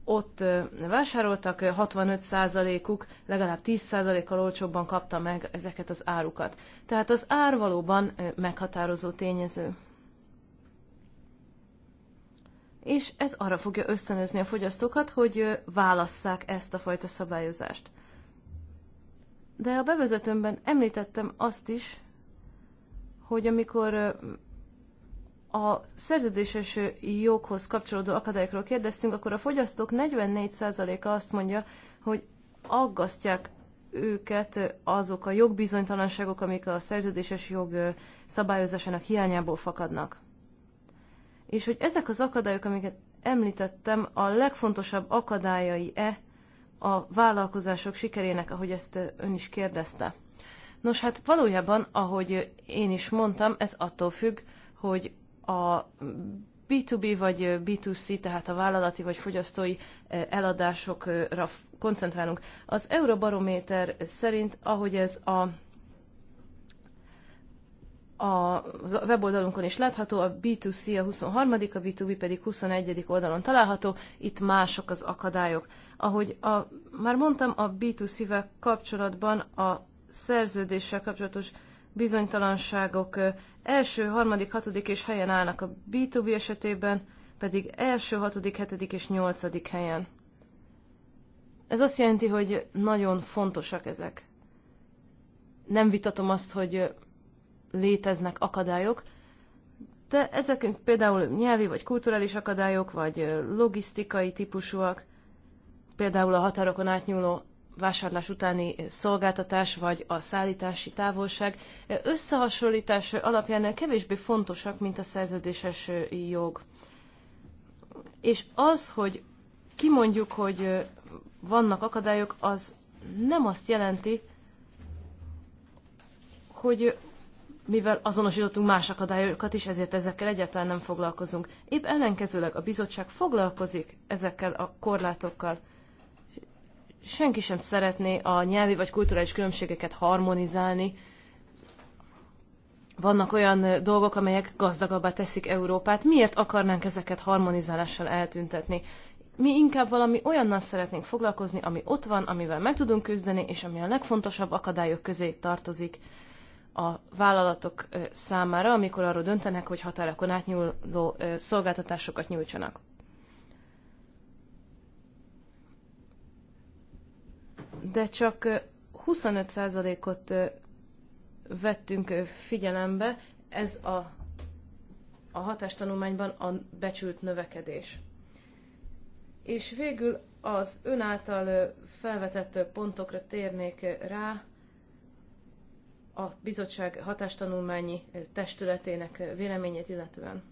ott vásároltak, 65%-uk legalább 10%-kal olcsóbban kapta meg ezeket az árukat. Tehát az ár valóban meghatározó tényező. És ez arra fogja ösztönözni a fogyasztókat, hogy válasszák ezt a fajta szabályozást. De a bevezetőmben említettem azt is, hogy amikor a szerződéses joghoz kapcsolódó akadályokról kérdeztünk, akkor a fogyasztók 44%-a azt mondja, hogy aggasztják őket azok a jogbizonytalanságok, amik a szerződéses jog szabályozásának hiányából fakadnak. És hogy ezek az akadályok, amiket említettem, a legfontosabb akadályai-e a vállalkozások sikerének, ahogy ezt ön is kérdezte. Nos, hát valójában, ahogy én is mondtam, ez attól függ, hogy a B2B vagy B2C, tehát a vállalati vagy fogyasztói e, eladásokra koncentrálunk. Az Eurobarométer szerint, ahogy ez a a weboldalunkon is látható, a B2C a 23., a B2B pedig 21. oldalon található, itt mások az akadályok. Ahogy a, már mondtam, a B2C-vel kapcsolatban a szerződéssel kapcsolatos bizonytalanságok e, első, harmadik, hatodik és helyen állnak a B2B esetében, pedig első, hatodik, hetedik és nyolcadik helyen. Ez azt jelenti, hogy nagyon fontosak ezek. Nem vitatom azt, hogy léteznek akadályok, de ezek például nyelvi vagy kulturális akadályok, vagy logisztikai típusúak, például a határokon átnyúló vásárlás utáni szolgáltatás vagy a szállítási távolság összehasonlítás alapján kevésbé fontosak, mint a szerződéses jog. És az, hogy kimondjuk, hogy vannak akadályok, az nem azt jelenti, hogy mivel azonosítottunk más akadályokat is, ezért ezekkel egyáltalán nem foglalkozunk. Épp ellenkezőleg a bizottság foglalkozik ezekkel a korlátokkal senki sem szeretné a nyelvi vagy kulturális különbségeket harmonizálni. Vannak olyan dolgok, amelyek gazdagabbá teszik Európát. Miért akarnánk ezeket harmonizálással eltüntetni? Mi inkább valami olyannal szeretnénk foglalkozni, ami ott van, amivel meg tudunk küzdeni, és ami a legfontosabb akadályok közé tartozik a vállalatok számára, amikor arról döntenek, hogy határokon átnyúló szolgáltatásokat nyújtsanak. de csak 25%-ot vettünk figyelembe, ez a, a hatástanulmányban a becsült növekedés. És végül az ön által felvetett pontokra térnék rá, a bizottság hatástanulmányi testületének véleményét illetően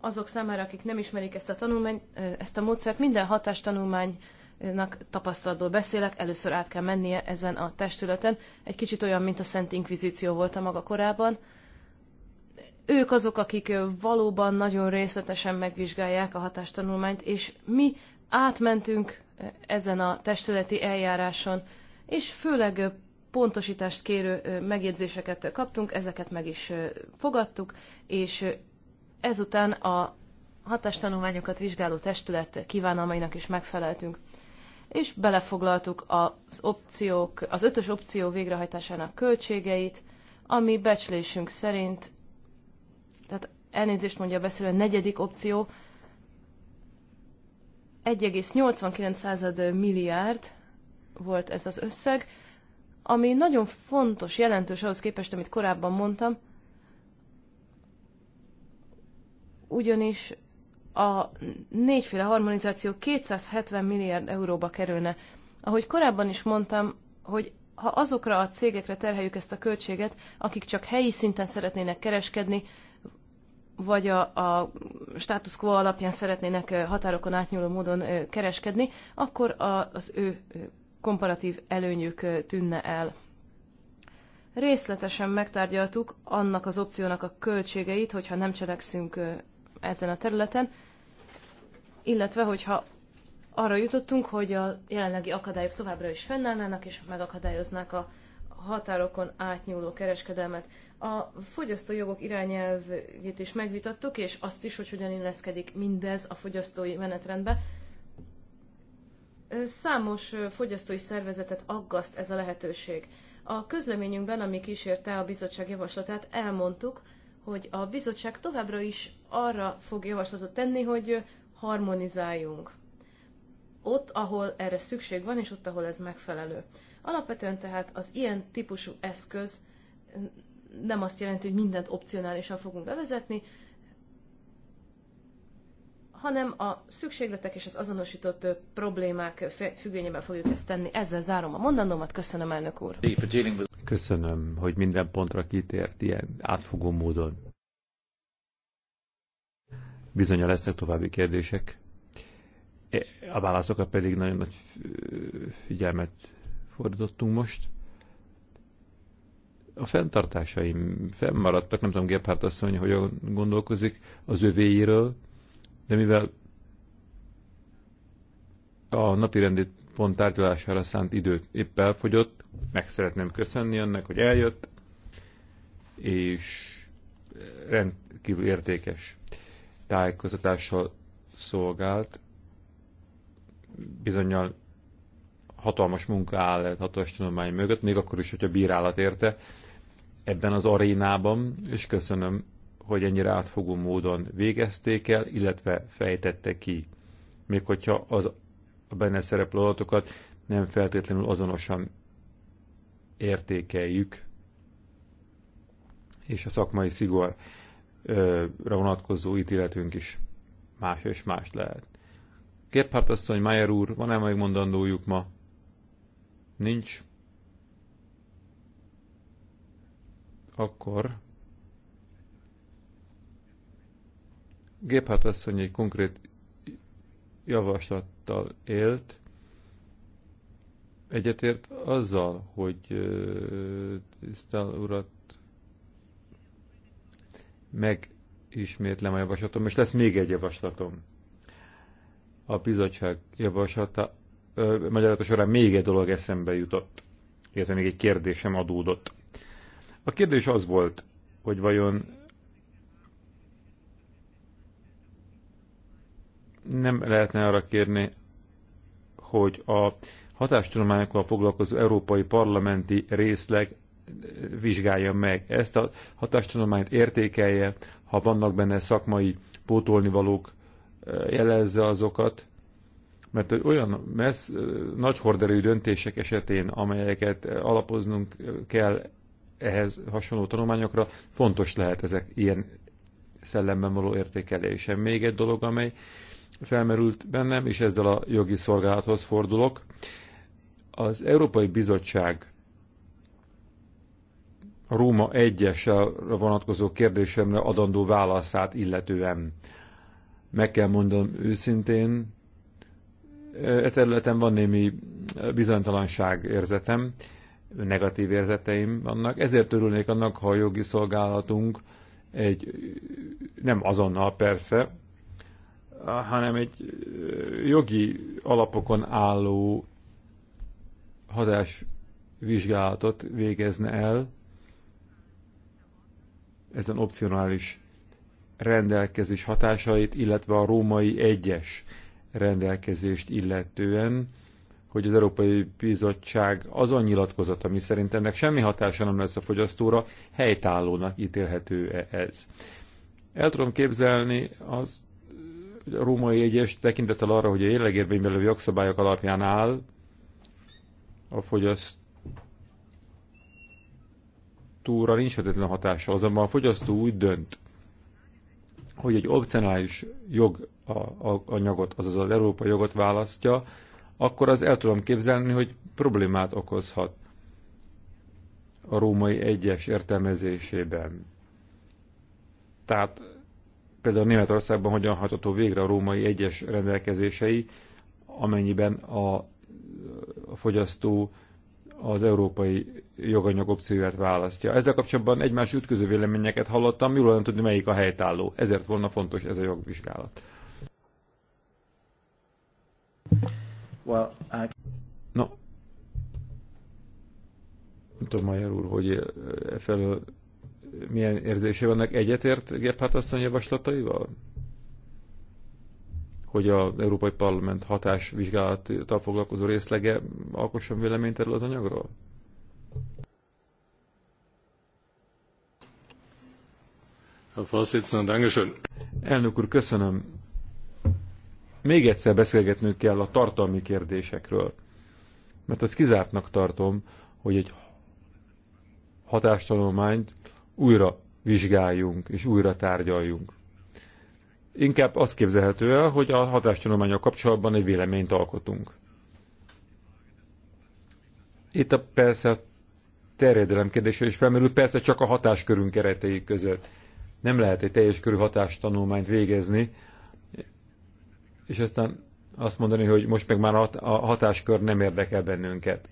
azok számára, akik nem ismerik ezt a tanulmányt, ezt a módszert, minden hatástanulmánynak tapasztalatból beszélek, először át kell mennie ezen a testületen. Egy kicsit olyan, mint a Szent Inkvizíció volt a maga korában. Ők azok, akik valóban nagyon részletesen megvizsgálják a hatástanulmányt, és mi átmentünk ezen a testületi eljáráson, és főleg pontosítást kérő megjegyzéseket kaptunk, ezeket meg is fogadtuk, és Ezután a hatástanulmányokat vizsgáló testület kívánalmainak is megfeleltünk, és belefoglaltuk az opciók, az ötös opció végrehajtásának költségeit, ami becslésünk szerint, tehát elnézést mondja a beszélő, a negyedik opció 1,89 milliárd volt ez az összeg, ami nagyon fontos, jelentős ahhoz képest, amit korábban mondtam, ugyanis a négyféle harmonizáció 270 milliárd euróba kerülne. Ahogy korábban is mondtam, hogy ha azokra a cégekre terheljük ezt a költséget, akik csak helyi szinten szeretnének kereskedni, vagy a, a status quo alapján szeretnének határokon átnyúló módon kereskedni, akkor a, az ő komparatív előnyük tűnne el. Részletesen megtárgyaltuk annak az opciónak a költségeit, hogyha nem cselekszünk ezen a területen, illetve hogyha arra jutottunk, hogy a jelenlegi akadályok továbbra is fennállnának, és megakadályoznák a határokon átnyúló kereskedelmet. A fogyasztói jogok irányelvét is megvitattuk, és azt is, hogy hogyan illeszkedik mindez a fogyasztói menetrendbe. Számos fogyasztói szervezetet aggaszt ez a lehetőség. A közleményünkben, ami kísérte a bizottság javaslatát, elmondtuk, hogy a bizottság továbbra is arra fog javaslatot tenni, hogy harmonizáljunk. Ott, ahol erre szükség van, és ott, ahol ez megfelelő. Alapvetően tehát az ilyen típusú eszköz nem azt jelenti, hogy mindent opcionálisan fogunk bevezetni, hanem a szükségletek és az azonosított problémák függvényében fogjuk ezt tenni. Ezzel zárom a mondandómat. Köszönöm, elnök úr. Köszönöm, hogy minden pontra kitért ilyen átfogó módon. Bizonyal lesznek további kérdések. E, a válaszokat pedig nagyon nagy figyelmet fordítottunk most. A fenntartásaim fennmaradtak, nem tudom, Gebhardt asszony hogyan gondolkozik az övéiről, de mivel a napirendi pont tárgyalására szánt idő épp elfogyott, meg szeretném köszönni önnek, hogy eljött, és rendkívül értékes tájékoztatással szolgált. Bizonyal hatalmas munka áll hatalmas tanulmány mögött, még akkor is, hogyha bírálat érte ebben az arénában, és köszönöm, hogy ennyire átfogó módon végezték el, illetve fejtette ki, még hogyha az a benne szereplő adatokat nem feltétlenül azonosan értékeljük, és a szakmai szigor vonatkozó ítéletünk is más és más lehet. Gephardt asszony, Mayer úr, van-e megmondandójuk ma? Nincs. Akkor Gephardt asszony egy konkrét javaslattal élt, egyetért azzal, hogy Tisztel urat megismétlem a javaslatom, és lesz még egy javaslatom. A bizottság javaslata ö, magyarázata során még egy dolog eszembe jutott, illetve még egy kérdésem adódott. A kérdés az volt, hogy vajon nem lehetne arra kérni, hogy a hatástudományokkal foglalkozó európai parlamenti részleg vizsgálja meg, ezt a hatástudományt értékelje, ha vannak benne szakmai pótolnivalók, e, jelezze azokat, mert olyan messz, e, nagy horderű döntések esetén, amelyeket alapoznunk kell ehhez hasonló tanulmányokra, fontos lehet ezek ilyen szellemben való értékelése. Még egy dolog, amely felmerült bennem, és ezzel a jogi szolgálathoz fordulok. Az Európai Bizottság a Róma 1 vonatkozó kérdésemre adandó válaszát illetően. Meg kell mondanom őszintén, e területen van némi bizonytalanság érzetem, negatív érzeteim vannak, ezért örülnék annak, ha a jogi szolgálatunk egy, nem azonnal persze, hanem egy jogi alapokon álló vizsgálatot végezne el, ezen opcionális rendelkezés hatásait, illetve a római egyes rendelkezést illetően, hogy az Európai Bizottság azon nyilatkozata, ami szerint ennek semmi hatása nem lesz a fogyasztóra, helytállónak ítélhető -e ez. El tudom képzelni az hogy a római egyes tekintettel arra, hogy a jelenleg érvényben jogszabályok alapján áll a fogyaszt fogyasztóra nincs vetetlen hatása, azonban a fogyasztó úgy dönt, hogy egy opcionális jog a, a, a nyagot, azaz az Európa jogot választja, akkor az el tudom képzelni, hogy problémát okozhat a római egyes értelmezésében. Tehát például Németországban hogyan hajtható végre a római egyes rendelkezései, amennyiben a, a fogyasztó az európai joganyag opcióját választja. Ezzel kapcsolatban egymás ütköző véleményeket hallottam, jól nem tudni, melyik a helytálló. Ezért volna fontos ez a jogvizsgálat. Well, I... No. Nem tudom, Majer úr, hogy eh, felől milyen érzése vannak egyetért Gephardt asszony javaslataival? hogy az Európai Parlament hatásvizsgálattal foglalkozó részlege alkosson véleményt erről az anyagról? Elnök úr, köszönöm. Még egyszer beszélgetnünk kell a tartalmi kérdésekről, mert azt kizártnak tartom, hogy egy hatástanulmányt újra vizsgáljunk és újra tárgyaljunk. Inkább az képzelhető el, hogy a hatástanulmányok kapcsolatban egy véleményt alkotunk. Itt a persze terjedelem kérdése is felmerül, persze csak a hatáskörünk keretei között. Nem lehet egy teljes körű hatástanulmányt végezni, és aztán azt mondani, hogy most meg már a hatáskör nem érdekel bennünket.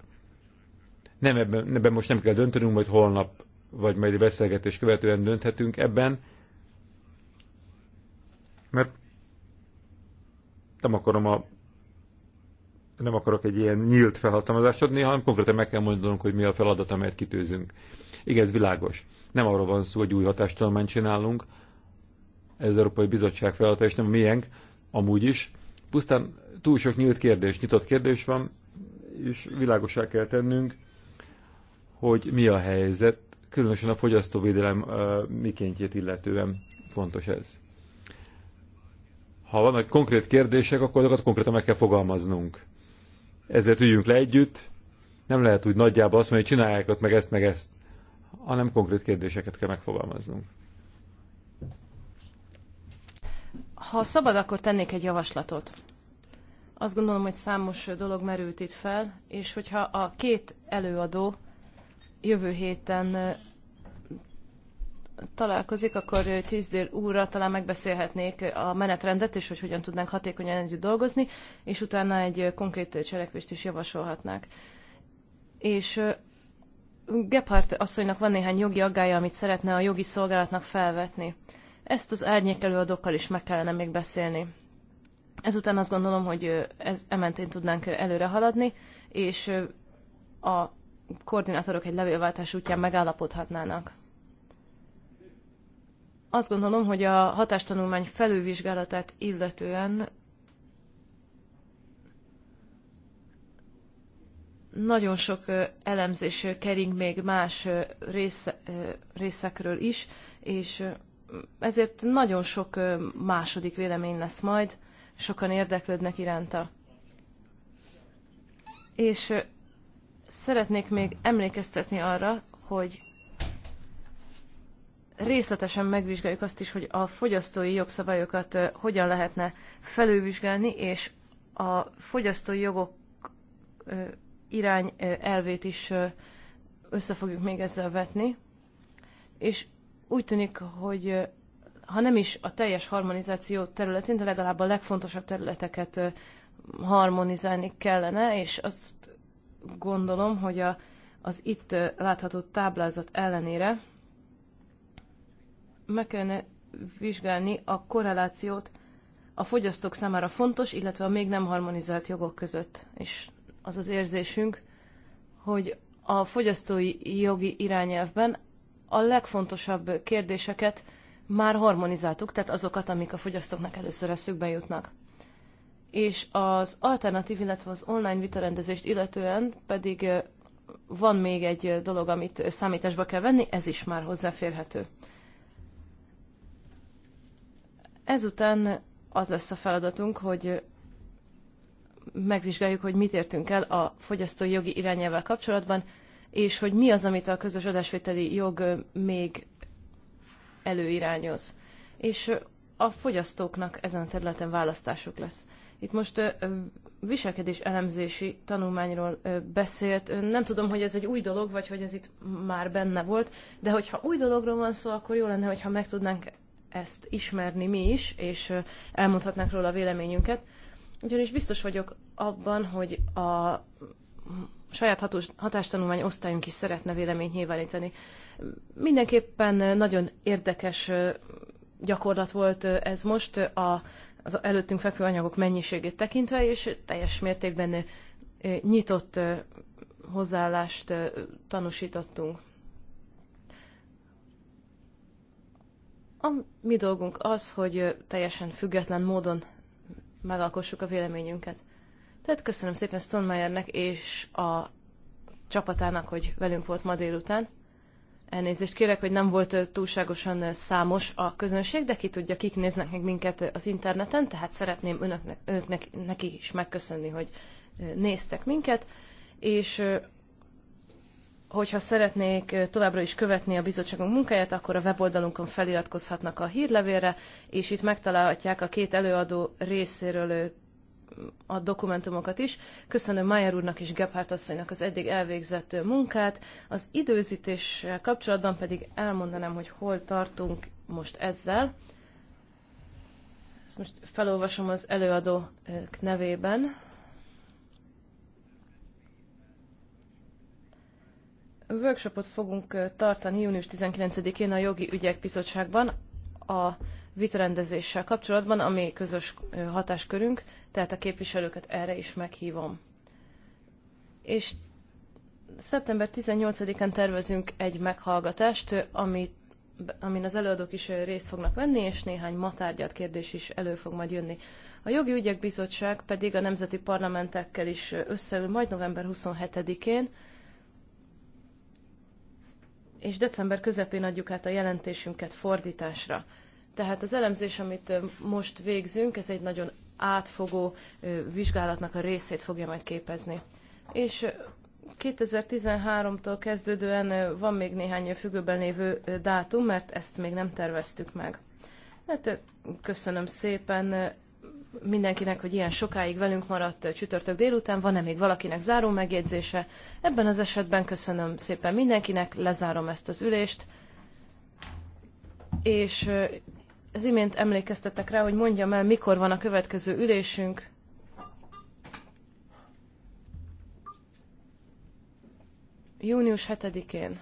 Nem, ebben, ebben most nem kell döntenünk, majd holnap, vagy majd a beszélgetés követően dönthetünk ebben. Mert nem akarom a nem akarok egy ilyen nyílt felhatalmazást adni, hanem konkrétan meg kell mondanunk, hogy mi a feladat, amelyet kitűzünk. Igen, ez világos. Nem arról van szó, hogy új hatástalmányt csinálunk, ez az Európai Bizottság feladata, és nem a miénk, amúgy is. Pusztán túl sok nyílt kérdés, nyitott kérdés van, és világosá kell tennünk, hogy mi a helyzet, különösen a fogyasztóvédelem mikéntjét illetően fontos ez. Ha vannak konkrét kérdések, akkor azokat konkrétan meg kell fogalmaznunk. Ezért üljünk le együtt, nem lehet úgy nagyjából azt mondani, hogy csinálják ott meg ezt, meg ezt, hanem konkrét kérdéseket kell megfogalmaznunk. Ha szabad, akkor tennék egy javaslatot. Azt gondolom, hogy számos dolog merült itt fel, és hogyha a két előadó jövő héten találkozik, akkor Tisdél úrra talán megbeszélhetnék a menetrendet, és hogy hogyan tudnánk hatékonyan együtt dolgozni, és utána egy konkrét cselekvést is javasolhatnák. És Gephardt asszonynak van néhány jogi aggája, amit szeretne a jogi szolgálatnak felvetni. Ezt az árnyék előadókkal is meg kellene még beszélni. Ezután azt gondolom, hogy ez ementén tudnánk előre haladni, és a koordinátorok egy levélváltás útján megállapodhatnának. Azt gondolom, hogy a hatástanulmány felülvizsgálatát illetően nagyon sok elemzés kering még más része, részekről is, és ezért nagyon sok második vélemény lesz majd, sokan érdeklődnek iránta. És szeretnék még emlékeztetni arra, hogy részletesen megvizsgáljuk azt is, hogy a fogyasztói jogszabályokat hogyan lehetne felülvizsgálni, és a fogyasztói jogok irány elvét is össze fogjuk még ezzel vetni. És úgy tűnik, hogy ha nem is a teljes harmonizáció területén, de legalább a legfontosabb területeket harmonizálni kellene, és azt gondolom, hogy a, az itt látható táblázat ellenére meg kellene vizsgálni a korrelációt a fogyasztók számára fontos, illetve a még nem harmonizált jogok között. És az az érzésünk, hogy a fogyasztói jogi irányelvben a legfontosabb kérdéseket már harmonizáltuk, tehát azokat, amik a fogyasztóknak először eszükbe jutnak. És az alternatív, illetve az online vitarendezést illetően pedig van még egy dolog, amit számításba kell venni, ez is már hozzáférhető. Ezután az lesz a feladatunk, hogy megvizsgáljuk, hogy mit értünk el a fogyasztói jogi irányával kapcsolatban, és hogy mi az, amit a közös adásvételi jog még előirányoz. És a fogyasztóknak ezen a területen választásuk lesz. Itt most viselkedés elemzési tanulmányról beszélt. Nem tudom, hogy ez egy új dolog, vagy hogy ez itt már benne volt, de hogyha új dologról van szó, akkor jó lenne, hogyha meg tudnánk ezt ismerni mi is, és elmondhatnánk róla a véleményünket. Ugyanis biztos vagyok abban, hogy a saját hatós, hatástanulmány osztályunk is szeretne véleményt nyilvánítani. Mindenképpen nagyon érdekes gyakorlat volt ez most a, az előttünk fekvő anyagok mennyiségét tekintve, és teljes mértékben nyitott hozzáállást tanúsítottunk. A mi dolgunk az, hogy teljesen független módon megalkossuk a véleményünket. Tehát köszönöm szépen Stonemeyernek és a csapatának, hogy velünk volt ma délután. Elnézést kérek, hogy nem volt túlságosan számos a közönség, de ki tudja, kik néznek meg minket az interneten, tehát szeretném önöknek, önöknek neki is megköszönni, hogy néztek minket, és hogyha szeretnék továbbra is követni a bizottságunk munkáját, akkor a weboldalunkon feliratkozhatnak a hírlevélre, és itt megtalálhatják a két előadó részéről a dokumentumokat is. Köszönöm Mayer úrnak és Gebhardt asszonynak az eddig elvégzett munkát. Az időzítés kapcsolatban pedig elmondanám, hogy hol tartunk most ezzel. Ezt most felolvasom az előadók nevében. workshopot fogunk tartani június 19-én a Jogi Ügyek Bizottságban a vitarendezéssel kapcsolatban, ami közös hatáskörünk, tehát a képviselőket erre is meghívom. És szeptember 18-án tervezünk egy meghallgatást, amit amin az előadók is részt fognak venni, és néhány matárgyat kérdés is elő fog majd jönni. A Jogi Ügyek Bizottság pedig a nemzeti parlamentekkel is összeül majd november 27-én, és december közepén adjuk át a jelentésünket fordításra. Tehát az elemzés, amit most végzünk, ez egy nagyon átfogó vizsgálatnak a részét fogja majd képezni. És 2013-tól kezdődően van még néhány függőben lévő dátum, mert ezt még nem terveztük meg. Hát köszönöm szépen mindenkinek, hogy ilyen sokáig velünk maradt csütörtök délután. Van-e még valakinek záró megjegyzése? Ebben az esetben köszönöm szépen mindenkinek, lezárom ezt az ülést. És az imént emlékeztetek rá, hogy mondjam el, mikor van a következő ülésünk. Június 7-én.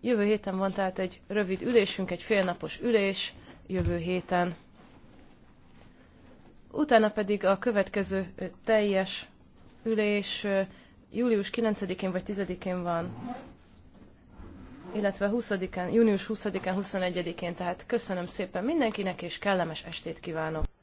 Jövő héten van tehát egy rövid ülésünk, egy félnapos ülés jövő héten utána pedig a következő teljes ülés július 9-én vagy 10-én van, illetve 20-án, június 20-án, 21-én, tehát köszönöm szépen mindenkinek, és kellemes estét kívánok!